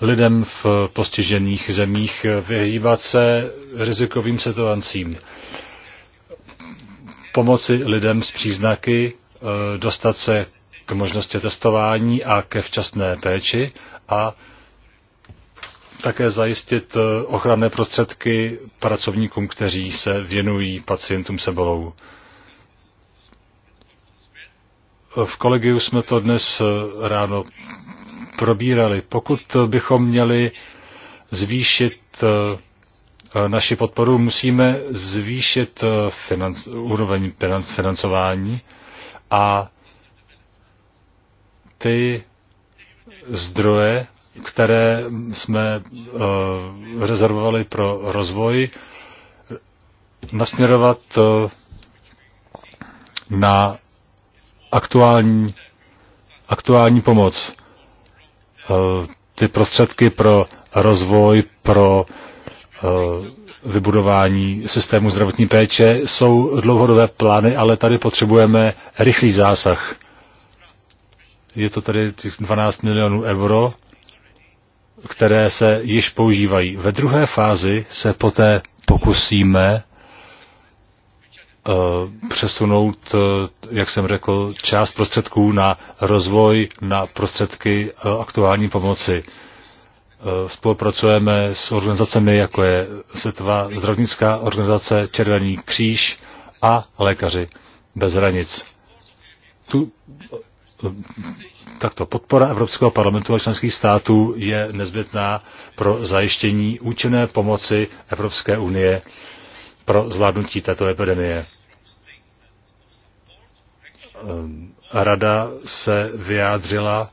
lidem v postižených zemích vyhýbat se rizikovým situacím. Pomoci lidem s příznaky eh, dostat se k možnosti testování a ke včasné péči a také zajistit eh, ochranné prostředky pracovníkům, kteří se věnují pacientům sebolou. V kolegiu jsme to dnes eh, ráno probírali. Pokud bychom měli zvýšit eh, naši podporu, musíme zvýšit finan- úroveň financování a ty zdroje které jsme eh, rezervovali pro rozvoj, nasměrovat eh, na aktuální, aktuální pomoc. Eh, ty prostředky pro rozvoj, pro vybudování systému zdravotní péče jsou dlouhodobé plány, ale tady potřebujeme rychlý zásah. Je to tady těch 12 milionů euro které se již používají. Ve druhé fázi se poté pokusíme eh, přesunout, eh, jak jsem řekl, část prostředků na rozvoj, na prostředky eh, aktuální pomoci. Spolupracujeme s organizacemi, jako je Světová zdravnická organizace Červený kříž a Lékaři bez hranic. Tu takto podpora Evropského parlamentu a členských států je nezbytná pro zajištění účinné pomoci Evropské unie pro zvládnutí této epidemie. Ehm, rada se vyjádřila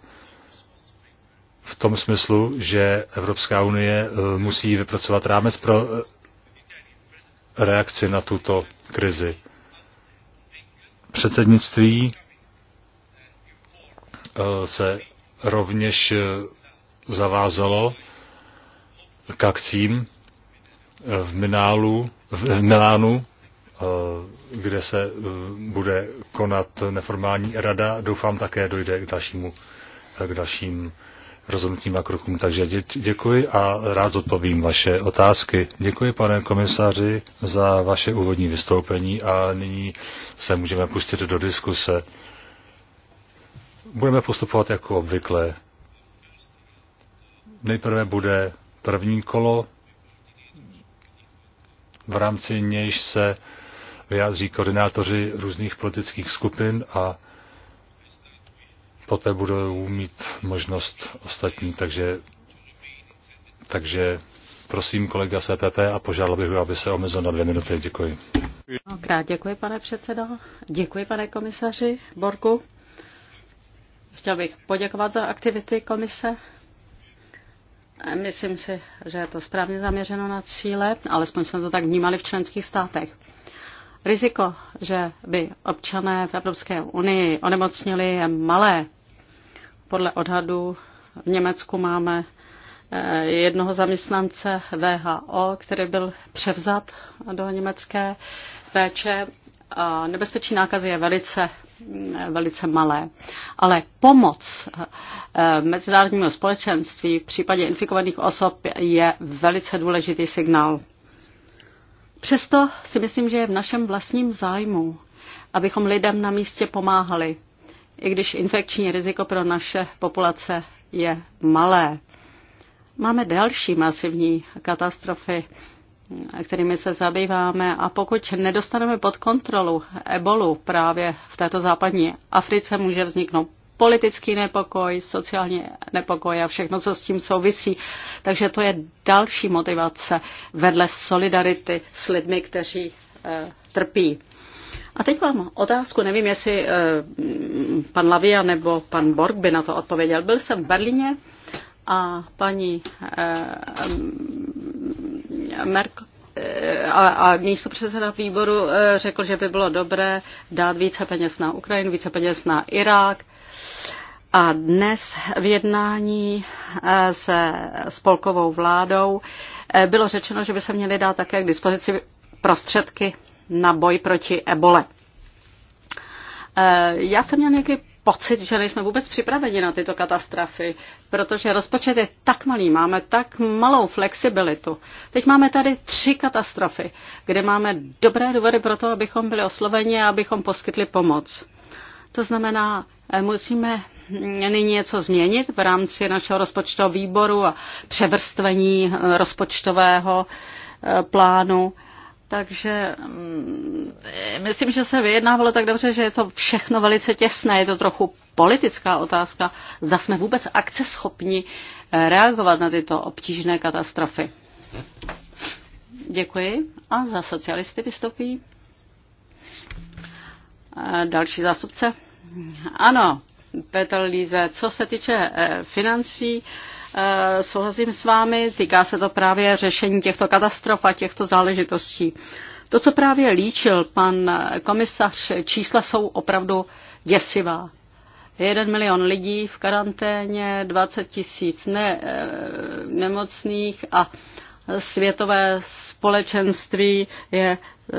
v tom smyslu, že Evropská unie ehm, musí vypracovat rámec pro ehm, reakci na tuto krizi. Předsednictví se rovněž eh, zavázalo k akcím eh, v Minálu, v Milánu, eh, kde se bude konat neformální rada. Doufám také dojde k dalšímu, k dalším rozhodnutím a krokům. Takže děkuji a rád odpovím vaše otázky. Děkuji, pane komisaři, za vaše úvodní vystoupení a nyní se můžeme pustit do diskuse budeme postupovat jako obvykle. Nejprve bude první kolo, v rámci nějž se vyjádří koordinátoři různých politických skupin a poté budou mít možnost ostatní, takže, takže prosím kolega CPP e a požádal bych ho, aby se omezil na dvě minuty. Děkuji. Krát děkuji, pane předsedo. Děkuji, pane komisaři Borku. Chtěl bych poděkovat za aktivity komise. Myslím si, že je to správně zaměřeno na cíle, alespoň jsme to tak vnímali v členských státech. Riziko, že by občané v Evropské unii onemocnili, je malé. Podle odhadu v Německu máme eh, jednoho zaměstnance VHO, který byl převzat do německé péče. A nebezpečí nákazy je velice Eh, velice malé. Ale pomoc eh, mezinárodního společenství v případě infikovaných osob je velice důležitý signál. Přesto si myslím, že je v našem vlastním zájmu, abychom lidem na místě pomáhali, i když infekční riziko pro naše populace je malé. Máme další masivní katastrofy kterými se zabýváme. A pokud nedostaneme pod kontrolu ebolu právě v této západní Africe, může vzniknout politický nepokoj, sociální nepokoj a všechno, co s tím souvisí. Takže to je další motivace vedle solidarity s lidmi, kteří e, trpí. A teď mám otázku, nevím, jestli e, pan Lavia nebo pan Borg by na to odpověděl. Byl jsem v Berlíně a paní eh, Merkel eh, a, a místo předseda výboru eh, řekl, že by bylo dobré dát více peněz na Ukrajinu, více peněz na Irák. A dnes v jednání eh, se spolkovou vládou bylo řečeno, že by se měly dát také k dispozici prostředky na boj proti ebole. Já jsem měl někdy pocit, že nejsme vůbec připraveni na tyto katastrofy, protože rozpočet je tak malý, máme tak malou flexibilitu. Teď máme tady tři katastrofy, kde máme dobré důvody pro to, abychom byli osloveni a abychom poskytli pomoc. To znamená, eh, musíme nyní něco změnit v rámci našeho rozpočtového výboru a převrstvení eh, rozpočtového eh, plánu. Takže mm, myslím, že se vyjednávalo tak dobře, že je to všechno velice těsné, je to trochu politická otázka, zda jsme vůbec akceschopni eh, reagovat na tyto obtížné katastrofy. Děkuji. A za socialisty vystoupí eh, další zástupce. Ano, Petr Líze, co se týče eh, financí, Eh, souhlasím s vámi, týká se to právě řešení těchto katastrof a těchto záležitostí. To, co právě líčil pan komisař, čísla jsou opravdu děsivá. Jeden milion lidí v karanténě, 20 tisíc ne, eh, nemocných a světové společenství je eh,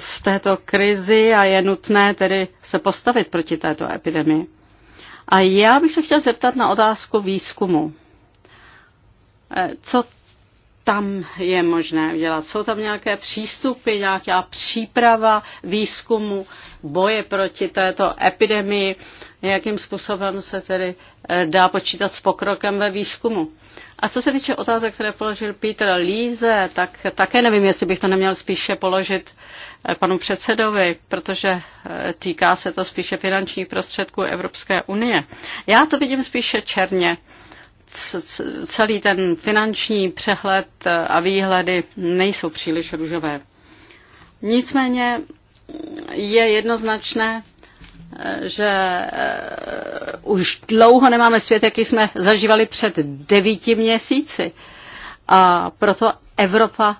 v této krizi a je nutné tedy se postavit proti této epidemii. A já bych se chtěl zeptat na otázku výzkumu. Eh, co tam je možné udělat? Jsou tam nějaké přístupy, nějaká příprava výzkumu, boje proti této epidemii? Jakým způsobem se tedy eh, dá počítat s pokrokem ve výzkumu? A co se týče otázek, které položil Peter Líze, tak také nevím, jestli bych to neměl spíše položit eh, panu předsedovi, protože eh, týká se to spíše finančních prostředků Evropské unie. Já to vidím spíše černě. Celý ten finanční přehled eh, a výhledy nejsou příliš růžové. Nicméně mm, je jednoznačné, že eh, už dlouho nemáme svět, jaký jsme zažívali před devíti měsíci. A proto Evropa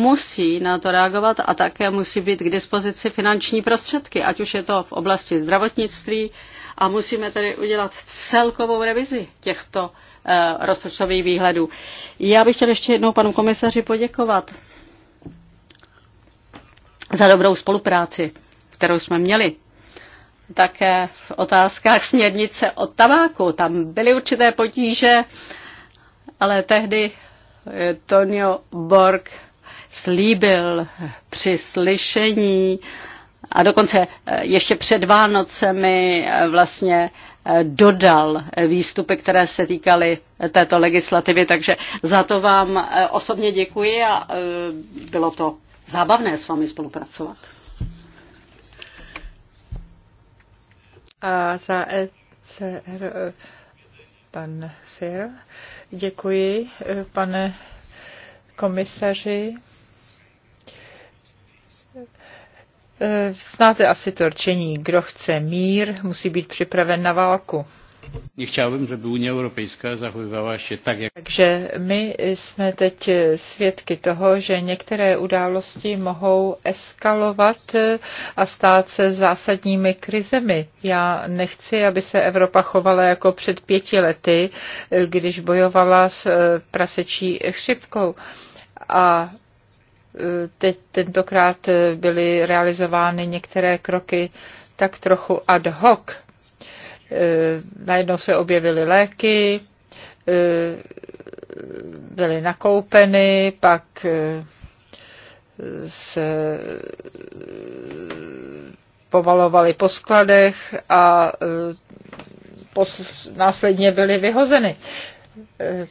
musí na to reagovat a také musí být k dispozici finanční prostředky, ať už je to v oblasti zdravotnictví a musíme tedy udělat celkovou revizi těchto eh, rozpočtových výhledů. Já bych chtěl ještě jednou panu komisaři poděkovat za dobrou spolupráci, kterou jsme měli také v otázkách směrnice o tabáku. Tam byly určité potíže, ale tehdy eh, Tonio Borg slíbil při slyšení a dokonce eh, ještě před Vánocemi eh, vlastně dodal výstupy, které se týkaly této legislativy, takže za to vám osobně děkuji a bylo to zábavné s vámi spolupracovat. A za ECR e, pan Sir. Děkuji, e, pane komisaři. E, znáte asi to rčení, kdo chce mír, musí být připraven na válku. Chciałbym, żeby Unie Europejská zachowyvala se tak, jak... Takže my jsme teď svědky toho, že některé události mohou eskalovat a stát se zásadními krizemi. Já nechci, aby se Evropa chovala jako před pěti lety, když bojovala s eh, prasečí chřipkou. A eh, teď tentokrát eh, byly realizovány některé kroky tak trochu ad hoc Eh, najednou se objevily léky, eh, byly nakoupeny, pak eh, se povalovaly po skladech a následně byly vyhozeny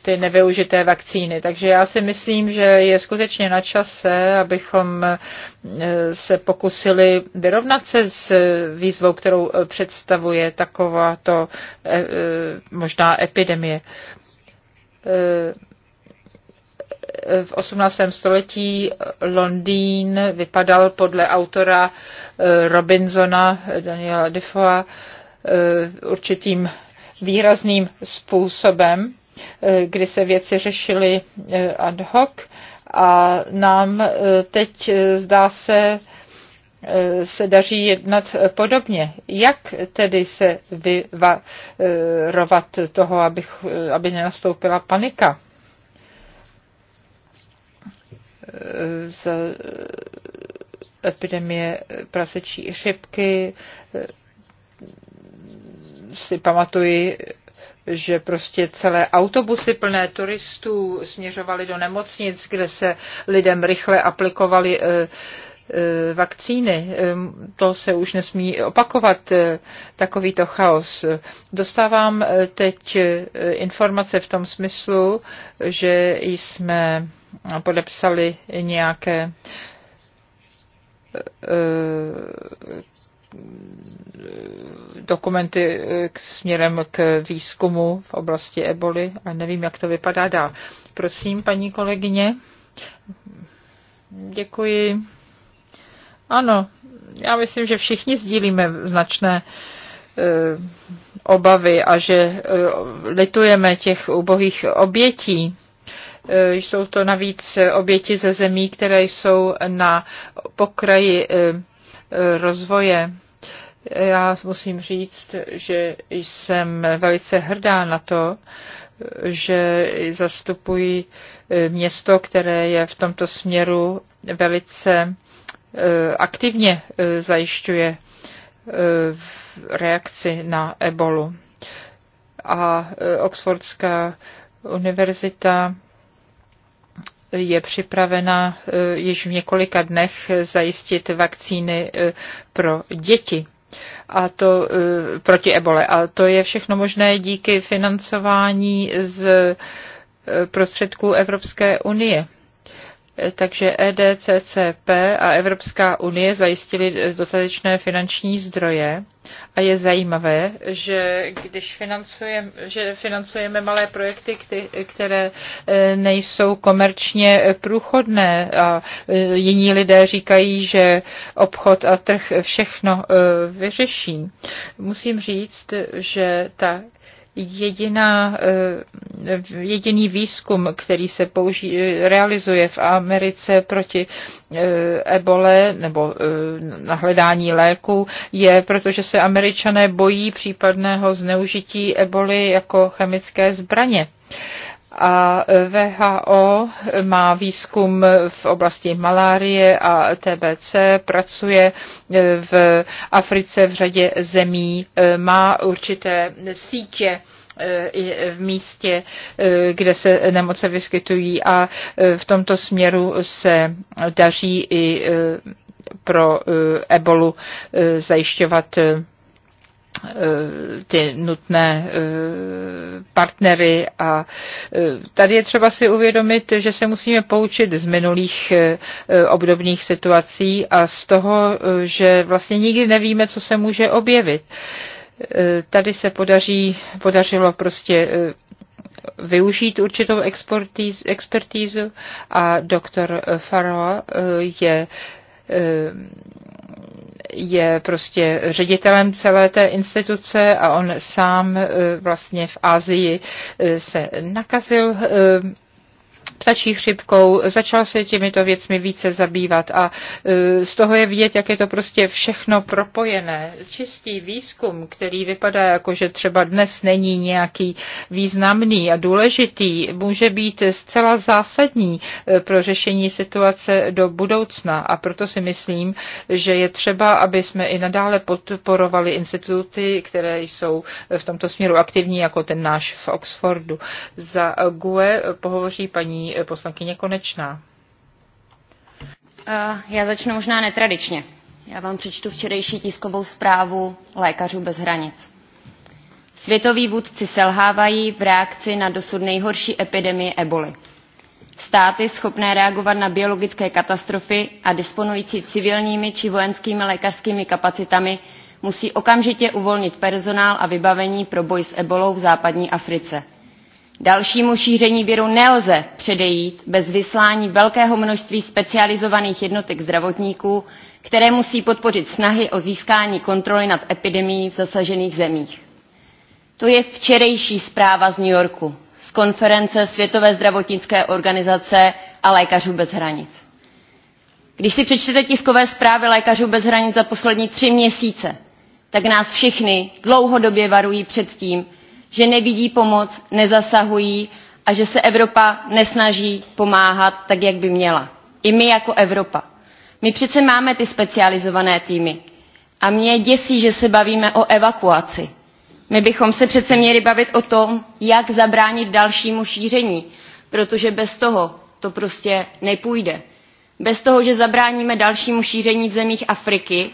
ty nevyužité vakcíny. Takže já si myslím, že je skutečně na čase, abychom e, se pokusili vyrovnat se s výzvou, kterou e, představuje takováto e, možná epidemie v 18. století Londýn vypadal podle autora Robinsona Daniela Defoe určitým výrazným způsobem. Eh, kdy se věci řešily eh, ad hoc a nám eh, teď zdá se, se daří jednat podobně. Jak tedy se vyvarovat toho, abych, aby nenastoupila panika? Z epidemie prasečí chřipky si pamatuji že prostě celé autobusy plné turistů směřovaly do nemocnic, kde se lidem rychle aplikovaly eh, eh, vakcíny. Eh, to se už nesmí opakovat, takovýto chaos. Dostávám teď informace v tom smyslu, že jsme podepsali nějaké dokumenty eh, k směrem k výzkumu v oblasti eboli a nevím, jak to vypadá dál. Prosím, paní kolegyně. Děkuji. Ano, já myslím, že všichni sdílíme značné eh, obavy a že eh, litujeme těch ubohých obětí. Jsou to navíc oběti ze zemí, které jsou na pokraji rozvoje. Já musím říct, že jsem velice hrdá na to, že zastupuji město, které je v tomto směru velice eh, aktivně eh, zajišťuje eh, reakci na ebolu. A Oxfordská univerzita je připravena eh, již v několika dnech zajistit vakcíny eh, pro děti a to eh, proti ebole. A to je všechno možné díky financování z prostředků Evropské unie. Takže EDCCP a Evropská unie zajistili dostatečné finanční zdroje a je zajímavé, že když financujeme, že financujeme malé projekty, které eh, nejsou komerčně průchodné a eh, jiní lidé říkají, že obchod a trh všechno eh, vyřeší. Musím říct, že ta jediná, eh, jediný výzkum, který se použí, realizuje v Americe proti eh, ebole nebo eh, na hledání léku, je, protože se američané bojí případného zneužití eboli jako chemické zbraně a VHO má výzkum v oblasti malárie a TBC, pracuje e, v Africe v řadě zemí, e, má určité sítě e, v místě, kde se nemoce vyskytují a v tomto směru se daří i pro ebolu zajišťovat Eh, ty nutné eh, partnery a eh, tady je třeba si uvědomit, že se musíme poučit z minulých obdobných situací a z toho, že vlastně nikdy nevíme, co se může objevit. Tady se podaří, podařilo prostě využít určitou expertízu a doktor Farah je je prostě ředitelem celé té instituce a on sám eh, vlastně v Ázii eh, se nakazil eh, ptačí chřipkou, začal se těmito věcmi více zabývat a e, z toho je vidět, jak je to prostě všechno propojené. Čistý výzkum, který vypadá jako, že třeba dnes není nějaký významný a důležitý, může být zcela zásadní e, pro řešení situace do budoucna a proto si myslím, že je třeba, aby jsme i nadále podporovali instituty, které jsou v tomto směru aktivní, jako ten náš v Oxfordu. Za GUE pohovoří paní Eh, poslankyně Konečná. Eh, já začnu možná netradičně. Já vám přečtu včerejší tiskovou zprávu Lékařů bez hranic. Světoví vůdci selhávají v reakci na dosud nejhorší epidemii eboli. Státy schopné reagovat na biologické katastrofy a disponující civilními či vojenskými lékařskými kapacitami musí okamžitě uvolnit personál a vybavení pro boj s ebolou v západní Africe – Dalšímu šíření viru nelze předejít bez vyslání velkého množství specializovaných jednotek zdravotníků, které musí podpořit snahy o získání kontroly nad epidemií v zasažených zemích. To je včerejší zpráva z New Yorku, z konference Světové zdravotnické organizace a Lékařů bez hranic. Když si přečtete tiskové zprávy Lékařů bez hranic za poslední tři měsíce, tak nás všechny dlouhodobě varují před tím, že nevidí pomoc, nezasahují a že se Evropa nesnaží pomáhat tak, jak by měla. I my jako Evropa. My přece máme ty specializované týmy. A mě děsí, že se bavíme o evakuaci. My bychom se přece měli bavit o tom, jak zabránit dalšímu šíření, protože bez toho to prostě nepůjde. Bez toho, že zabráníme dalšímu šíření v zemích Afriky,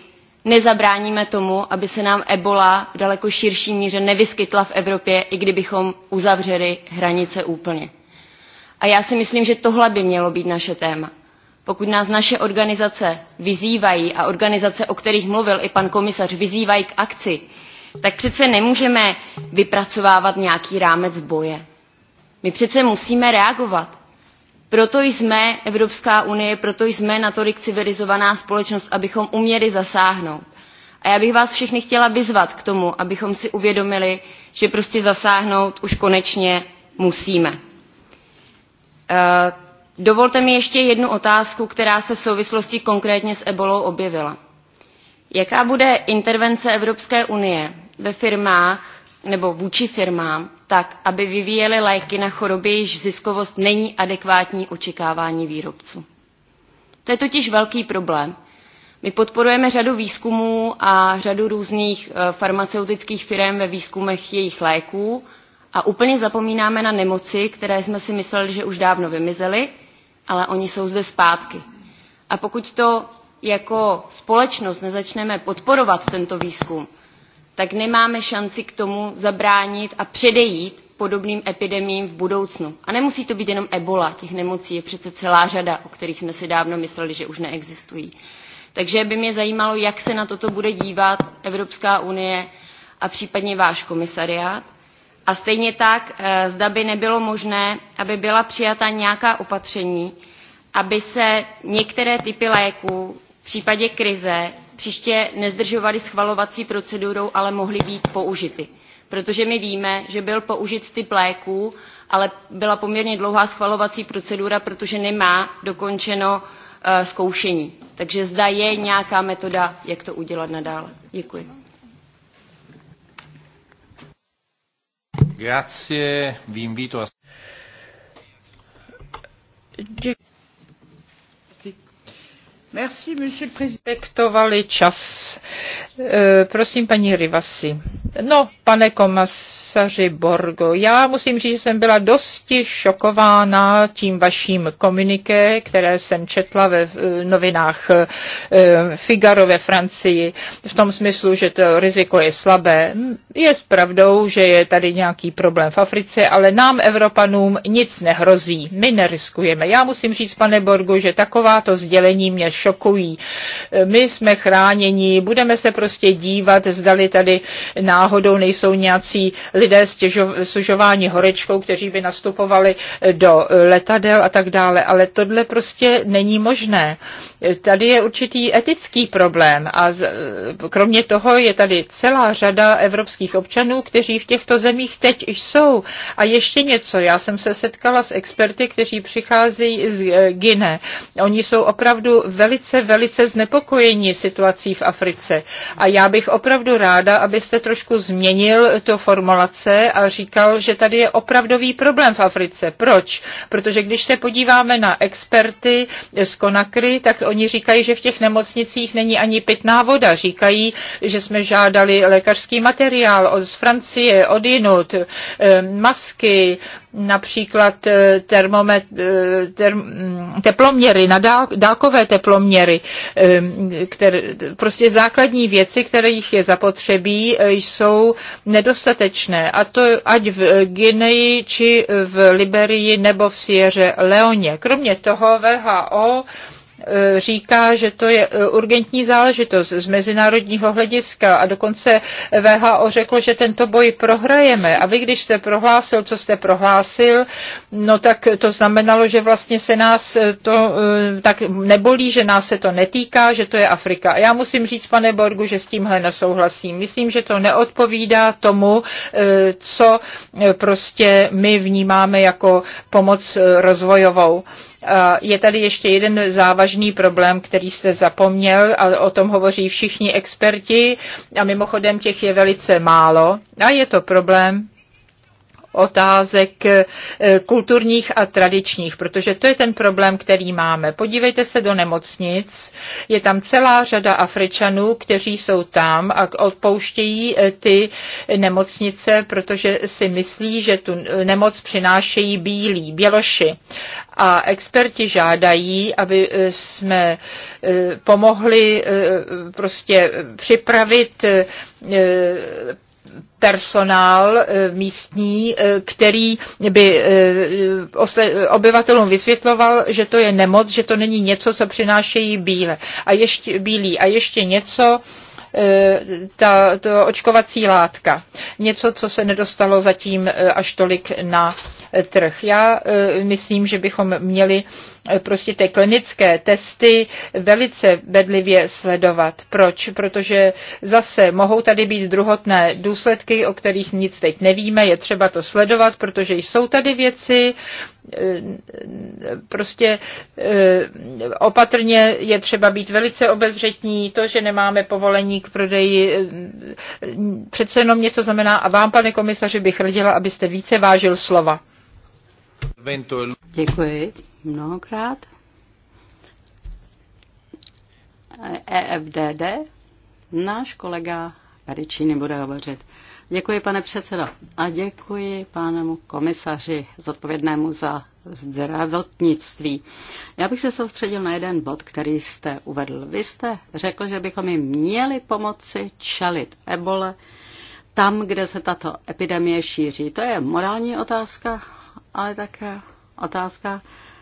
nezabráníme tomu, aby se nám ebola v daleko širší míře nevyskytla v Evropě, i kdybychom uzavřeli hranice úplně. A já si myslím, že tohle by mělo být naše téma. Pokud nás naše organizace vyzývají a organizace, o kterých mluvil i pan komisař, vyzývají k akci, tak přece nemůžeme vypracovávat nějaký rámec boje. My přece musíme reagovat proto jsme evropská unie proto jsme natolik civilizovaná společnost abychom uměli zasáhnout. a já bych vás všechny chtěla vyzvat k tomu abychom si uvědomili že prostě zasáhnout už konečně musíme. Eh, dovolte mi ještě jednu otázku která se v souvislosti konkrétně s ebolou objevila. jaká bude intervence evropské unie ve firmách nebo vůči firmám, tak aby vyvíjely léky na choroby, jež ziskovost není adekvátní očekávání výrobců. To je totiž velký problém. My podporujeme řadu výzkumů a řadu různých eh, farmaceutických firm ve výzkumech jejich léků a úplně zapomínáme na nemoci, které jsme si mysleli, že už dávno vymizely, ale oni jsou zde zpátky. A pokud to jako společnost nezačneme podporovat tento výzkum, tak nemáme šanci k tomu zabránit a předejít podobným epidemiím v budoucnu. A nemusí to být jenom ebola, těch nemocí je přece celá řada, o kterých jsme si dávno mysleli, že už neexistují. Takže by mě zajímalo, jak se na toto bude dívat Evropská unie a případně váš komisariát. A stejně tak, eh, zda by nebylo možné, aby byla přijata nějaká opatření, aby se některé typy léků v případě krize příště nezdržovaly schvalovací procedurou ale mohly být použity protože my víme že byl použit typ léků ale byla poměrně dlouhá schvalovací procedura protože nemá dokončeno eh, zkoušení. takže zda je nějaká metoda jak to udělat nadále. děkuji. Grazie, vi invito a... Děkuji. Respektovali čas. E, prosím, paní Rivasi. No, pane komisaři Borgo, já musím říct, že jsem byla dosti šokována tím vaším komuniké, které jsem četla ve e, novinách e, Figaro ve Francii, v tom smyslu, že to riziko je slabé. Je pravdou, že je tady nějaký problém v Africe, ale nám, Evropanům, nic nehrozí. My neriskujeme. Já musím říct, pane Borgu, že takováto sdělení mě šokují. My jsme chráněni, budeme se prostě dívat, zdali tady náhodou nejsou nějací lidé sužování horečkou, kteří by nastupovali do letadel a tak dále, ale tohle prostě není možné. Tady je určitý etický problém a kromě toho je tady celá řada evropských občanů, kteří v těchto zemích teď jsou. A ještě něco, já jsem se setkala s experty, kteří přicházejí z Gine. Oni jsou opravdu velmi velice, velice znepokojeni situací v Africe. A já bych opravdu ráda, abyste trošku změnil to formulace a říkal, že tady je opravdový problém v Africe. Proč? Protože když se podíváme na experty z Konakry, tak oni říkají, že v těch nemocnicích není ani pitná voda. Říkají, že jsme žádali lékařský materiál od Francie, od jinut, eh, masky, například eh, termomet, eh, term, mm, teploměry, na dál, dálkové teploměry, ehm, které, prostě základní věci, kterých je zapotřebí, eh, jsou nedostatečné. A to ať v Gineji, či v Liberii, nebo v Sierře Leoně. Kromě toho VHO E, říká, že to je e, urgentní záležitost z mezinárodního hlediska a dokonce VHO řeklo, že tento boj prohrajeme. A vy, když jste prohlásil, co jste prohlásil, no tak to znamenalo, že vlastně se nás e, to tak nebolí, že nás se to netýká, že to je Afrika. A já musím říct, pane Borgu, že s tímhle nesouhlasím. Myslím, že to neodpovídá tomu, co prostě my vnímáme jako pomoc rozvojovou. Je tady ještě jeden závažný problém, který jste zapomněl a o tom hovoří všichni experti a mimochodem těch je velice málo a je to problém otázek eh, kulturních a tradičních, protože to je ten problém, který máme. Podívejte se do nemocnic, je tam celá řada Afričanů, kteří jsou tam a odpouštějí eh, ty nemocnice, protože si myslí, že tu eh, nemoc přinášejí bílí, běloši. A experti žádají, aby jsme pomohli prostě připravit personál eh, místní, eh, který by eh, obyvatelům vysvětloval, že to je nemoc, že to není něco, co přinášejí bíle. A ještě, bílí. A ještě něco, ta, to očkovací látka. Něco, co se nedostalo zatím až tolik na trh. Já myslím, že bychom měli Eh, prostě ty klinické testy velice bedlivě sledovat. Proč? Protože zase mohou tady být druhotné důsledky, o kterých nic teď nevíme, je třeba to sledovat, protože jsou tady věci, eh, prostě eh, opatrně je třeba být velice obezřetní. To, že nemáme povolení k prodeji, přece jenom něco znamená. A vám, pane komisaři, bych radila, abyste více vážil slova. Děkuji mnohokrát. EFDD, náš kolega Pericini bude hovořit. Děkuji, pane předsedo. A děkuji pánu komisaři zodpovědnému za zdravotnictví. Já bych se soustředil na jeden bod, který jste uvedl. Vy jste řekl, že bychom jim měli pomoci čelit ebole tam, kde se tato epidemie šíří. To je morální otázka ale také otázka,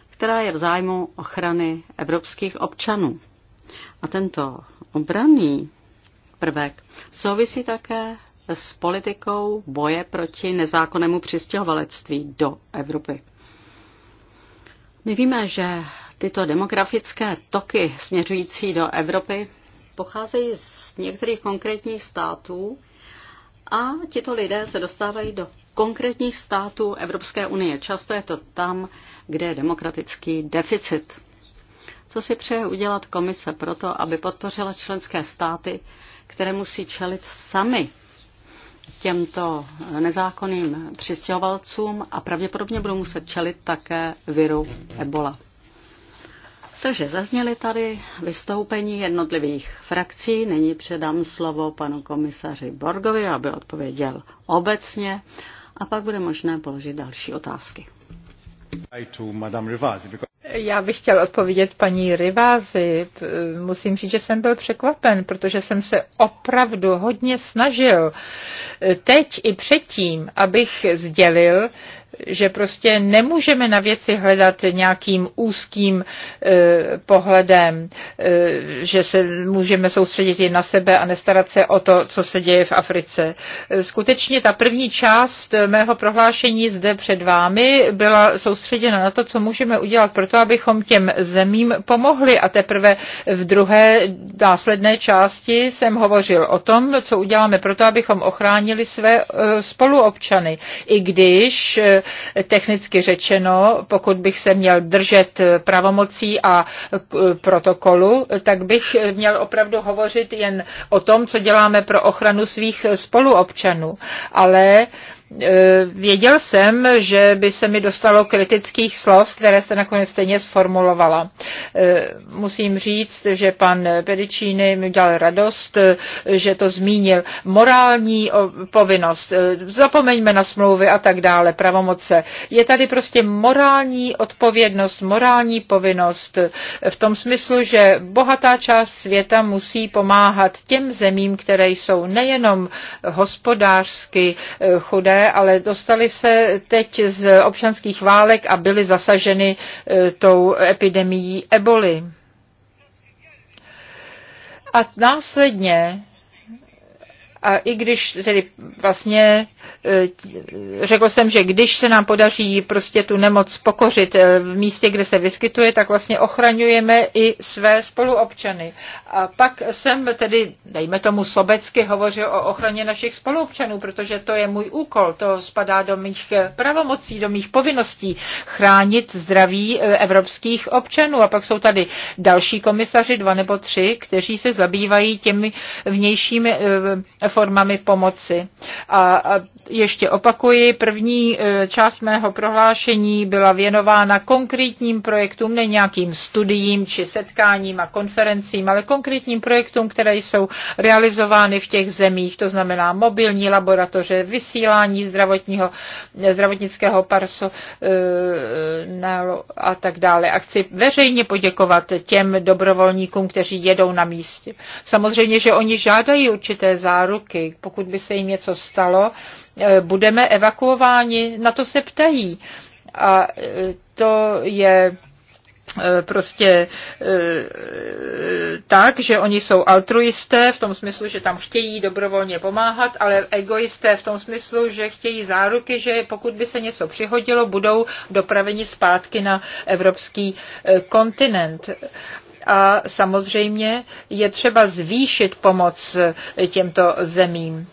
která je v zájmu ochrany evropských občanů. A tento obraný prvek souvisí také s politikou boje proti nezákonnému přistěhovalectví do Evropy. My víme, že tyto demografické toky směřující do Evropy pocházejí z některých konkrétních států a tito lidé se dostávají do konkrétních států Evropské unie. Často je to tam, kde je demokratický deficit. Co si přeje udělat komise proto, aby podpořila členské státy, které musí čelit sami těmto nezákonným přistěhovalcům a pravděpodobně budou muset čelit také viru Ebola. Takže zazněly tady vystoupení jednotlivých frakcí. Nyní předám slovo panu komisaři Borgovi, aby odpověděl obecně a pak bude možné položit další otázky. Já bych chtěl odpovědět paní Rivázi. Musím říct, že jsem byl překvapen, protože jsem se opravdu hodně snažil teď i předtím, abych sdělil, že prostě nemůžeme na věci hledat nějakým úzkým e, pohledem, e, že se můžeme soustředit jen na sebe a nestarat se o to, co se děje v Africe. E, skutečně ta první část mého prohlášení zde před vámi byla soustředěna na to, co můžeme udělat pro to, abychom těm zemím pomohli a teprve v druhé následné části jsem hovořil o tom, co uděláme pro to, abychom ochránili své e, spoluobčany. I když e, technicky řečeno, pokud bych se měl držet pravomocí a protokolu, tak bych měl opravdu hovořit jen o tom, co děláme pro ochranu svých spoluobčanů. Ale Eh, věděl jsem, že by se mi dostalo kritických slov, které jste nakonec stejně sformulovala. Eh, musím říct, že pan Pedicini mi udělal radost, eh, že to zmínil. Morální povinnost, zapomeňme na smlouvy a tak dále, pravomoce. Je tady prostě morální odpovědnost, morální povinnost v tom smyslu, že bohatá část světa musí pomáhat těm zemím, které jsou nejenom hospodářsky chudé, ale dostali se teď z občanských válek a byly zasaženy e, tou epidemií eboli. A následně, a i když tedy vlastně Eh, řekl jsem, že když se nám podaří prostě tu nemoc pokořit eh, v místě, kde se vyskytuje, tak vlastně ochraňujeme i své spoluobčany. A pak jsem tedy, dejme tomu sobecky, hovořil o ochraně našich spoluobčanů, protože to je můj úkol, to spadá do mých eh, pravomocí, do mých povinností chránit zdraví evropských občanů. A pak jsou tady další komisaři, dva nebo tři, kteří se zabývají těmi vnějšími formami pomoci. A ještě opakuji, první e, část mého prohlášení byla věnována konkrétním projektům, ne nějakým studiím či setkáním a konferencím, ale konkrétním projektům, které jsou realizovány v těch zemích, to znamená mobilní laboratoře, vysílání zdravotního, zdravotnického parsu e, e, a tak dále. A chci veřejně poděkovat těm dobrovolníkům, kteří jedou na místě. Samozřejmě, že oni žádají určité záruky, pokud by se jim něco stalo, Eh, budeme evakuováni, na to se ptají. A eh, to je eh, prostě tak, že oni jsou altruisté v tom smyslu, že tam chtějí dobrovolně pomáhat, ale egoisté v tom smyslu, že chtějí záruky, že pokud by se něco přihodilo, budou dopraveni zpátky na evropský kontinent a samozřejmě je třeba zvýšit pomoc těmto zemím.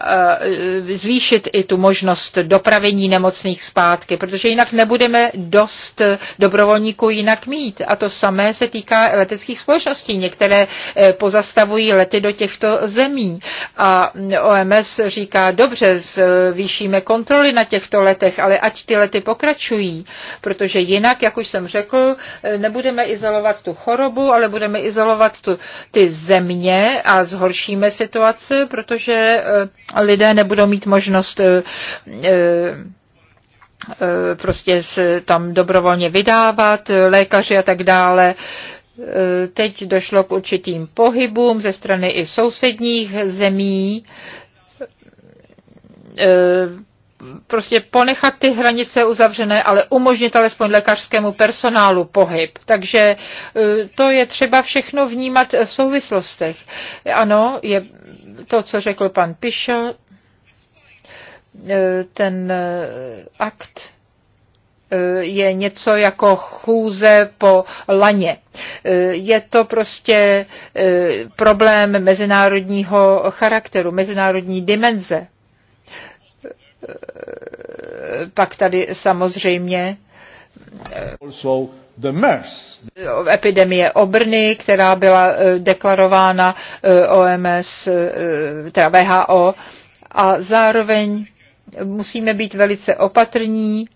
Eh, zvýšit i tu možnost dopravení nemocných zpátky, protože jinak nebudeme dost dobrovolníků jinak mít. A to samé se týká leteckých společností. Některé eh, pozastavují lety do těchto zemí. A OMS říká, dobře, zvýšíme kontroly na těchto letech, ale ať ty lety pokračují, protože jinak, jak už jsem řekl, eh, nebudeme izolovat tu chorobu, ale budeme izolovat tu, ty země a zhoršíme situaci, protože lidé nebudou mít možnost eh, eh, eh, prostě se tam dobrovolně vydávat, lékaři a tak dále. Teď došlo k určitým pohybům ze strany i sousedních zemí prostě ponechat ty hranice uzavřené, ale umožnit alespoň lékařskému personálu pohyb. Takže e, to je třeba všechno vnímat v souvislostech. Ano, je to, co řekl pan Pišo, e, ten e, akt je něco jako chůze po laně. Je to prostě problém mezinárodního charakteru, mezinárodní dimenze. Eh, pak tady samozřejmě eh, epidemie obrny, která byla eh, deklarována OMS, teda VHO, a zároveň musíme být velice opatrní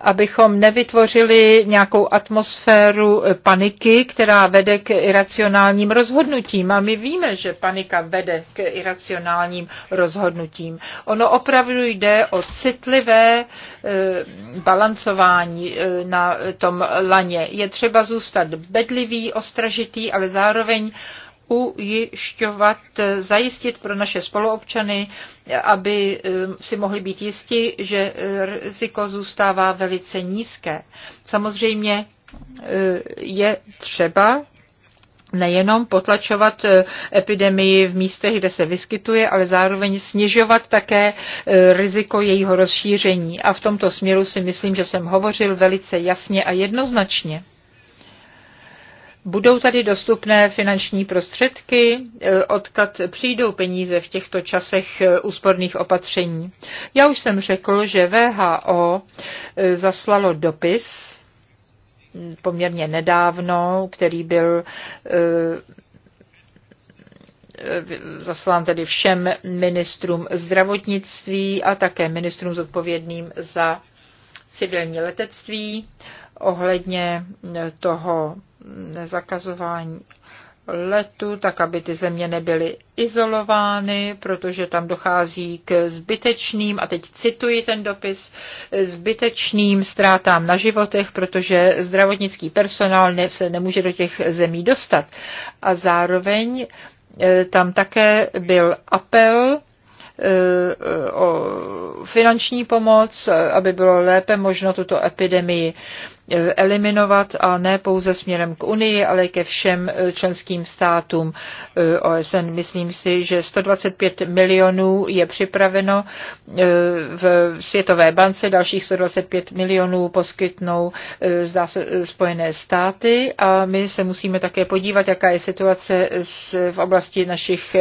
abychom nevytvořili nějakou atmosféru paniky, která vede k iracionálním rozhodnutím. A my víme, že panika vede k iracionálním rozhodnutím. Ono opravdu jde o citlivé eh, balancování eh, na tom laně. Je třeba zůstat bedlivý, ostražitý, ale zároveň ujišťovat, eh, zajistit pro naše spoluobčany, aby eh, si mohli být jisti, že eh, riziko zůstává velice nízké. Samozřejmě je třeba nejenom potlačovat epidemii v místech, kde se vyskytuje, ale zároveň snižovat také riziko jejího rozšíření. A v tomto směru si myslím, že jsem hovořil velice jasně a jednoznačně. Budou tady dostupné finanční prostředky, e, odkud přijdou peníze v těchto časech e, úsporných opatření? Já už jsem řekl, že VHO e, zaslalo dopis poměrně nedávno, který byl zaslán tedy všem ministrům zdravotnictví a také ministrům zodpovědným za civilní letectví ohledně toho zakazování letu, tak aby ty země nebyly izolovány, protože tam dochází k zbytečným, a teď cituji ten dopis, zbytečným ztrátám na životech, protože zdravotnický personál ne, se nemůže do těch zemí dostat. A zároveň e, tam také byl apel o finanční pomoc, aby bylo lépe možno tuto epidemii eh, eliminovat a ne pouze směrem k Unii, ale ke všem eh, členským státům eh, OSN. Myslím si, že 125 milionů je připraveno v Světové bance, dalších 125 milionů poskytnou zdá se Spojené státy a my se musíme také podívat, jaká je situace v oblasti našich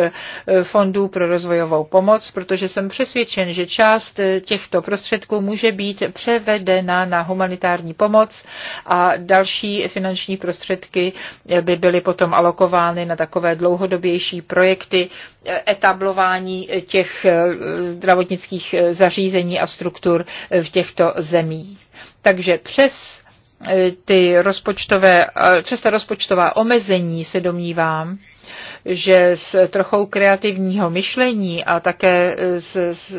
fondů pro rozvojovou pomoc protože jsem přesvědčen, že část eh, těchto prostředků může být převedena na humanitární pomoc a další finanční prostředky eh, by byly potom alokovány na takové dlouhodobější projekty eh, etablování těch zdravotnických zařízení a struktur v těchto zemích. Takže přes E, ty rozpočtové, e, přes ta rozpočtová omezení se domnívám, že s trochou kreativního myšlení a také z, z,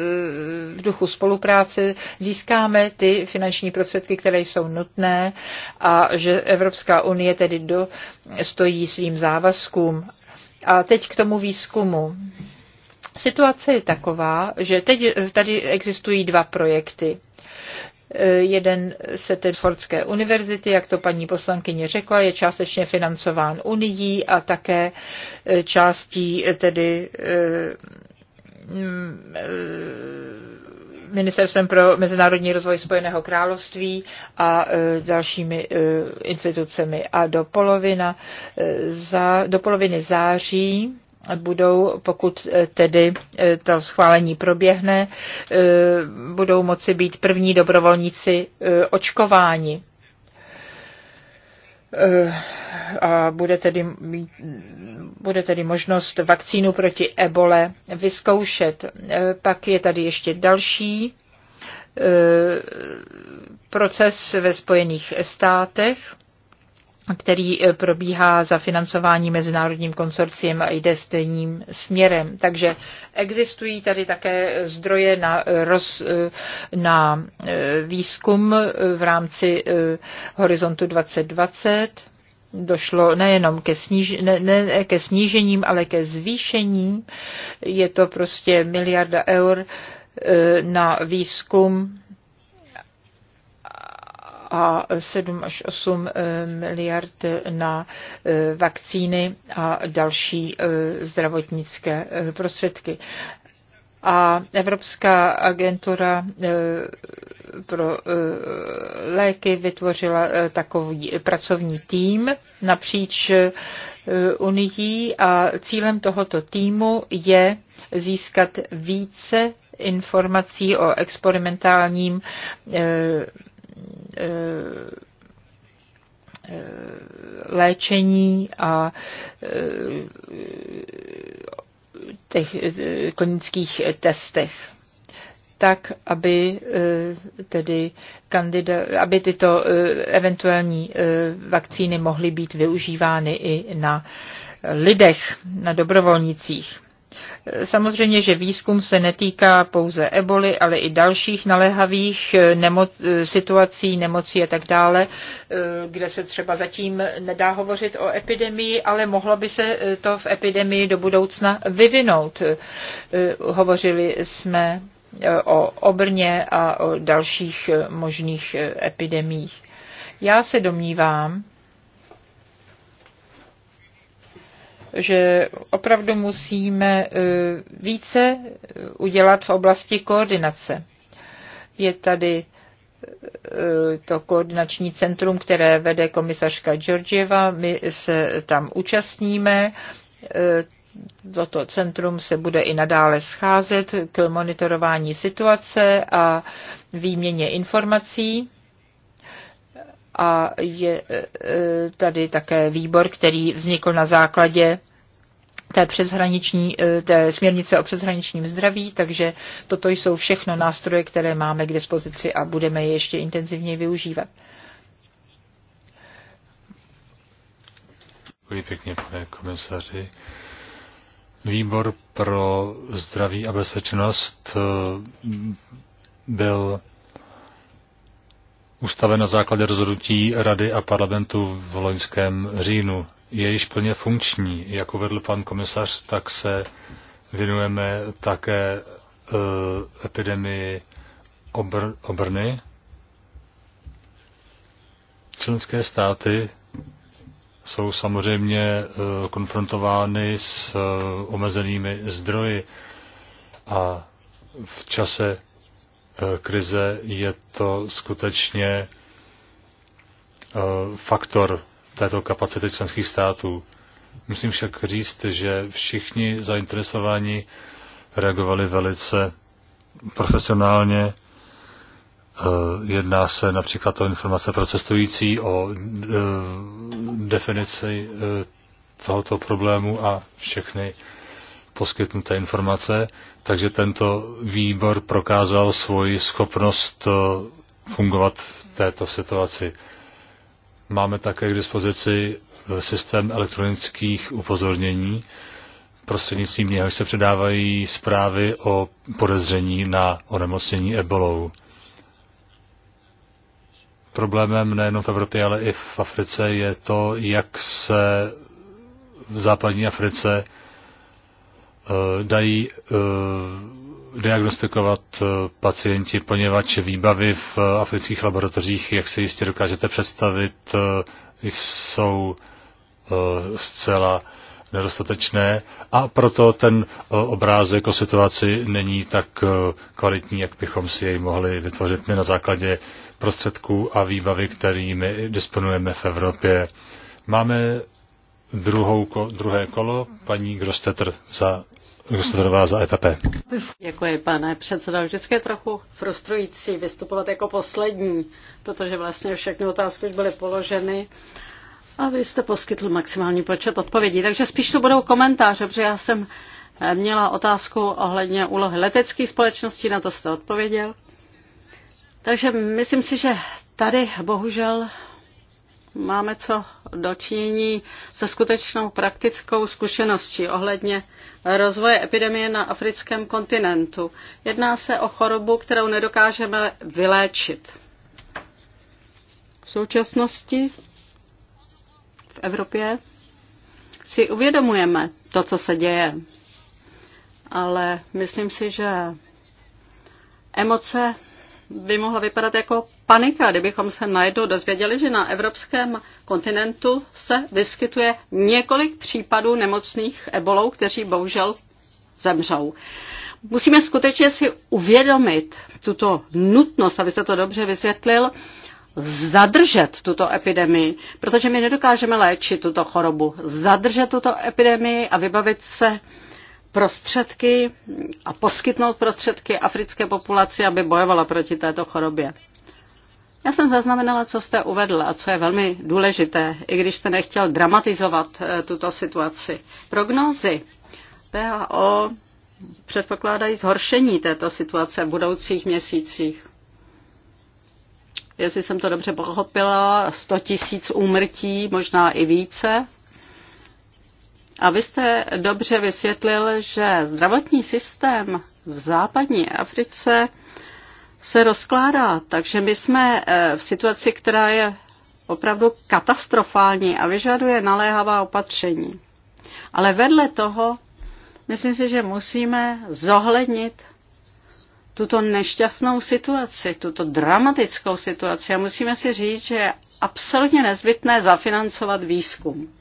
v duchu spolupráce získáme ty finanční prostředky, které jsou nutné a že Evropská unie tedy do, stojí svým závazkům. A teď k tomu výzkumu. Situace je taková, že teď tady existují dva projekty. Eh, jeden se tedy z Fordské univerzity, jak to paní poslankyně řekla, je částečně financován Unií a také eh, částí eh, tedy Ministerstvem pro mezinárodní rozvoj Spojeného království a dalšími institucemi. A do, polovina, za, do poloviny září budou, pokud eh, tedy eh, to schválení proběhne, eh, budou moci být první dobrovolníci očkováni a bude tedy, bude tedy možnost vakcínu proti ebole vyzkoušet. Pak je tady ještě další proces ve Spojených státech který e, probíhá za financování mezinárodním konsorciem a jde stejným směrem. Takže existují tady také zdroje na, e, roz, e, na výzkum v rámci Horizontu 2020. Došlo nejenom ke, sníž, ne, ne, ke snížením, ale ke zvýšení. Je to prostě miliarda eur na výzkum a 7 až 8 eh, miliard na eh, vakcíny a další eh, zdravotnické prostředky a Evropská agentura pro léky vytvořila takový pracovní tým napříč Unii, a cílem tohoto týmu je získat více informací o experimentálním Eh, léčení a eh, těch eh, klinických testech tak, aby tedy kandida, aby tyto eventuální vakcíny mohly být využívány i na lidech, na dobrovolnicích. Samozřejmě, že výzkum se netýká pouze eboli, ale i dalších naléhavých eh, nemo- eh, situací, nemocí a tak dále, eh, kde se třeba zatím nedá hovořit o epidemii, ale mohlo by se to v epidemii do budoucna vyvinout. Hovořili jsme o obrně a o dalších možných epidemích. Já se domnívám, že opravdu musíme e, více e, udělat v oblasti koordinace. Je tady e, to koordinační centrum, které vede komisařka Georgieva. My se tam účastníme. Toto centrum se bude i nadále scházet k monitorování situace a výměně informací a je e, tady také výbor, který vznikl na základě té, přeshraniční, e, té směrnice o přeshraničním zdraví, takže toto jsou všechno nástroje, které máme k dispozici a budeme je ještě intenzivněji využívat. Děkuji pěkně, pane komisaři. Výbor pro zdraví a bezpečnost e, byl ústaven na základě rozhodnutí Rady a parlamentu v loňském říjnu. Je již plně funkční. Jak uvedl pan komisař, tak se věnujeme také uh, epidemii obr- obrny. Členské státy jsou samozřejmě uh, konfrontovány s uh, omezenými zdroji a v čase krize je to skutečně eh, faktor této kapacity členských států. Musím však říct, že všichni zainteresovaní reagovali velice profesionálně. Eh, jedná se například o informace pro cestující, o eh, definici tohoto problému a všechny poskytnuté informace, takže tento výbor prokázal svoji schopnost eh, fungovat v této situaci. Máme také k dispozici eh, systém elektronických upozornění, prostřednictvím něhož se předávají zprávy o podezření na onemocnění ebolou. Problémem nejen v Evropě, ale i v Africe je to, jak se v západní Africe Eh, dají eh, diagnostikovat eh, pacienti, poněvadž výbavy v afrických laboratořích, jak si jistě dokážete představit, jsou zcela nedostatečné a proto ten obrázek o situaci není tak kvalitní, jak bychom si jej mohli vytvořit my na základě prostředků a výbavy, kterými disponujeme v Evropě. Máme druhou, druhé kolo, paní Grostetr za Rustodorová za EPP. Děkuji, pane předseda. Vždycky je trochu frustrující vystupovat jako poslední, protože vlastně všechny otázky už byly položeny. A vy jste poskytl maximální počet odpovědí, takže spíš to budou komentáře, protože já jsem eh, měla otázku ohledně úlohy leteckých společností, na to jste odpověděl. Takže myslím si, že tady bohužel máme co dočinění se skutečnou praktickou zkušeností ohledně rozvoje epidemie na africkém kontinentu. Jedná se o chorobu, kterou nedokážeme vyléčit. V současnosti v Evropě si uvědomujeme to, co se děje, ale myslím si, že emoce by mohla vypadat jako panika, kdybychom se najednou dozvěděli, že na evropském kontinentu se vyskytuje několik případů nemocných ebolou, kteří bohužel zemřou. Musíme skutečně si uvědomit tuto nutnost, se to dobře vysvětlil, zadržet tuto epidemii, protože my nedokážeme léčit tuto chorobu, zadržet tuto epidemii a vybavit se prostředky a poskytnout prostředky africké populaci, aby bojovala proti této chorobě. Já jsem zaznamenala, co jste uvedl a co je velmi důležité, i když jste nechtěl dramatizovat eh, tuto situaci. Prognózy PHO předpokládají zhoršení této situace v budoucích měsících. Jestli jsem to dobře pochopila, 100 tisíc úmrtí, možná i více a vy jste dobře vysvětlil, že zdravotní systém v západní Africe se rozkládá, takže my jsme eh, v situaci, která je opravdu katastrofální a vyžaduje naléhavá opatření. Ale vedle toho, myslím si, že musíme zohlednit tuto nešťastnou situaci, tuto dramatickou situaci a musíme si říct, že je absolutně nezbytné zafinancovat výzkum.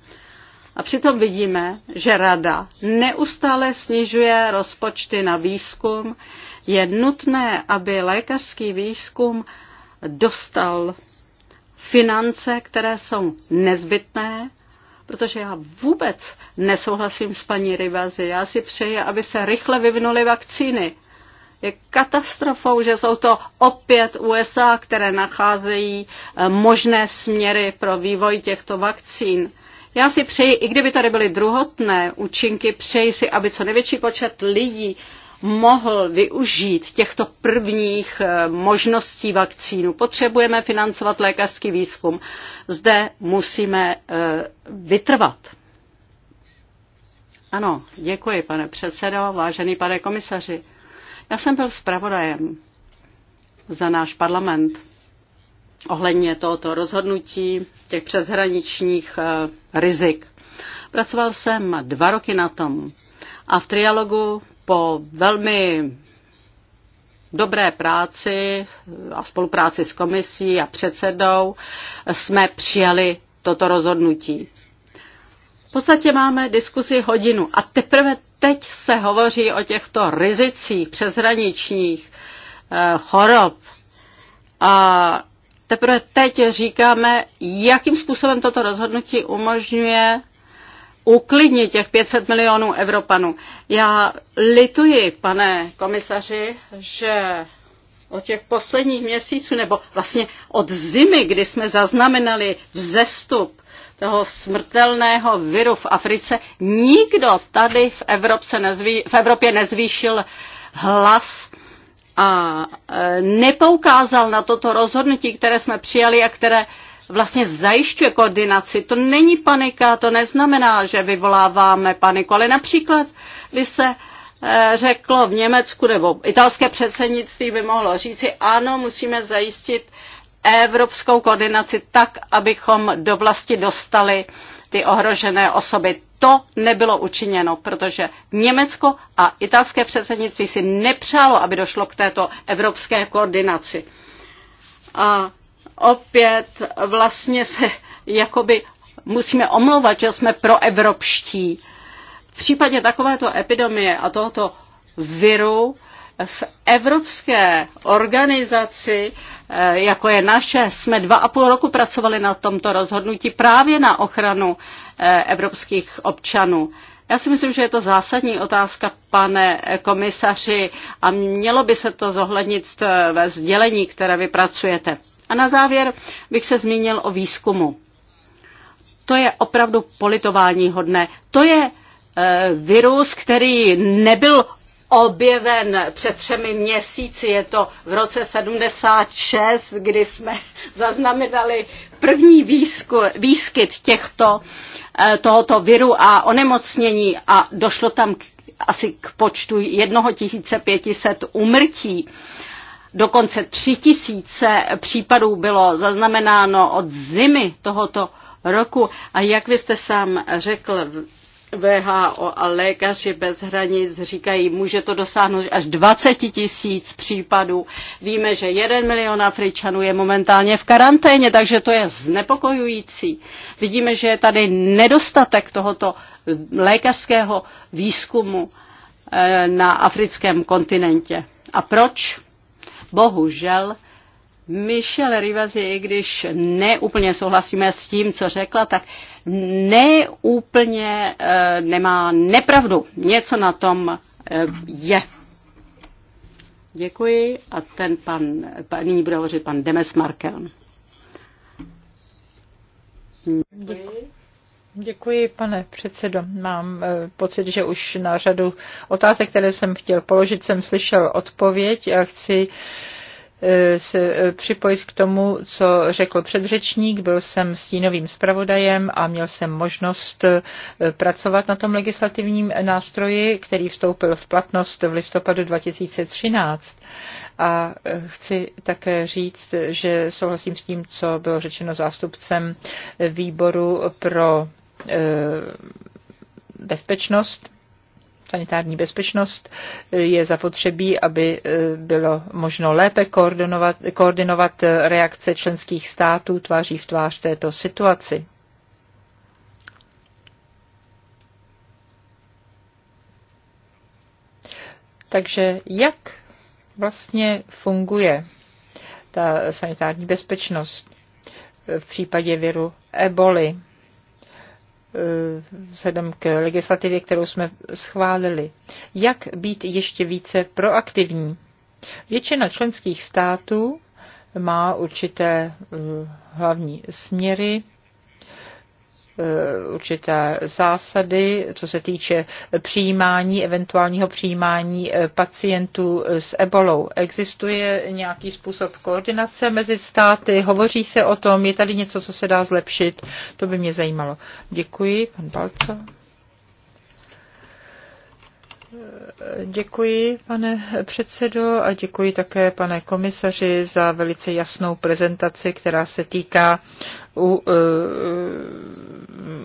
A přitom vidíme, že rada neustále snižuje rozpočty na výzkum. Je nutné, aby lékařský výzkum dostal finance, které jsou nezbytné, protože já vůbec nesouhlasím s paní Rivazy. Já si přeji, aby se rychle vyvinuly vakcíny. Je katastrofou, že jsou to opět USA, které nacházejí eh, možné směry pro vývoj těchto vakcín. Já si přeji, i kdyby tady byly druhotné účinky, přeji si, aby co největší počet lidí mohl využít těchto prvních eh, možností vakcínu. Potřebujeme financovat lékařský výzkum. Zde musíme eh, vytrvat. Ano, děkuji, pane předsedo, vážený pane komisaři. Já jsem byl zpravodajem za náš parlament ohledně tohoto rozhodnutí těch přeshraničních eh, rizik. Pracoval jsem dva roky na tom a v trialogu po velmi dobré práci a spolupráci s komisí a předsedou jsme přijali toto rozhodnutí. V podstatě máme diskusi hodinu a teprve teď se hovoří o těchto rizicích přeshraničních eh, chorob. A teprve teď říkáme, jakým způsobem toto rozhodnutí umožňuje uklidnit těch 500 milionů Evropanů. Já lituji, pane komisaři, že od těch posledních měsíců, nebo vlastně od zimy, kdy jsme zaznamenali vzestup toho smrtelného viru v Africe, nikdo tady v, nezví, v Evropě nezvýšil hlas a e, nepoukázal na toto rozhodnutí, které jsme přijali a které vlastně zajišťuje koordinaci. To není panika, to neznamená, že vyvoláváme paniku, ale například by se e, řeklo v Německu nebo italské předsednictví by mohlo říci, ano, musíme zajistit evropskou koordinaci tak, abychom do vlasti dostali ty ohrožené osoby to nebylo učiněno, protože Německo a italské předsednictví si nepřálo, aby došlo k této evropské koordinaci. A opět vlastně se jakoby musíme omlouvat, že jsme proevropští. V případě takovéto epidemie a tohoto viru v evropské organizaci, eh, jako je naše, jsme dva a půl roku pracovali na tomto rozhodnutí právě na ochranu eh, evropských občanů. Já si myslím, že je to zásadní otázka, pane eh, komisaři, a mělo by se to zohlednit ve sdělení, které vypracujete. A na závěr bych se zmínil o výzkumu. To je opravdu politování hodné. To je virus, který nebyl objeven před třemi měsíci, je to v roce 76, kdy jsme zaznamenali první výzku, výskyt těchto, eh, tohoto viru a onemocnění a došlo tam k, asi k počtu 1500 umrtí. Dokonce 3000 případů bylo zaznamenáno od zimy tohoto roku. A jak vy jste sám řekl, VHO a lékaři bez hranic říkají, může to dosáhnout až 20 tisíc případů. Víme, že 1 milion Afričanů je momentálně v karanténě, takže to je znepokojující. Vidíme, že je tady nedostatek tohoto lékařského výzkumu eh, na africkém kontinentě. A proč? Bohužel Michelle Rivazi, i když neúplně souhlasíme s tím, co řekla, tak neúplně e, nemá nepravdu. Něco na tom e, je. Děkuji a ten pan, pan nyní bude hovořit pan Demes Markel. Děkuji. Děkuji, pane předsedo. Mám eh, pocit, že už na řadu otázek, které jsem chtěl položit, jsem slyšel odpověď a chci E, se e, připojit k tomu, co řekl předřečník. Byl jsem stínovým zpravodajem a měl jsem možnost e, pracovat na tom legislativním nástroji, který vstoupil v platnost v listopadu 2013. A chci také říct, že souhlasím s tím, co bylo řečeno zástupcem výboru pro bezpečnost sanitární bezpečnost je zapotřebí, aby eh, bylo možno lépe koordinovat, koordinovat eh, reakce členských států tváří v tvář této situaci. Takže jak vlastně funguje ta sanitární bezpečnost v případě viru eboli? vzhledem k legislativě, kterou jsme schválili. Jak být ještě více proaktivní? Většina členských států má určité eh, hlavní směry, Eh, určité zásady, co se týče přijímání, eventuálního přijímání eh, pacientů eh, s ebolou. Existuje nějaký způsob koordinace mezi státy, hovoří se o tom, je tady něco, co se dá zlepšit, to by mě zajímalo. Děkuji, pan Balco. Děkuji, pane předsedo, a děkuji také, pane komisaři, za velice jasnou prezentaci, která se týká u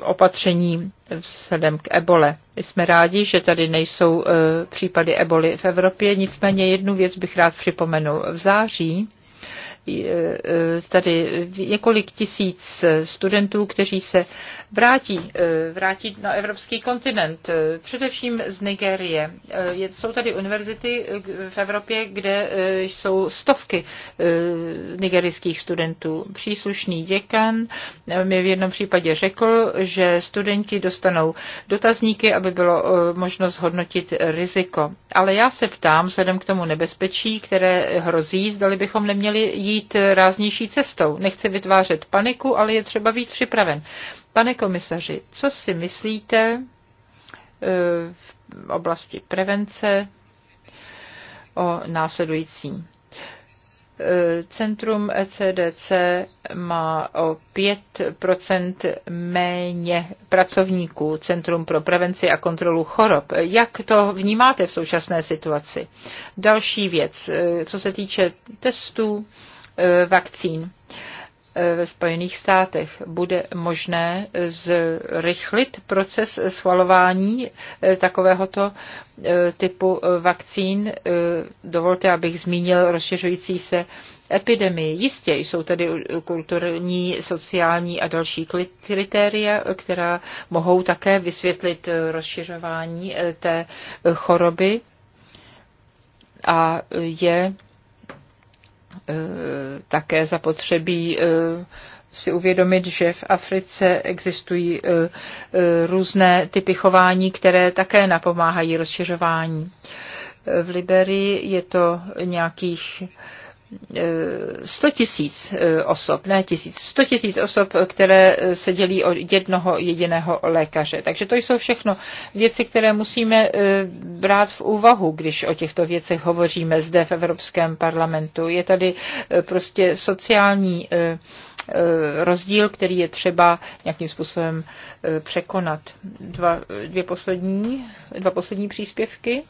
opatření vzhledem k ebole. My jsme rádi, že tady nejsou e, případy eboli v Evropě, nicméně jednu věc bych rád připomenul. V září E, e, tady několik tisíc studentů, kteří se vrátí, e, vrátí na evropský kontinent, především z Nigérie. Jsou tady univerzity v Evropě, kde jsou stovky nigerijských studentů. Příslušný děkan mi v jednom případě řekl, že studenti dostanou dotazníky, aby bylo možno hodnotit riziko. Ale já se ptám, vzhledem k tomu nebezpečí, které hrozí, zdali bychom neměli jít jít eh, ráznější cestou. Nechci vytvářet paniku, ale je třeba být připraven. Pane komisaři, co si myslíte eh, v oblasti prevence o následujícím? Eh, centrum ECDC má o 5 méně pracovníků Centrum pro prevenci a kontrolu chorob. Jak to vnímáte v současné situaci? Další věc, co se týče testů, E, vakcín e, ve Spojených státech. Bude možné zrychlit proces schvalování e, takovéhoto typu vakcín. Dovolte, abych zmínil rozšiřující se epidemii. Jistě jsou tedy kulturní, sociální a další kritéria, která mohou také vysvětlit rozšiřování té choroby a je Eh, také zapotřebí eh, si uvědomit, že v Africe existují eh, různé typy chování, které také napomáhají rozšiřování. V Liberii je to nějakých 100 tisíc eh, osob, ne tisíc, 100 tisíc osob, eh, které eh, se dělí od jednoho jediného lékaře. Takže to jsou všechno věci, které musíme brát v úvahu, když o těchto věcech hovoříme zde v Evropském parlamentu. Je tady prostě sociální rozdíl, který je třeba nějakým způsobem překonat. Dva, dvě poslední, dva poslední příspěvky.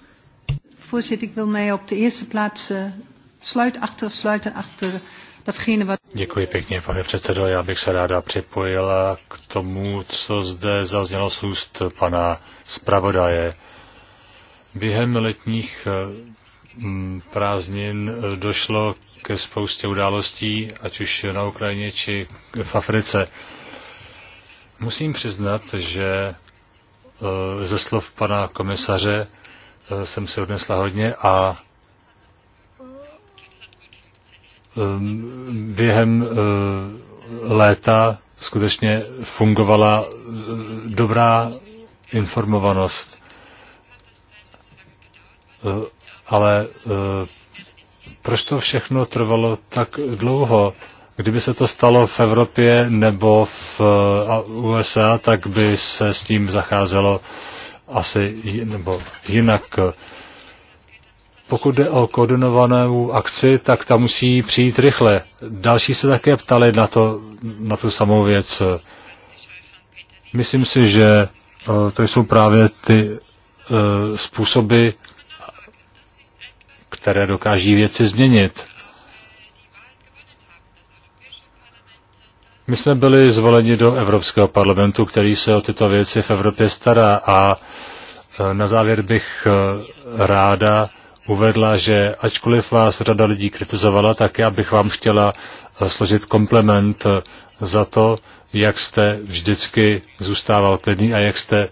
Voorzitter, ik wil mij op de eerste plaats sluit achter, sluiten achter datgene wat... Děkuji pěkně, pane předsedo. Já bych se ráda připojila k tomu, co zde zaznělo z úst pana zpravodaje. Během letních eh, prázdnin eh, došlo ke spoustě událostí, ať už na Ukrajině či v Africe. Musím přiznat, že eh, ze slov pana komisaře jsem si odnesla hodně a Ehm, během eh, léta skutečně fungovala eh, dobrá informovanost. Eh, ale proč to všechno trvalo tak dlouho? Kdyby se to stalo v Evropě nebo v USA, tak by se s tím zacházelo asi nebo jinak pokud jde o koordinovanou akci, tak ta musí přijít rychle. Další se také ptali na, to, na tu samou věc. Myslím si, že eh, to jsou právě ty eh, způsoby, které dokáží věci změnit. My jsme byli zvoleni do Evropského parlamentu, který se o tyto věci v Evropě stará a eh, na závěr bych ráda uvedla, že ačkoliv vás řada lidí kritizovala, tak já bych vám chtěla eh, složit komplement eh, za to, jak jste vždycky zůstával klidný a jak jste eh,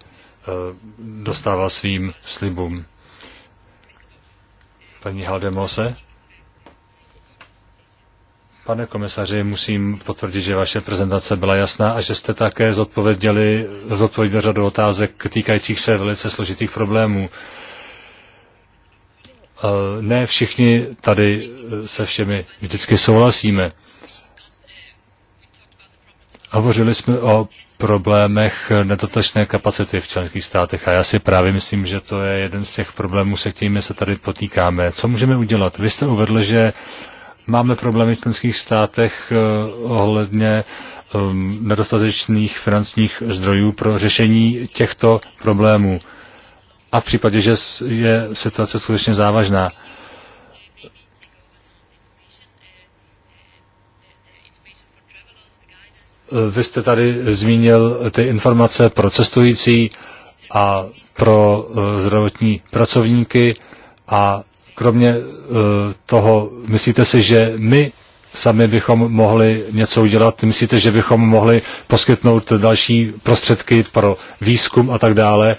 dostával svým slibům. Paní Haldemose? Pane komisaři, musím potvrdit, že vaše prezentace byla jasná a že jste také zodpověděli, zodpověděli řadu otázek týkajících se velice složitých problémů ne všichni tady e, se všemi vždycky souhlasíme. Hovořili jsme o problémech nedotačné kapacity v členských státech a já si právě myslím, že to je jeden z těch problémů, se kterými se tady potýkáme. Co můžeme udělat? Vy jste uvedl, že máme problémy v členských státech e, ohledně e, nedostatečných finančních zdrojů pro řešení těchto problémů a v případě, že je situace skutečně závažná. Vy jste tady zmínil ty informace pro cestující a pro eh, zdravotní pracovníky a kromě eh, toho, myslíte si, že my sami bychom mohli něco udělat? Myslíte, že bychom mohli poskytnout další prostředky pro výzkum a tak dále?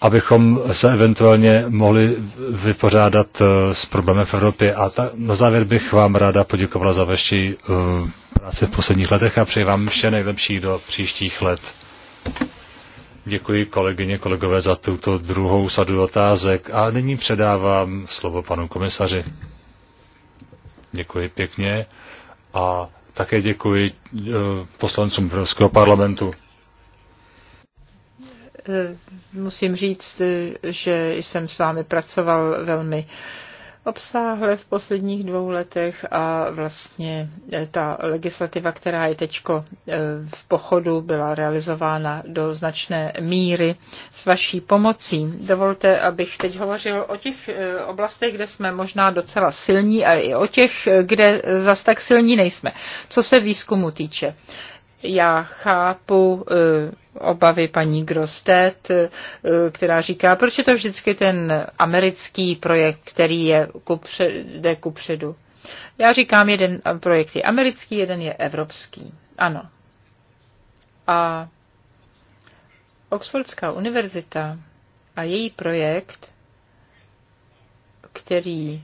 abychom se eventuálně mohli vypořádat eh, s problémem v Evropě. A ta, na závěr bych vám ráda poděkovala za vaši uh, práci v posledních letech a přeji vám vše nejlepší do příštích let. Děkuji kolegyně, kolegové za tuto druhou sadu otázek a nyní předávám slovo panu komisaři. Děkuji pěkně a také děkuji uh, poslancům Evropského parlamentu. Eh, musím říct, eh, že jsem s vámi pracoval velmi obsáhle v posledních dvou letech a vlastně eh, ta legislativa, která je teď v pochodu, byla realizována do značné míry s vaší pomocí. Dovolte, abych teď hovořil o těch oblastech, kde jsme možná docela silní a i o těch, kde zas tak silní nejsme. Co se výzkumu týče já chápu obavy paní Grostet, eh, která říká, proč je to vždycky ten americký projekt, který je kupře, jde předu. Já říkám, jeden projekt je americký, jeden je evropský. Ano. A Oxfordská univerzita a její projekt, který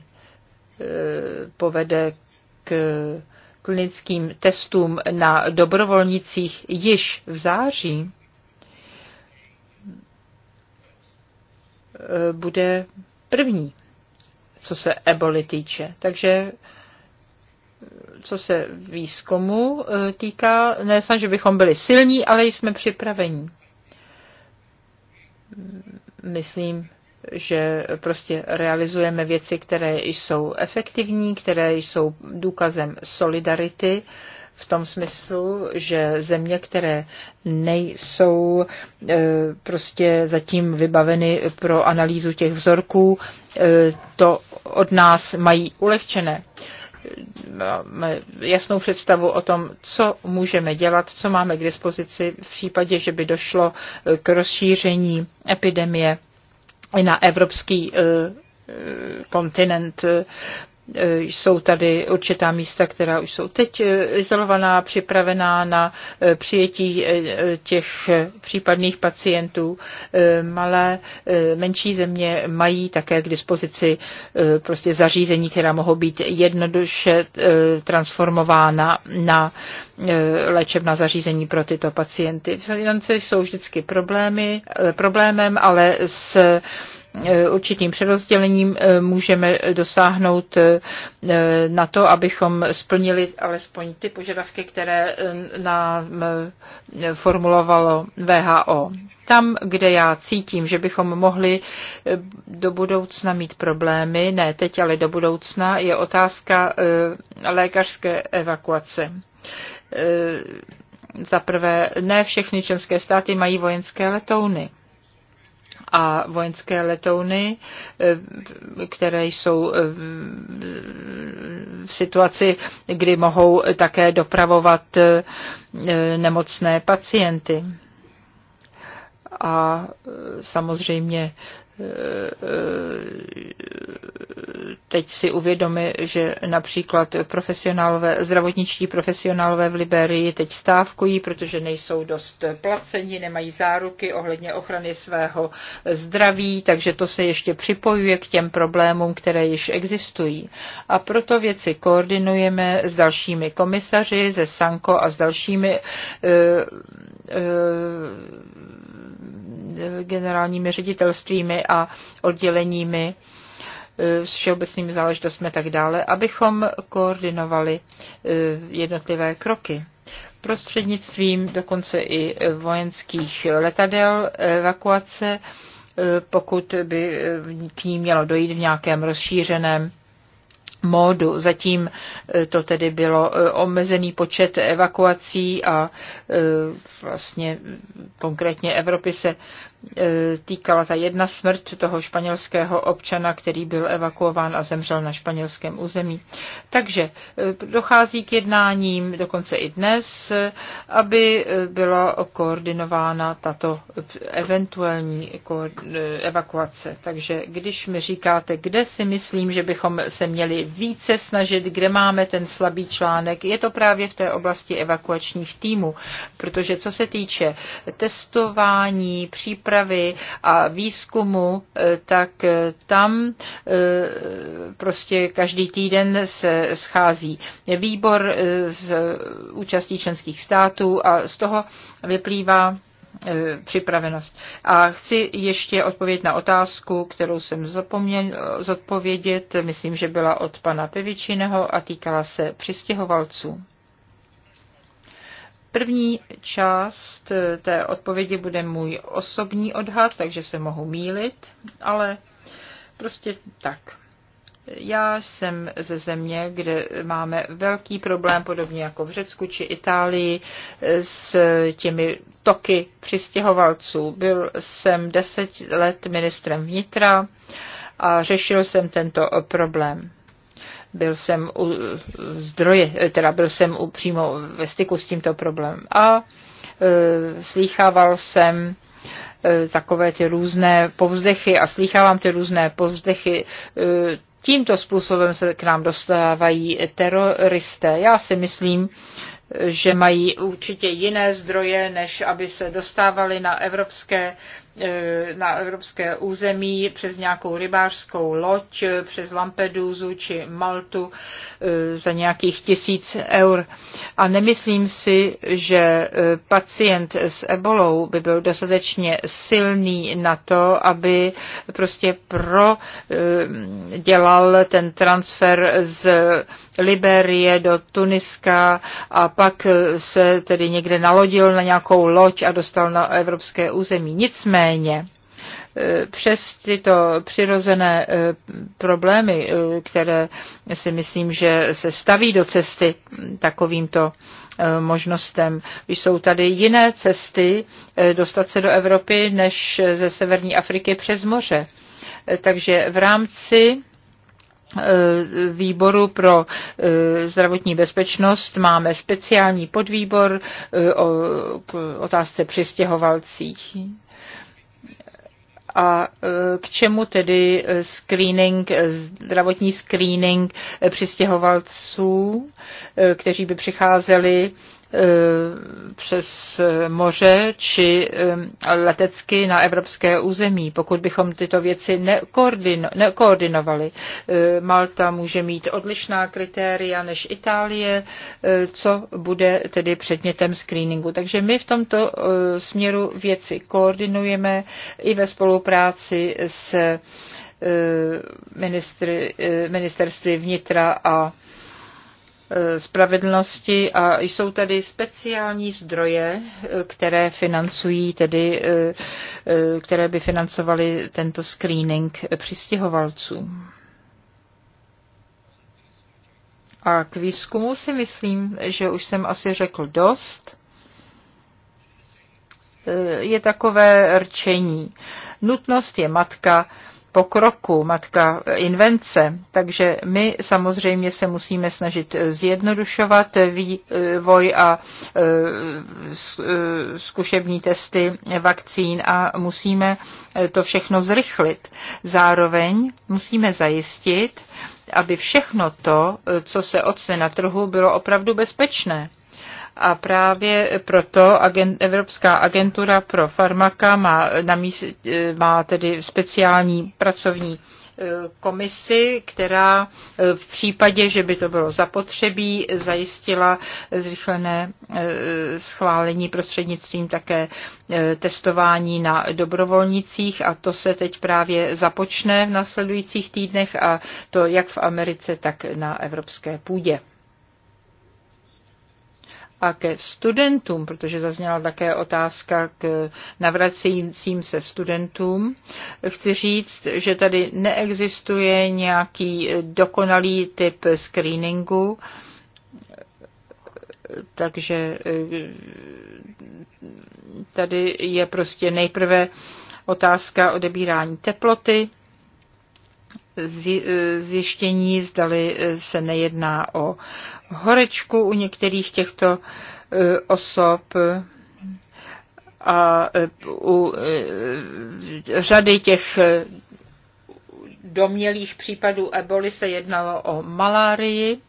eh, povede k klinickým testům na dobrovolnicích již v září, Eh, bude první, co se eboli týče. Takže eh, co se výzkumu eh, týká, ne snad, že bychom byli silní, ale jsme připravení. Myslím, že prostě realizujeme věci, které jsou efektivní, které jsou důkazem solidarity v tom smyslu, že země, které nejsou e, prostě zatím vybaveny pro analýzu těch vzorků, e, to od nás mají ulehčené máme jasnou představu o tom, co můžeme dělat, co máme k dispozici v případě, že by došlo k rozšíření epidemie na evropský e, kontinent. Eh, jsou tady určitá místa, která už jsou teď eh, izolovaná, připravená na eh, přijetí těch případných pacientů. Malé, menší země mají také k dispozici prostě zařízení, která mohou být jednoduše transformována na léčebná zařízení pro tyto pacienty. Finance jsou vždycky problémy, problémem, ale s E, určitým přerozdělením e, můžeme dosáhnout e, na to, abychom splnili alespoň ty požadavky, které nám formulovalo VHO. Tam, kde já cítím, že bychom mohli do budoucna mít problémy, ne teď, ale do budoucna, je otázka lékařské evakuace za prvé, ne všechny členské státy mají vojenské letouny a vojenské letouny, eh, které jsou eh, v situaci, kdy mohou také dopravovat eh, nemocné pacienty. A samozřejmě teď si uvědomi, že například profesionálové, zdravotničtí profesionálové v Liberii teď stávkují, protože nejsou dost placeni, nemají záruky ohledně ochrany svého zdraví, takže to se ještě připojuje k těm problémům, které již existují. A proto věci koordinujeme s dalšími komisaři, ze Sanko a s dalšími eh, eh, generálními ředitelstvími a odděleními e, s všeobecnými záležitostmi a tak dále, abychom koordinovali e, jednotlivé kroky prostřednictvím dokonce i vojenských letadel evakuace, e, pokud by k ní mělo dojít v nějakém rozšířeném módu. Zatím eh, to tedy bylo eh, omezený počet evakuací a eh, vlastně mm, konkrétně Evropy se E, týkala ta jedna smrt toho španělského občana, který byl evakuován a zemřel na španělském území. Takže e, dochází k jednáním dokonce i dnes, aby e, byla koordinována tato eventuální evakuace. Takže když mi říkáte, kde si myslím, že bychom se měli více snažit, kde máme ten slabý článek, je to právě v té oblasti evakuačních týmů, protože co se týče testování, příprav, dopravy a výzkumu, eh, tak eh, tam eh, prostě každý týden se schází výbor z účastí členských států a z toho vyplývá připravenost. A chci ještě odpovědět na otázku, kterou jsem zapomněl zodpovědět, myslím, že byla od pana Pevičiného a týkala se přistěhovalců. První část eh, té odpovědi bude můj osobní odhad, takže se mohu mílit, ale prostě tak. Já jsem ze země, kde máme velký problém, podobně jako v Řecku či Itálii, s těmi toky přistěhovalců. Byl jsem deset let ministrem vnitra a řešil jsem tento problém. Byl jsem u zdroje, teda byl jsem u, přímo ve styku s tímto problémem. A e, slýchával jsem e, takové ty různé povzdechy a slýchávám ty různé povzdechy. E, tímto způsobem se k nám dostávají teroristé. Já si myslím, že mají určitě jiné zdroje, než aby se dostávali na evropské E, na evropské území přes nějakou rybářskou loď, přes Lampedusu či Maltu e, za nějakých tisíc eur. A nemyslím si, že e, pacient s ebolou by byl dostatečně silný na to, aby prostě pro dělal ten transfer z Liberie do Tuniska a pak se tedy někde nalodil na nějakou loď a dostal na evropské území. Nicméně Nicméně eh, přes tyto přirozené eh, problémy, eh, které si myslím, že se staví do cesty takovýmto možnostem, jsou tady jiné cesty dostat se do Evropy než ze severní Afriky přes moře. Takže v rámci výboru pro zdravotní bezpečnost máme speciální podvýbor o otázce přistěhovalcích a e, k čemu tedy screening, e, zdravotní screening e, přistěhovalců, kteří by přicházeli Eh, přes moře či eh, letecky na evropské území, pokud bychom tyto věci nekoordino, nekoordinovali. Eh, Malta může mít odlišná kritéria než Itálie, co bude tedy předmětem screeningu. Takže my v tomto směru věci koordinujeme i ve spolupráci s ministry, ministerství vnitra a Eh, spravedlnosti a jsou tady speciální zdroje, eh, které financují tedy, eh, které by financovaly tento screening přistěhovalců. A k výzkumu si myslím, že už jsem asi řekl dost. Je takové rčení. Nutnost je matka pokroku, matka invence. Takže my samozřejmě se musíme snažit zjednodušovat vývoj a e, e, zkušební testy vakcín a musíme to všechno zrychlit. Zároveň musíme zajistit, aby všechno to, co se ocne na trhu, bylo opravdu bezpečné a právě proto agent, Evropská agentura pro farmaka má, na míst, má tedy speciální pracovní e, komisi, která e, v případě, že by to bylo zapotřebí, zajistila zrychlené e, schválení prostřednictvím také testování na dobrovolnicích a to se teď právě započne v následujících týdnech a to jak v Americe, tak na evropské půdě a ke studentům, protože zazněla také otázka k navracejícím se studentům. Chci říct, že tady neexistuje nějaký dokonalý typ screeningu, takže eh, tady je prostě nejprve otázka odebírání teploty Eh, zjištění, zdali eh, se nejedná o horečku u některých těchto eh, osob a u řady těch domělých případů eboli se jednalo o malárii.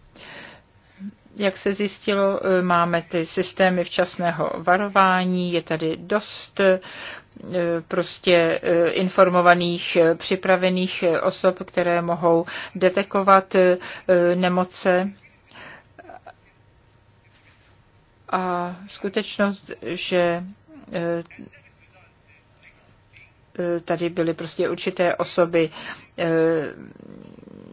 Jak se zjistilo, máme ty systémy včasného varování, je tady dost E, prostě e, informovaných, e, připravených osob, které mohou detekovat nemoce. A skutečnost, že tady byly prostě určité osoby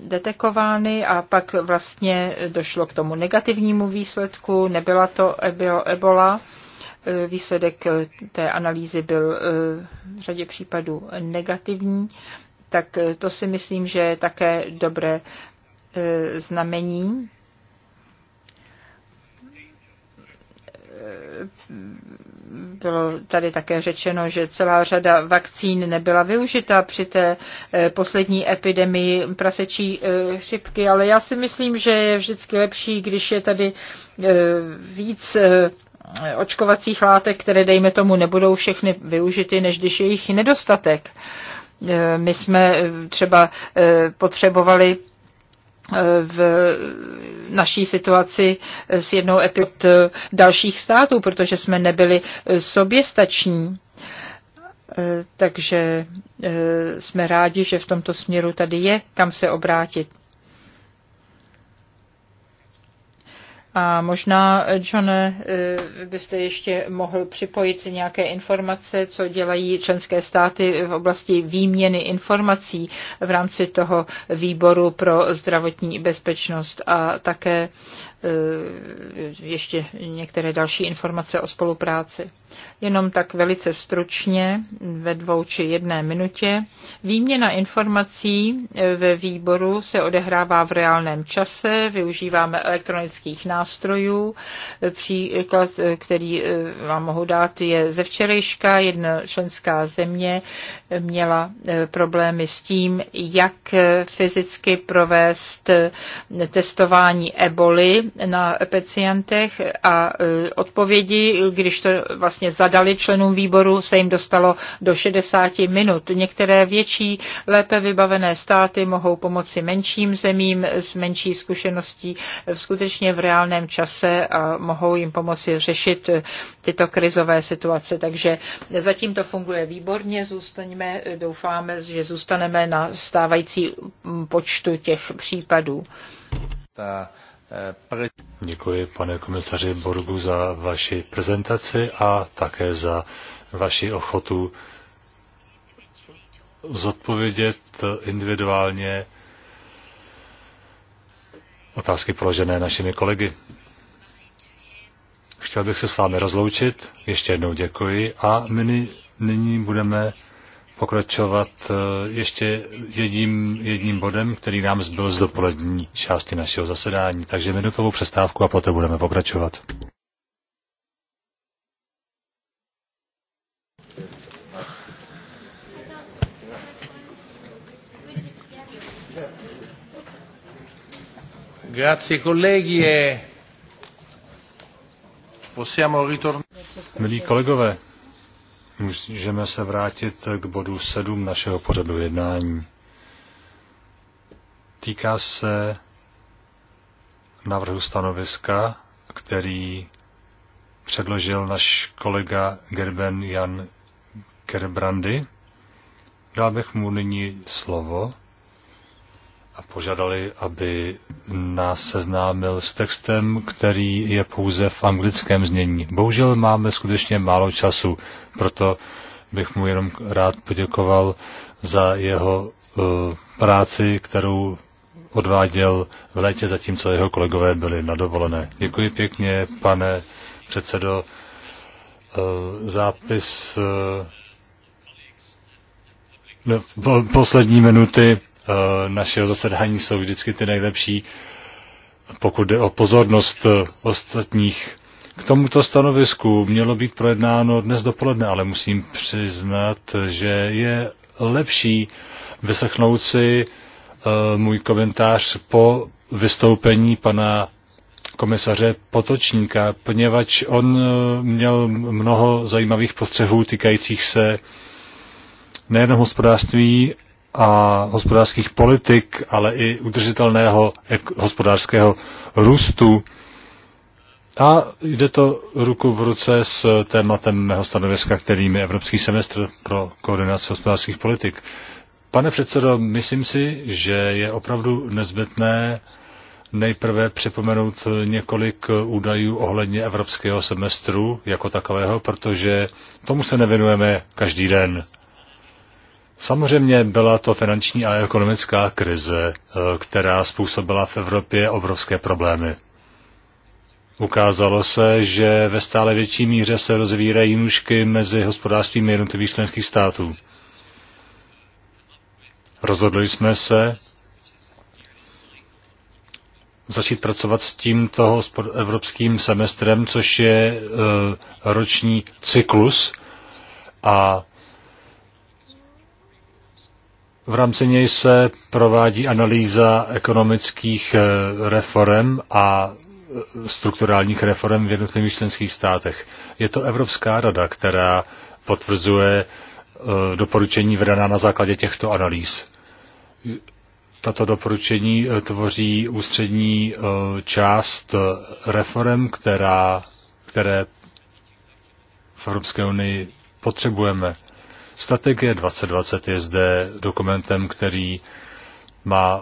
detekovány a pak vlastně došlo k tomu negativnímu výsledku, nebyla to ebola Výsledek té analýzy byl eh, v řadě případů negativní, tak eh, to si myslím, že je také dobré eh, znamení. bylo tady také řečeno, že celá řada vakcín nebyla využita při té poslední epidemii prasečí chřipky, ale já si myslím, že je vždycky lepší, když je tady víc očkovacích látek, které dejme tomu nebudou všechny využity, než když je jich nedostatek. Eh, my jsme eh, třeba eh, potřebovali v naší situaci s jednou epid dalších států, protože jsme nebyli soběstační. Takže jsme rádi, že v tomto směru tady je kam se obrátit. A možná, John, eh, byste ještě mohl připojit nějaké informace, co dělají členské státy v oblasti výměny informací v rámci toho výboru pro zdravotní bezpečnost a také Eh, ještě některé další informace o spolupráci. Jenom tak velice stručně, ve dvou či jedné minutě. Výměna informací eh, ve výboru se odehrává v reálném čase, využíváme elektronických nástrojů. Eh, příklad, který vám mohu dát, je ze včerejška. Jedna členská země měla problémy s tím, jak fyzicky provést testování eboli na pacientech a e, odpovědi, když to vlastně zadali členům výboru, se jim dostalo do 60 minut. Některé větší, lépe vybavené státy mohou pomoci menším zemím s menší zkušeností skutečně v reálném čase a mohou jim pomoci řešit e, tyto krizové situace. Takže zatím to funguje výborně, zůstaňme, doufáme, že zůstaneme na stávající počtu těch případů. Ta Děkuji, pane komisaři Borgu, za vaši prezentaci a také za vaši ochotu zodpovědět individuálně otázky položené našimi kolegy. Chtěl bych se s vámi rozloučit, ještě jednou děkuji a my nyní budeme pokračovat eh, ještě jedním, jedním bodem, který nám zbyl z dopolední části našeho zasedání. Takže minutovou přestávku a poté budeme pokračovat. Grazie colleghi e possiamo ritornare. Milí kolegové, Můžeme se vrátit k bodu 7 našeho pořadu jednání. Týká se návrhu stanoviska, který předložil náš kolega Gerben Jan Kerbrandy. Dal bych mu nyní slovo požádali, aby nás seznámil s textem, který je pouze v anglickém znění. Bohužel máme skutečně málo času, proto bych mu jenom rád poděkoval za jeho uh, práci, kterou odváděl v létě, zatímco jeho kolegové byli nadovolené. Děkuji pěkně, pane předsedo. Uh, zápis uh, poslední minuty Eh, našeho zasedání jsou vždycky ty nejlepší, pokud jde o pozornost eh, ostatních. K tomuto stanovisku mělo být projednáno dnes dopoledne, ale musím přiznat, že je lepší vyslechnout si eh, můj komentář po vystoupení pana komisaře Potočníka, poněvadž on měl mnoho zajímavých postřehů týkajících se nejen hospodářství, a hospodářských politik, ale i udržitelného hospodářského růstu. A jde to ruku v ruce s tématem mého stanoviska, kterým je Evropský semestr pro koordinaci hospodářských politik. Pane předsedo, myslím si, že je opravdu nezbytné nejprve připomenout několik údajů ohledně evropského semestru jako takového, protože tomu se nevěnujeme každý den. Samozřejmě byla to finanční a ekonomická krize, eh, která způsobila v Evropě obrovské problémy. Ukázalo se, že ve stále větší míře se rozvírají nůžky mezi hospodářstvími jednotlivých členských států. Rozhodli jsme se začít pracovat s tímto evropským semestrem, což je eh, roční cyklus a v rámci něj se provádí analýza ekonomických eh, reform a eh, strukturálních reform v jednotlivých členských státech. Je to Evropská rada, která potvrzuje eh, doporučení vydaná na základě těchto analýz. Tato doporučení tvoří ústřední část reform, která, které v Evropské unii potřebujeme. Strategie 2020 je zde dokumentem, který má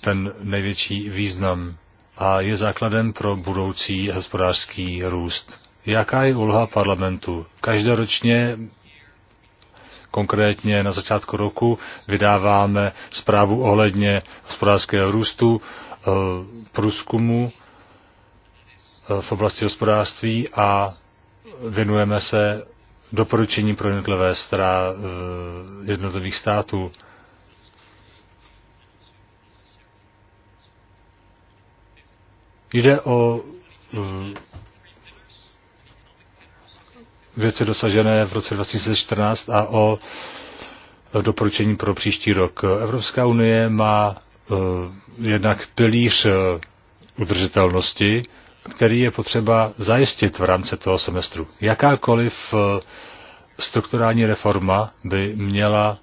ten největší význam a je základem pro budoucí hospodářský růst. Jaká je úloha parlamentu? Každoročně, konkrétně na začátku roku, vydáváme zprávu ohledně hospodářského růstu, eh, průzkumu eh, v oblasti hospodářství a věnujeme se doporučení pro jednotlivé stra eh, jednotlivých států. Jde o eh, věci dosažené v roce 2014 a o eh, doporučení pro příští rok. Evropská unie má jednak pilíř udržitelnosti, který je potřeba zajistit v rámci toho semestru. Jakákoliv eh, strukturální reforma by měla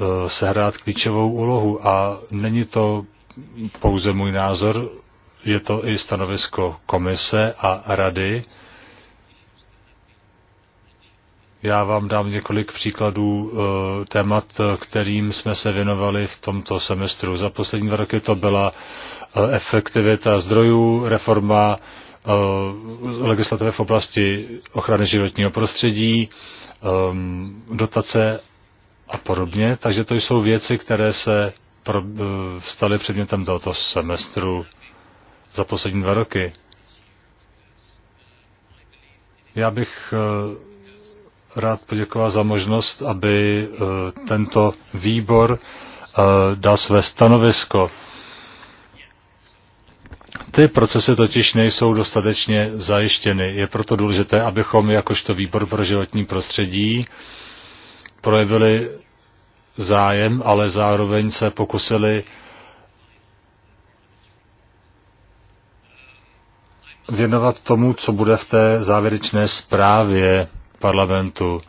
eh, sehrát klíčovou úlohu a není to pouze můj názor, je to i stanovisko komise a rady, já vám dám několik příkladů eh, témat, kterým jsme se věnovali v tomto semestru. Za poslední dva roky to byla eh, efektivita zdrojů, reforma eh, legislativy v oblasti ochrany životního prostředí, dotace a podobně. Takže to jsou věci, které se staly předmětem tohoto semestru za poslední dva roky. Já bych rád poděkoval za možnost, aby eh, tento výbor eh, dal své stanovisko. Ty procesy totiž nejsou dostatečně zajištěny. Je proto důležité, abychom jakožto výbor pro životní prostředí projevili zájem, ale zároveň se pokusili věnovat tomu, co bude v té závěrečné zprávě parlamentu.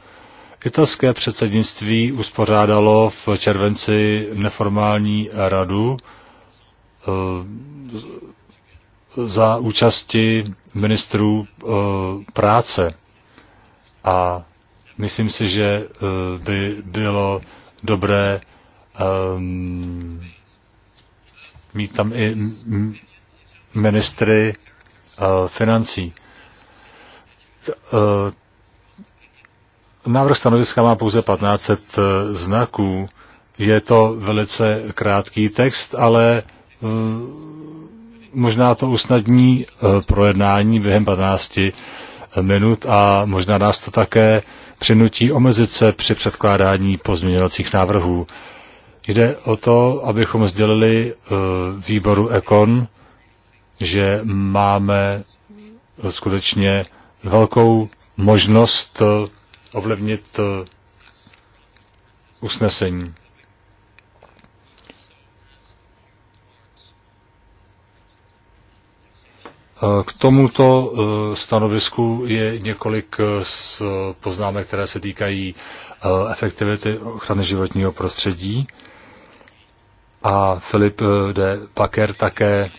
Italské předsednictví uspořádalo v červenci neformální radu eh, za účasti ministrů eh, práce. A myslím si, že eh, by bylo dobré ehm, mít tam i ministry financí Návrh stanoviska má pouze 1500 eh, znaků. Je to velice krátký text, ale eh, možná to usnadní eh, projednání během 15 minut a možná nás to také přinutí omezit se při předkládání pozměňovacích návrhů. Jde o to, abychom sdělili výboru Ekon, že máme skutečně velkou možnost ovlivnit eh, usnesení. Eh, k tomuto eh, stanovisku je několik z poznámek, které se týkají efektivity ochrany životního prostředí. A Filip de Paker také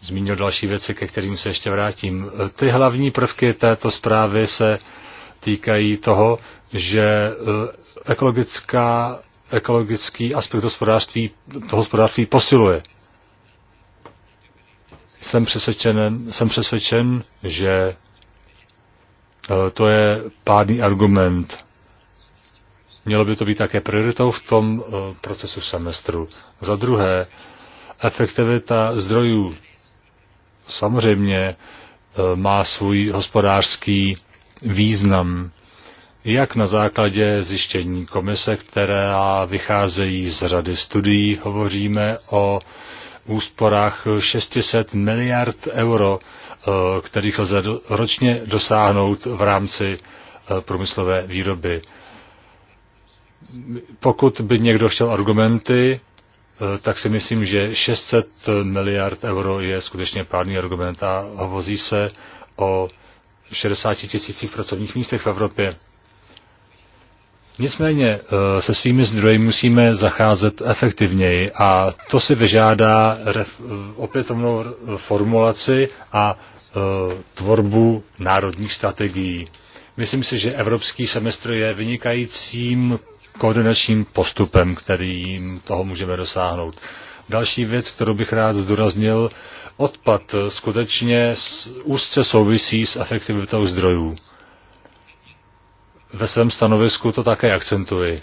zmínil další věci, ke kterým se ještě vrátím. Ty hlavní prvky této zprávy se týkají toho, že eh, ekologická, ekologický aspekt hospodářství, to hospodářství posiluje. Jsem přesvědčen, jsem přesvědčen, že eh, to je pádný argument. Mělo by to být také prioritou v tom eh, procesu semestru. Za druhé, efektivita zdrojů samozřejmě má svůj hospodářský význam jak na základě zjištění komise, které vycházejí z řady studií, hovoříme o úsporách 600 miliard euro, eh, kterých lze ročně dosáhnout v rámci eh, průmyslové výroby. Pokud by někdo chtěl argumenty, eh, tak si myslím, že 600 miliard euro je skutečně pádný argument a hovoří se o 60 tisících pracovních místech v Evropě. Nicméně eh, se svými zdroji musíme zacházet efektivněji a to si vyžádá ref, opětovnou formulaci a eh, tvorbu národních strategií. Myslím si, že evropský semestr je vynikajícím koordinačním postupem, kterým toho můžeme dosáhnout. Další věc, kterou bych rád zdůraznil, odpad skutečně úzce souvisí s efektivitou zdrojů. Ve svém stanovisku to také akcentuji.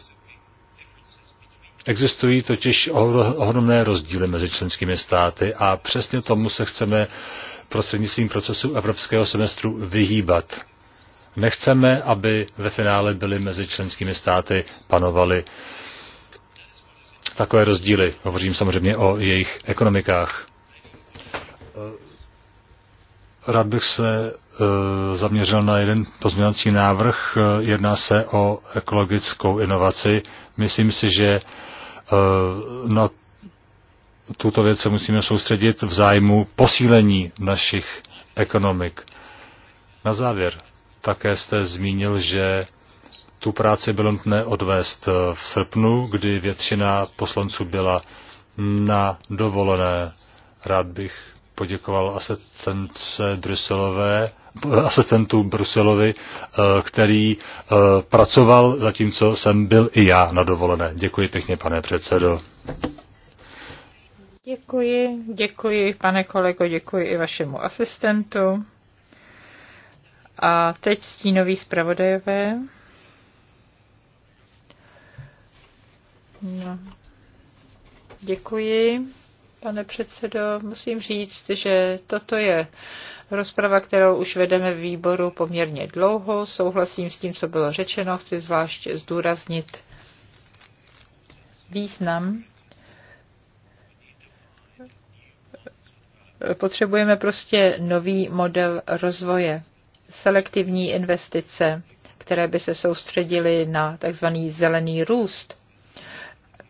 Existují totiž ohromné rozdíly mezi členskými státy a přesně tomu se chceme prostřednictvím procesu evropského semestru vyhýbat. Nechceme, aby ve finále byly mezi členskými státy panovaly takové rozdíly. Hovořím samozřejmě o jejich ekonomikách. Eh, rád bych se eh, zaměřil na jeden pozměňovací návrh. Eh, jedná se o ekologickou inovaci. Myslím si, že na tuto věc se musíme soustředit v zájmu posílení našich ekonomik. Na závěr také jste zmínil, že tu práci bylo nutné odvést v srpnu, kdy většina poslanců byla na dovolené. Rád bych poděkoval asistence Bruselové, asistentu Bruselovi, eh, který eh, pracoval, zatímco jsem byl i já na dovolené. Děkuji pěkně, pane předsedo. Děkuji, děkuji, pane kolego, děkuji i vašemu asistentu. A teď stínový zpravodajové. No. Děkuji pane předsedo. Musím říct, že toto je rozprava, kterou už vedeme v výboru poměrně dlouho. Souhlasím s tím, co bylo řečeno. Chci zvlášť zdůraznit význam potřebujeme prostě nový model rozvoje, selektivní investice, které by se soustředily na tzv. zelený růst.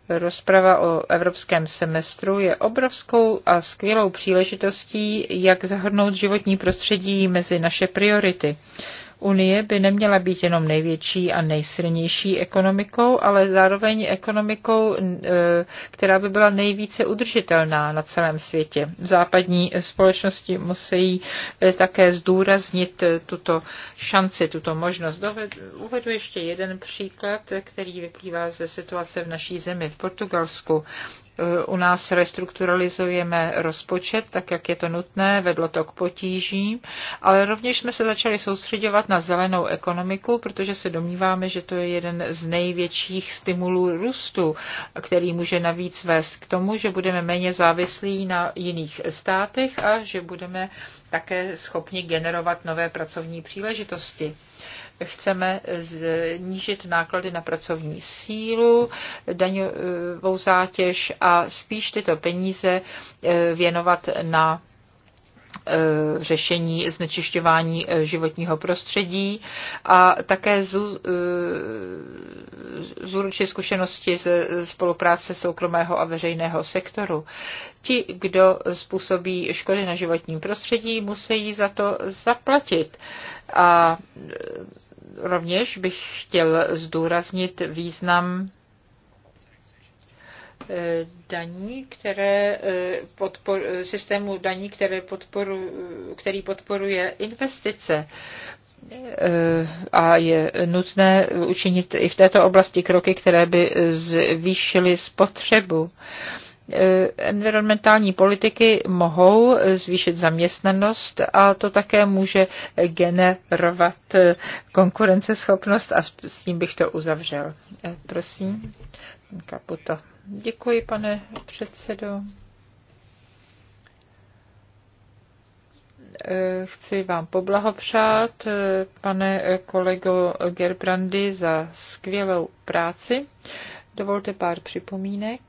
Rozprava o evropském semestru je obrovskou a skvělou příležitostí, jak zahrnout životní prostředí mezi naše priority. Unie by neměla být jenom největší a nejsilnější ekonomikou, ale zároveň ekonomikou, e, která by byla nejvíce udržitelná na celém světě. V západní společnosti musí e, také zdůraznit e, tuto šanci, tuto možnost. Uvedu ještě jeden příklad, který vyplývá ze situace v naší zemi, v Portugalsku. Eh, u nás restrukturalizujeme rozpočet, tak jak je to nutné, vedlo to k potížím, ale rovněž jsme se začali soustředovat na zelenou ekonomiku, protože se domníváme, že to je jeden z největších stimulů růstu, který může navíc vést k tomu, že budeme méně závislí na jiných státech a že budeme také schopni generovat nové pracovní příležitosti chceme znížit náklady na pracovní sílu, daňovou zátěž a spíš tyto peníze eh, věnovat na eh, řešení znečišťování eh, životního prostředí a také zúručit zkušenosti ze spolupráce soukromého a veřejného sektoru. Ti, kdo způsobí škody na životním prostředí, musí za to zaplatit. A Rovněž bych chtěl zdůraznit význam eh, daní, které eh, podpor, systému daní, které podporu, který podporuje investice. Eh, a je nutné učinit i v této oblasti kroky, které by zvýšily spotřebu. Eh, environmentální politiky mohou zvýšit zaměstnanost a to také může generovat eh, konkurenceschopnost a s tím bych to uzavřel. Eh, prosím, Kaputo. Děkuji, pane předsedo. chci vám poblahopřát, pane kolego Gerbrandy, za skvělou práci. Dovolte pár připomínek.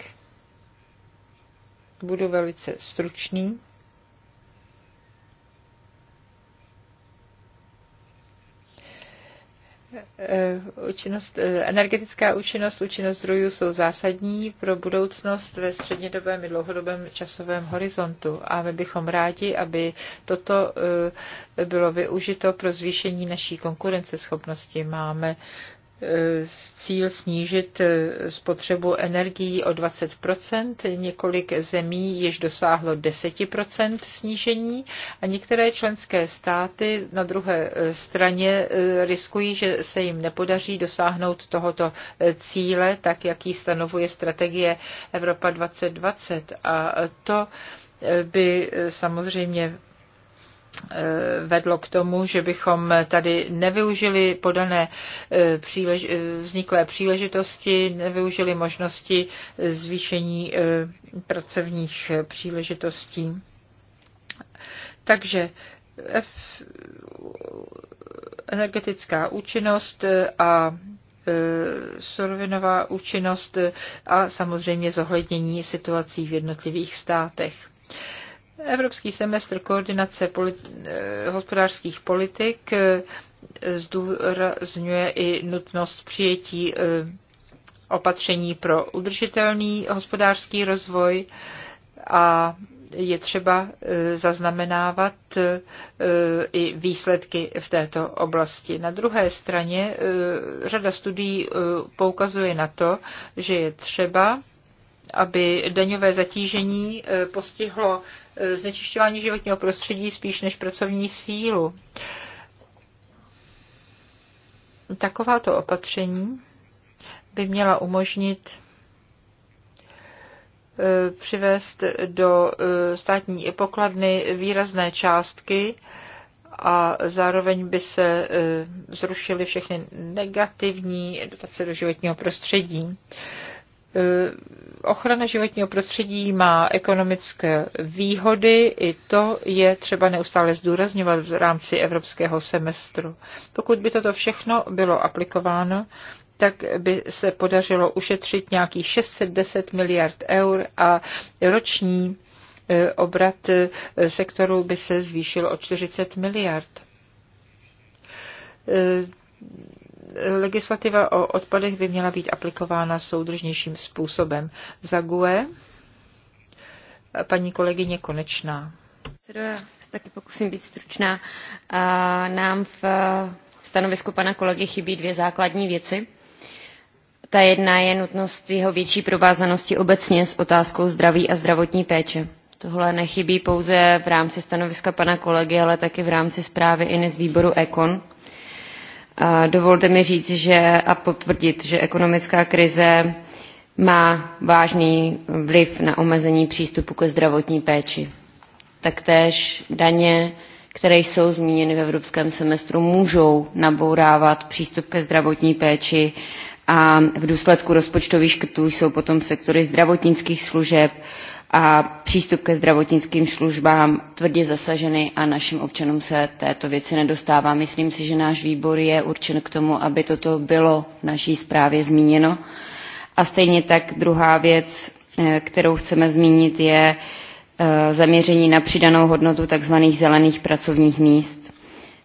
Budu velice stručný. Učinnost, eh, eh, energetická účinnost, účinnost zdrojů jsou zásadní pro budoucnost ve střednědobém i dlouhodobém časovém horizontu a my bychom rádi, aby toto eh, bylo využito pro zvýšení naší konkurenceschopnosti. Máme cíl snížit eh, spotřebu energií o 20 několik zemí již dosáhlo 10 snížení a některé členské státy na druhé eh, straně eh, riskují, že se jim nepodaří dosáhnout tohoto cíle, tak jak ji stanovuje strategie Evropa 2020. A to by samozřejmě Eh, vedlo k tomu, že bychom tady nevyužili podané eh, přílež, eh, vzniklé příležitosti, nevyužili možnosti zvýšení pracovních příležitostí. Takže F, energetická účinnost a surovinová účinnost a samozřejmě zohlednění situací v jednotlivých státech. Evropský semestr koordinace eh, hospodářských politik eh, zdůrazňuje i nutnost přijetí eh, opatření pro udržitelný hospodářský rozvoj a je třeba eh, zaznamenávat i výsledky v této oblasti. Na druhé straně řada studií poukazuje na to, že je třeba aby daňové zatížení eh, postihlo eh, znečišťování životního prostředí spíš než pracovní sílu. Takováto opatření by měla umožnit eh, přivést do státní pokladny výrazné částky a zároveň by se zrušily všechny negativní dotace do životního prostředí. Eh, ochrana životního prostředí má ekonomické výhody, i to je třeba neustále zdůrazňovat v rámci evropského semestru. Pokud by toto všechno bylo aplikováno, tak by se podařilo ušetřit nějakých 610 miliard eur a roční eh, obrat eh, sektoru by se zvýšil o 40 miliard legislativa o odpadech by měla být aplikována soudržnějším způsobem. Za GUE paní kolegyně Konečná. Já taky pokusím být stručná. Nám v stanovisku pana kolegy chybí dvě základní věci. Ta jedna je nutnost jeho větší provázanosti obecně s otázkou zdraví a zdravotní péče. Tohle nechybí pouze v rámci stanoviska pana kolegy, ale taky v rámci zprávy INI z výboru ECON dovolte mi říct že, a potvrdit že ekonomická krize má vážný vliv na omezení přístupu ke zdravotní péči. taktéž daně které jsou zmíněny v evropském semestru můžou nabourávat přístup ke zdravotní péči a v důsledku rozpočtových škrtů jsou potom sektory zdravotnických služeb a přístup ke zdravotnickým službám tvrdě zasaženy a našim občanům se této věci nedostává. Myslím si, že náš výbor je určen k tomu, aby toto bylo v naší zprávě zmíněno. A stejně tak druhá věc, eh, kterou chceme zmínit, je eh, zaměření na přidanou hodnotu tzv. zelených pracovních míst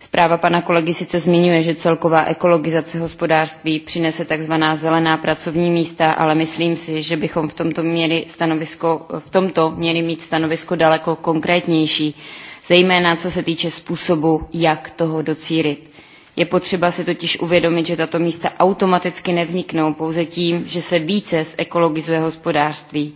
Zpráva pana kolegy sice zmiňuje, že celková ekologizace hospodářství přinese tzv. zelená pracovní místa, ale myslím si, že bychom v tomto, měli stanovisko, v tomto měli mít stanovisko daleko konkrétnější, zejména co se týče způsobu, jak toho docílit. Je potřeba si totiž uvědomit, že tato místa automaticky nevzniknou pouze tím, že se více zekologizuje hospodářství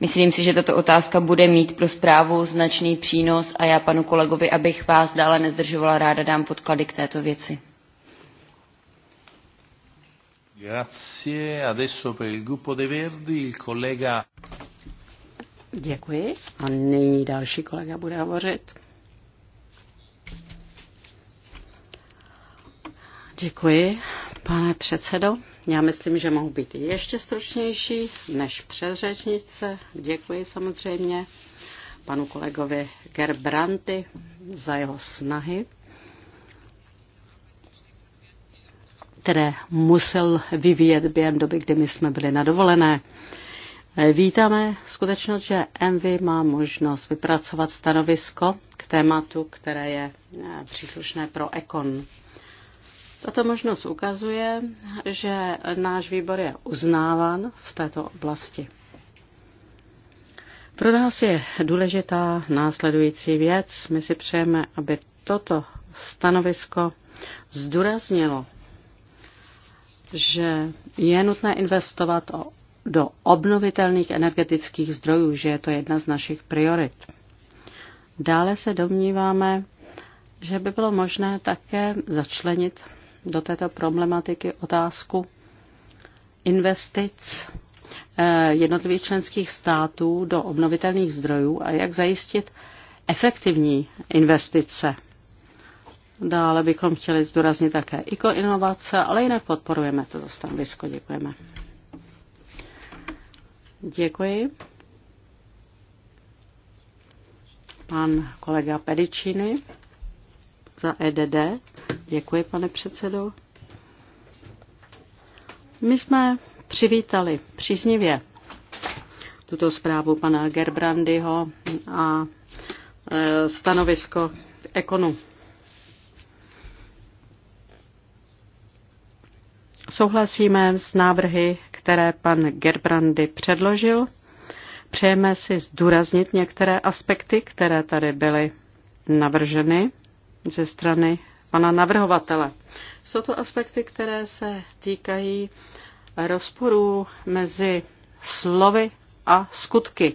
Myslím si, že tato otázka bude mít pro zprávu značný přínos a já panu kolegovi, abych vás dále nezdržovala, ráda dám podklady k této věci. Grazie. Adesso per il gruppo dei Verdi il collega Děkuji. A nyní další kolega bude hovořit. Děkuji, pane předsedo. Já myslím, že mohu být ještě stručnější než předřečnice. Děkuji samozřejmě panu kolegovi Gerbranty za jeho snahy, které musel vyvíjet během doby, kdy my jsme byli na dovolené. Vítáme skutečnost, že MV má možnost vypracovat stanovisko k tématu, které je příslušné pro Ekon. Tato možnost ukazuje, že náš výbor je uznáván v této oblasti. Pro nás je důležitá následující věc. My si přejeme, aby toto stanovisko zdůraznilo, že je nutné investovat do obnovitelných energetických zdrojů, že je to jedna z našich priorit. Dále se domníváme, že by bylo možné také začlenit do této problematiky otázku investic eh, jednotlivých členských států do obnovitelných zdrojů a jak zajistit efektivní investice. Dále bychom chtěli zdůraznit také inovace, ale jinak podporujeme to stanovisko. Děkujeme. Děkuji. Pan kolega Pedicini za EDD. Děkuji, pane předsedo. My jsme přivítali příznivě tuto zprávu pana Gerbrandyho a e, stanovisko ekonu. Souhlasíme s návrhy, které pan Gerbrandy předložil. Přejeme si zdůraznit některé aspekty, které tady byly navrženy ze strany pana navrhovatele. Jsou to aspekty, které se týkají rozporů mezi slovy a skutky.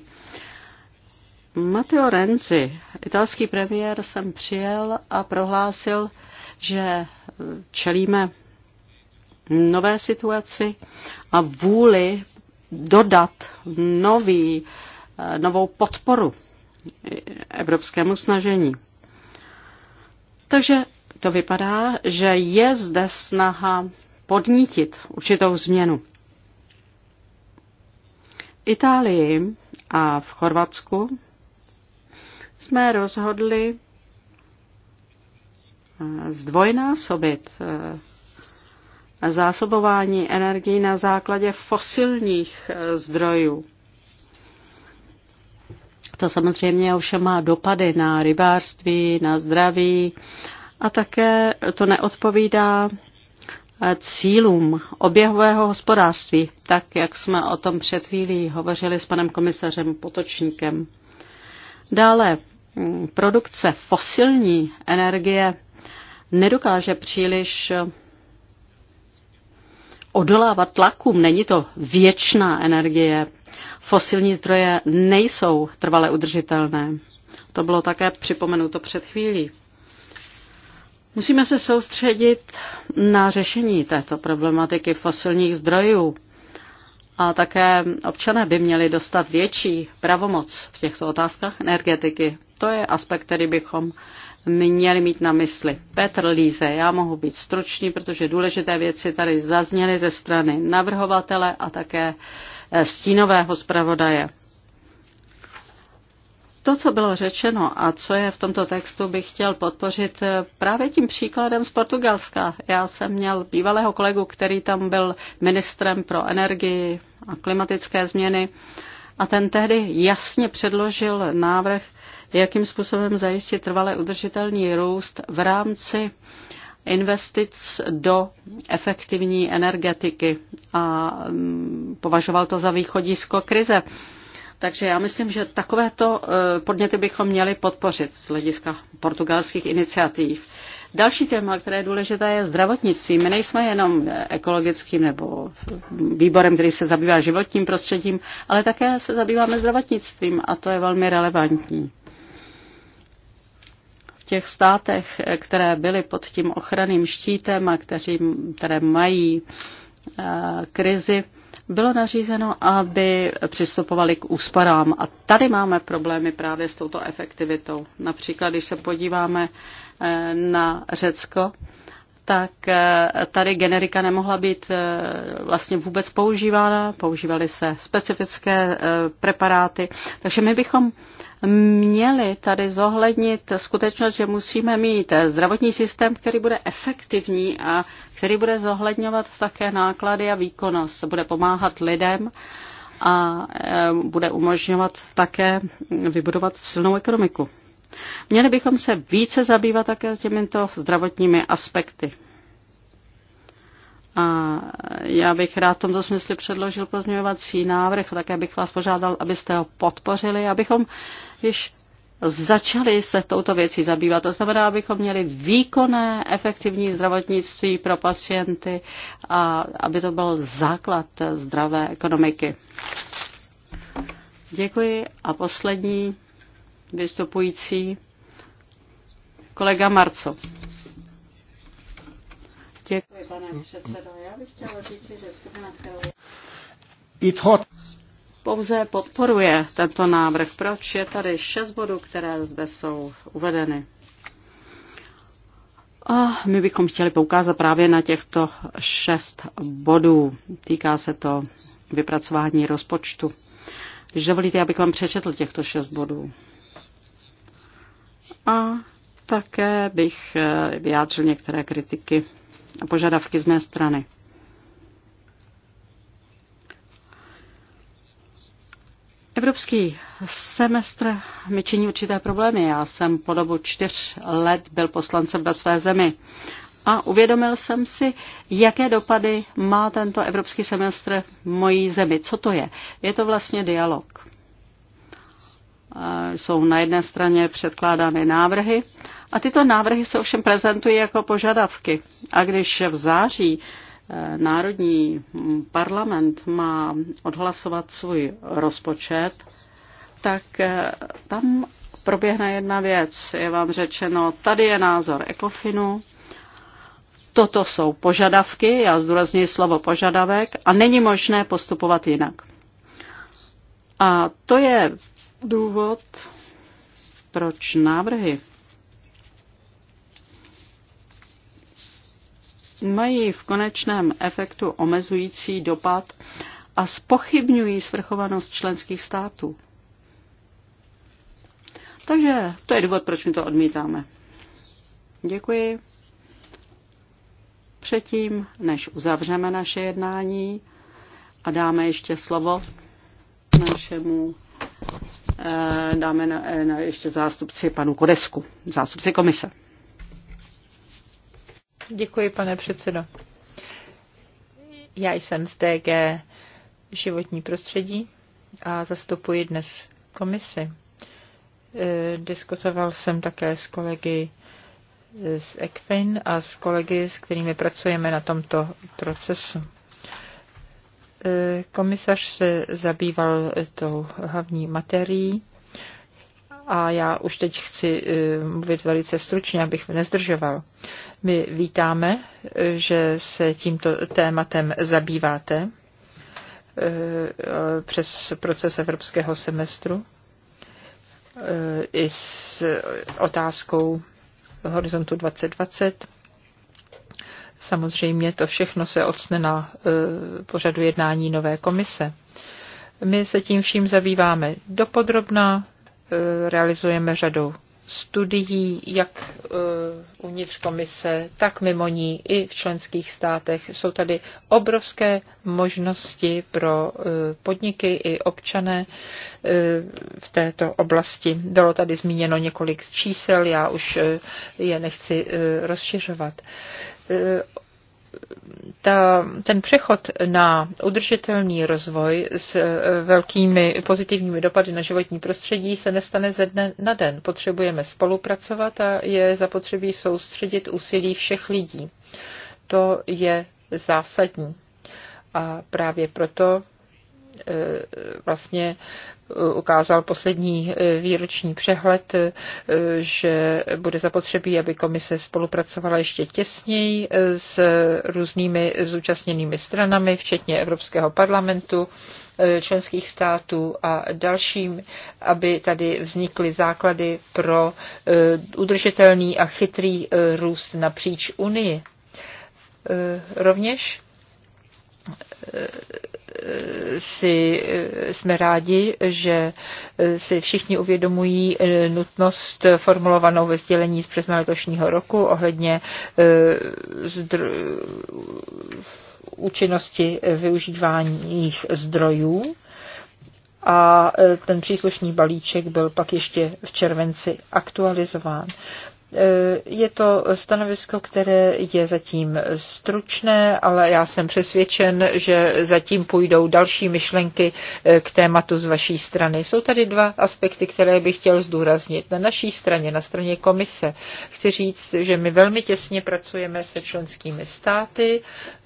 Matteo Renzi, italský premiér, jsem přijel a prohlásil, že čelíme nové situaci a vůli dodat nový, novou podporu evropskému snažení. Takže to vypadá, že je zde snaha podnítit určitou změnu. V Itálii a v Chorvatsku jsme rozhodli eh, zdvojnásobit eh, zásobování energií na základě fosilních eh, zdrojů. To samozřejmě ovšem má dopady na rybářství, na zdraví a také to neodpovídá eh, cílům oběhového hospodářství, tak jak jsme o tom před chvílí hovořili s panem komisařem Potočníkem. Dále hm, produkce fosilní energie nedokáže příliš odolávat tlakům. Není to věčná energie. Fosilní zdroje nejsou trvale udržitelné. To bylo také připomenuto před chvílí. Musíme se soustředit na řešení této problematiky fosilních zdrojů. A také občané by měli dostat větší pravomoc v těchto otázkách energetiky. To je aspekt, který bychom měli mít na mysli. Petr Líze, já mohu být stručný, protože důležité věci tady zazněly ze strany navrhovatele a také eh, stínového zpravodaje. To, co bylo řečeno a co je v tomto textu, bych chtěl podpořit eh, právě tím příkladem z Portugalska. Já jsem měl bývalého kolegu, který tam byl ministrem pro energii a klimatické změny a ten tehdy jasně předložil návrh jakým způsobem zajistit trvale udržitelný růst v rámci investic do efektivní energetiky a mm, považoval to za východisko krize. Takže já myslím, že takovéto e, podněty bychom měli podpořit z hlediska portugalských iniciativ. Další téma, které je důležité, je zdravotnictví. My nejsme jenom ekologickým nebo výborem, který se zabývá životním prostředím, ale také se zabýváme zdravotnictvím a to je velmi relevantní těch státech, které byly pod tím ochranným štítem a kteří, které mají eh, krizi, bylo nařízeno, aby přistupovali k úsporám. A tady máme problémy právě s touto efektivitou. Například, když se podíváme eh, na Řecko, tak eh, tady generika nemohla být vlastně vůbec používána, používaly se specifické preparáty. Takže my bychom měli tady zohlednit skutečnost, že musíme mít zdravotní systém, který bude efektivní a který bude zohledňovat také náklady a výkonnost, bude pomáhat lidem a e, bude umožňovat také vybudovat silnou ekonomiku. Měli bychom se více zabývat také těmito zdravotními aspekty. A já bych rád v tomto smyslu předložil pozměňovací návrh, také bych vás požádal, abyste ho podpořili, abychom již začali se touto věcí zabývat. To znamená, abychom měli výkonné, efektivní zdravotnictví pro pacienty a aby to byl základ zdravé ekonomiky. Děkuji a poslední vystupující kolega Marco. Děkuji, pane předsedo. Já bych chtěla říct, že skupina, Pouze podporuje tento návrh. Proč je tady šest bodů, které zde jsou uvedeny? A my bychom chtěli poukázat právě na těchto šest bodů. Týká se to vypracování rozpočtu. Když dovolíte, abych vám přečetl těchto šest bodů. A také bych vyjádřil některé kritiky a požadavky z mé strany. Evropský semestr mi činí určité problémy. Já jsem po dobu čtyř let byl poslancem ve své zemi a uvědomil jsem si, jaké dopady má tento evropský semestr v mojí zemi. Co to je? Je to vlastně dialog jsou na jedné straně předkládány návrhy a tyto návrhy se ovšem prezentují jako požadavky. A když v září eh, Národní parlament má odhlasovat svůj rozpočet, tak eh, tam proběhne jedna věc. Je vám řečeno, tady je názor ECOFINu, toto jsou požadavky, já zdůrazňuji slovo požadavek, a není možné postupovat jinak. A to je důvod, proč návrhy mají v konečném efektu omezující dopad a spochybňují svrchovanost členských států. Takže to je důvod, proč my to odmítáme. Děkuji. Předtím, než uzavřeme naše jednání a dáme ještě slovo našemu Eh, dáme na, eh, na ještě zástupci panu Kodesku, zástupci komise. Děkuji, pane předsedo. Já jsem z DG životní prostředí a zastupuji dnes komisi. Eh, diskutoval jsem také s kolegy z ECFIN a s kolegy, s kterými pracujeme na tomto procesu. Eh, komisař se zabýval eh, tou hlavní materií a já už teď chci eh, mluvit velice stručně, abych nezdržoval. My vítáme, že se tímto tématem zabýváte přes proces evropského semestru i s otázkou horizontu 2020 Samozřejmě to všechno se odsne na e, pořadu jednání nové komise. My se tím vším zabýváme dopodrobná, e, realizujeme řadu studií, jak e, uvnitř komise, tak mimo ní i v členských státech. Jsou tady obrovské možnosti pro podniky i občané v této oblasti. Bylo tady zmíněno několik čísel, já už je nechci rozšiřovat. E, ta, ten přechod na udržitelný rozvoj s e, velkými pozitivními dopady na životní prostředí se nestane ze dne na den. Potřebujeme spolupracovat a je zapotřebí soustředit úsilí všech lidí. To je zásadní. A právě proto Eh, vlastně eh, ukázal poslední eh, výroční přehled, že bude zapotřebí, aby komise spolupracovala ještě těsněji s různými zúčastněnými stranami, včetně Evropského parlamentu, členských států a dalším, aby tady vznikly základy pro udržitelný a chytrý růst napříč Unii. Rovněž si, eh, jsme rádi, že eh, si všichni uvědomují eh, nutnost formulovanou ve sdělení z března letošního roku ohledně zdr- účinnosti využívání zdrojů. A ten příslušný balíček byl pak ještě v červenci aktualizován. Eh, je to stanovisko, které je zatím stručné, ale já jsem přesvědčen, že zatím půjdou další myšlenky eh, k tématu z vaší strany. Jsou tady dva aspekty, které bych chtěl zdůraznit. Na naší straně, na straně komise, chci říct, že my velmi těsně pracujeme se členskými státy,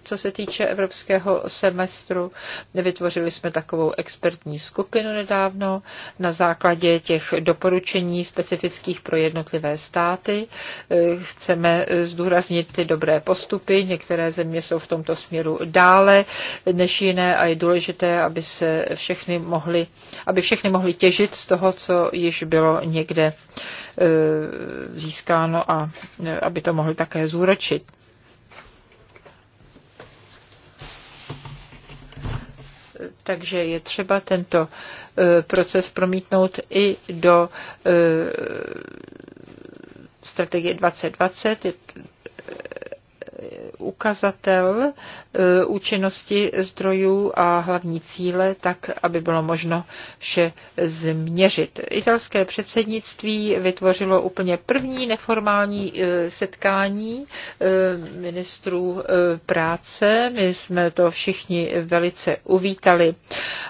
co se týče evropského semestru. Vytvořili jsme takovou expertní skupinu nedávno na základě těch doporučení specifických pro jednotlivé státy. Eh, chceme eh, zdůraznit ty dobré postupy. Některé země jsou v tomto směru dále než jiné a je důležité, aby se všechny mohly, aby všechny mohly těžit z toho, co již bylo někde eh, získáno a aby to mohli také zúročit. Takže je třeba tento eh, proces promítnout i do eh, strategie 2020 ukazatel e, účinnosti zdrojů a hlavní cíle, tak aby bylo možno vše změřit. Italské předsednictví vytvořilo úplně první neformální e, setkání e, ministrů práce. My jsme to všichni velice uvítali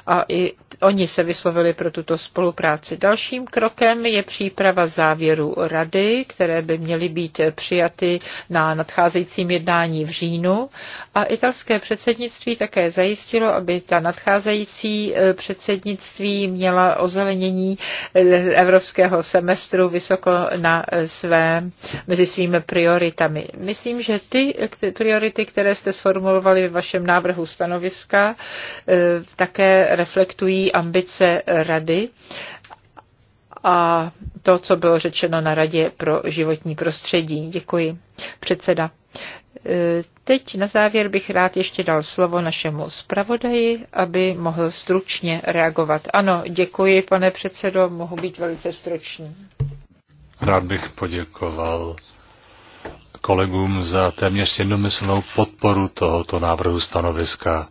a i oni se vyslovili pro tuto spolupráci. Dalším krokem je příprava závěru rady, které by měly být přijaty na nadcházejícím jednání v říjnu. A italské předsednictví také zajistilo, aby ta nadcházející e, předsednictví měla ozelenění e, evropského semestru vysoko na e, své, mezi svými prioritami. Myslím, že ty priority, které jste sformulovali v vašem návrhu stanoviska, také reflektují ambice rady a to, co bylo řečeno na Radě pro životní prostředí. Děkuji, předseda. E, teď na závěr bych rád ještě dal slovo našemu zpravodaji, aby mohl stručně reagovat. Ano, děkuji, pane předsedo, mohu být velice stručný. Rád bych poděkoval kolegům za téměř jednomyslnou podporu tohoto návrhu stanoviska.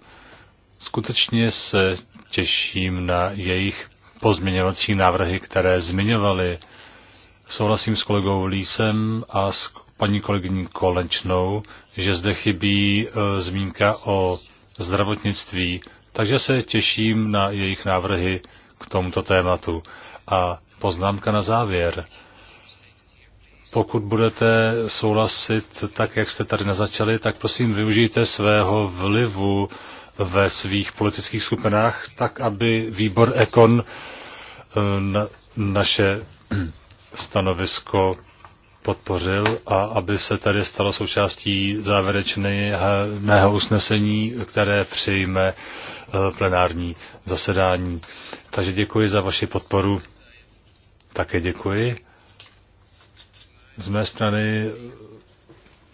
Skutečně se těším na jejich pozměňovací návrhy, které zmiňovali. Souhlasím s kolegou Lísem a s paní kolegyní Kolenčnou, že zde chybí e, zmínka o zdravotnictví, takže se těším na jejich návrhy k tomuto tématu. A poznámka na závěr. Pokud budete souhlasit tak, jak jste tady nazačali, tak prosím využijte svého vlivu ve svých politických skupinách, tak aby výbor Ekon eh, naše stanovisko podpořil a aby se tady stalo součástí závěrečného usnesení, které přijme eh, plenární zasedání. Takže děkuji za vaši podporu. Také děkuji. Z mé strany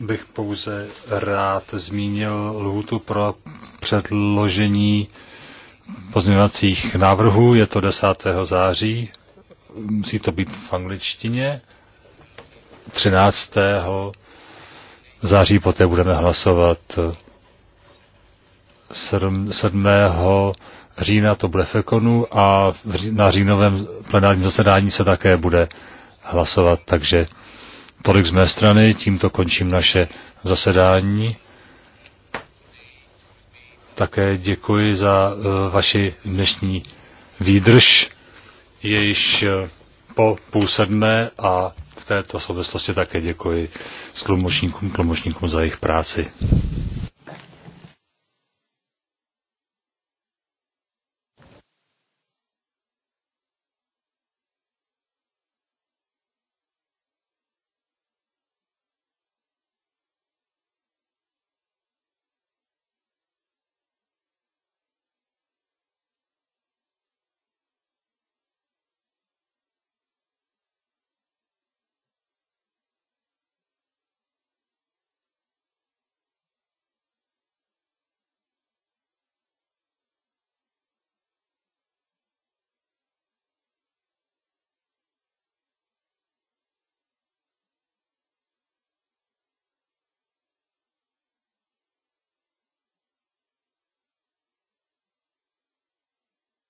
bych pouze rád zmínil lhůtu pro předložení pozměňovacích návrhů. Je to 10. září, musí to být v angličtině. 13. září poté budeme hlasovat. 7. října to bude v Ekonu a na říjnovém plenárním zasedání se také bude hlasovat, takže Tolik z mé strany, tímto končím naše zasedání. Také děkuji za eh, vaši dnešní výdrž, jejíž eh, po půl sedmé a v této souvislosti také děkuji tlumočníkům, tlumočníkům za jejich práci.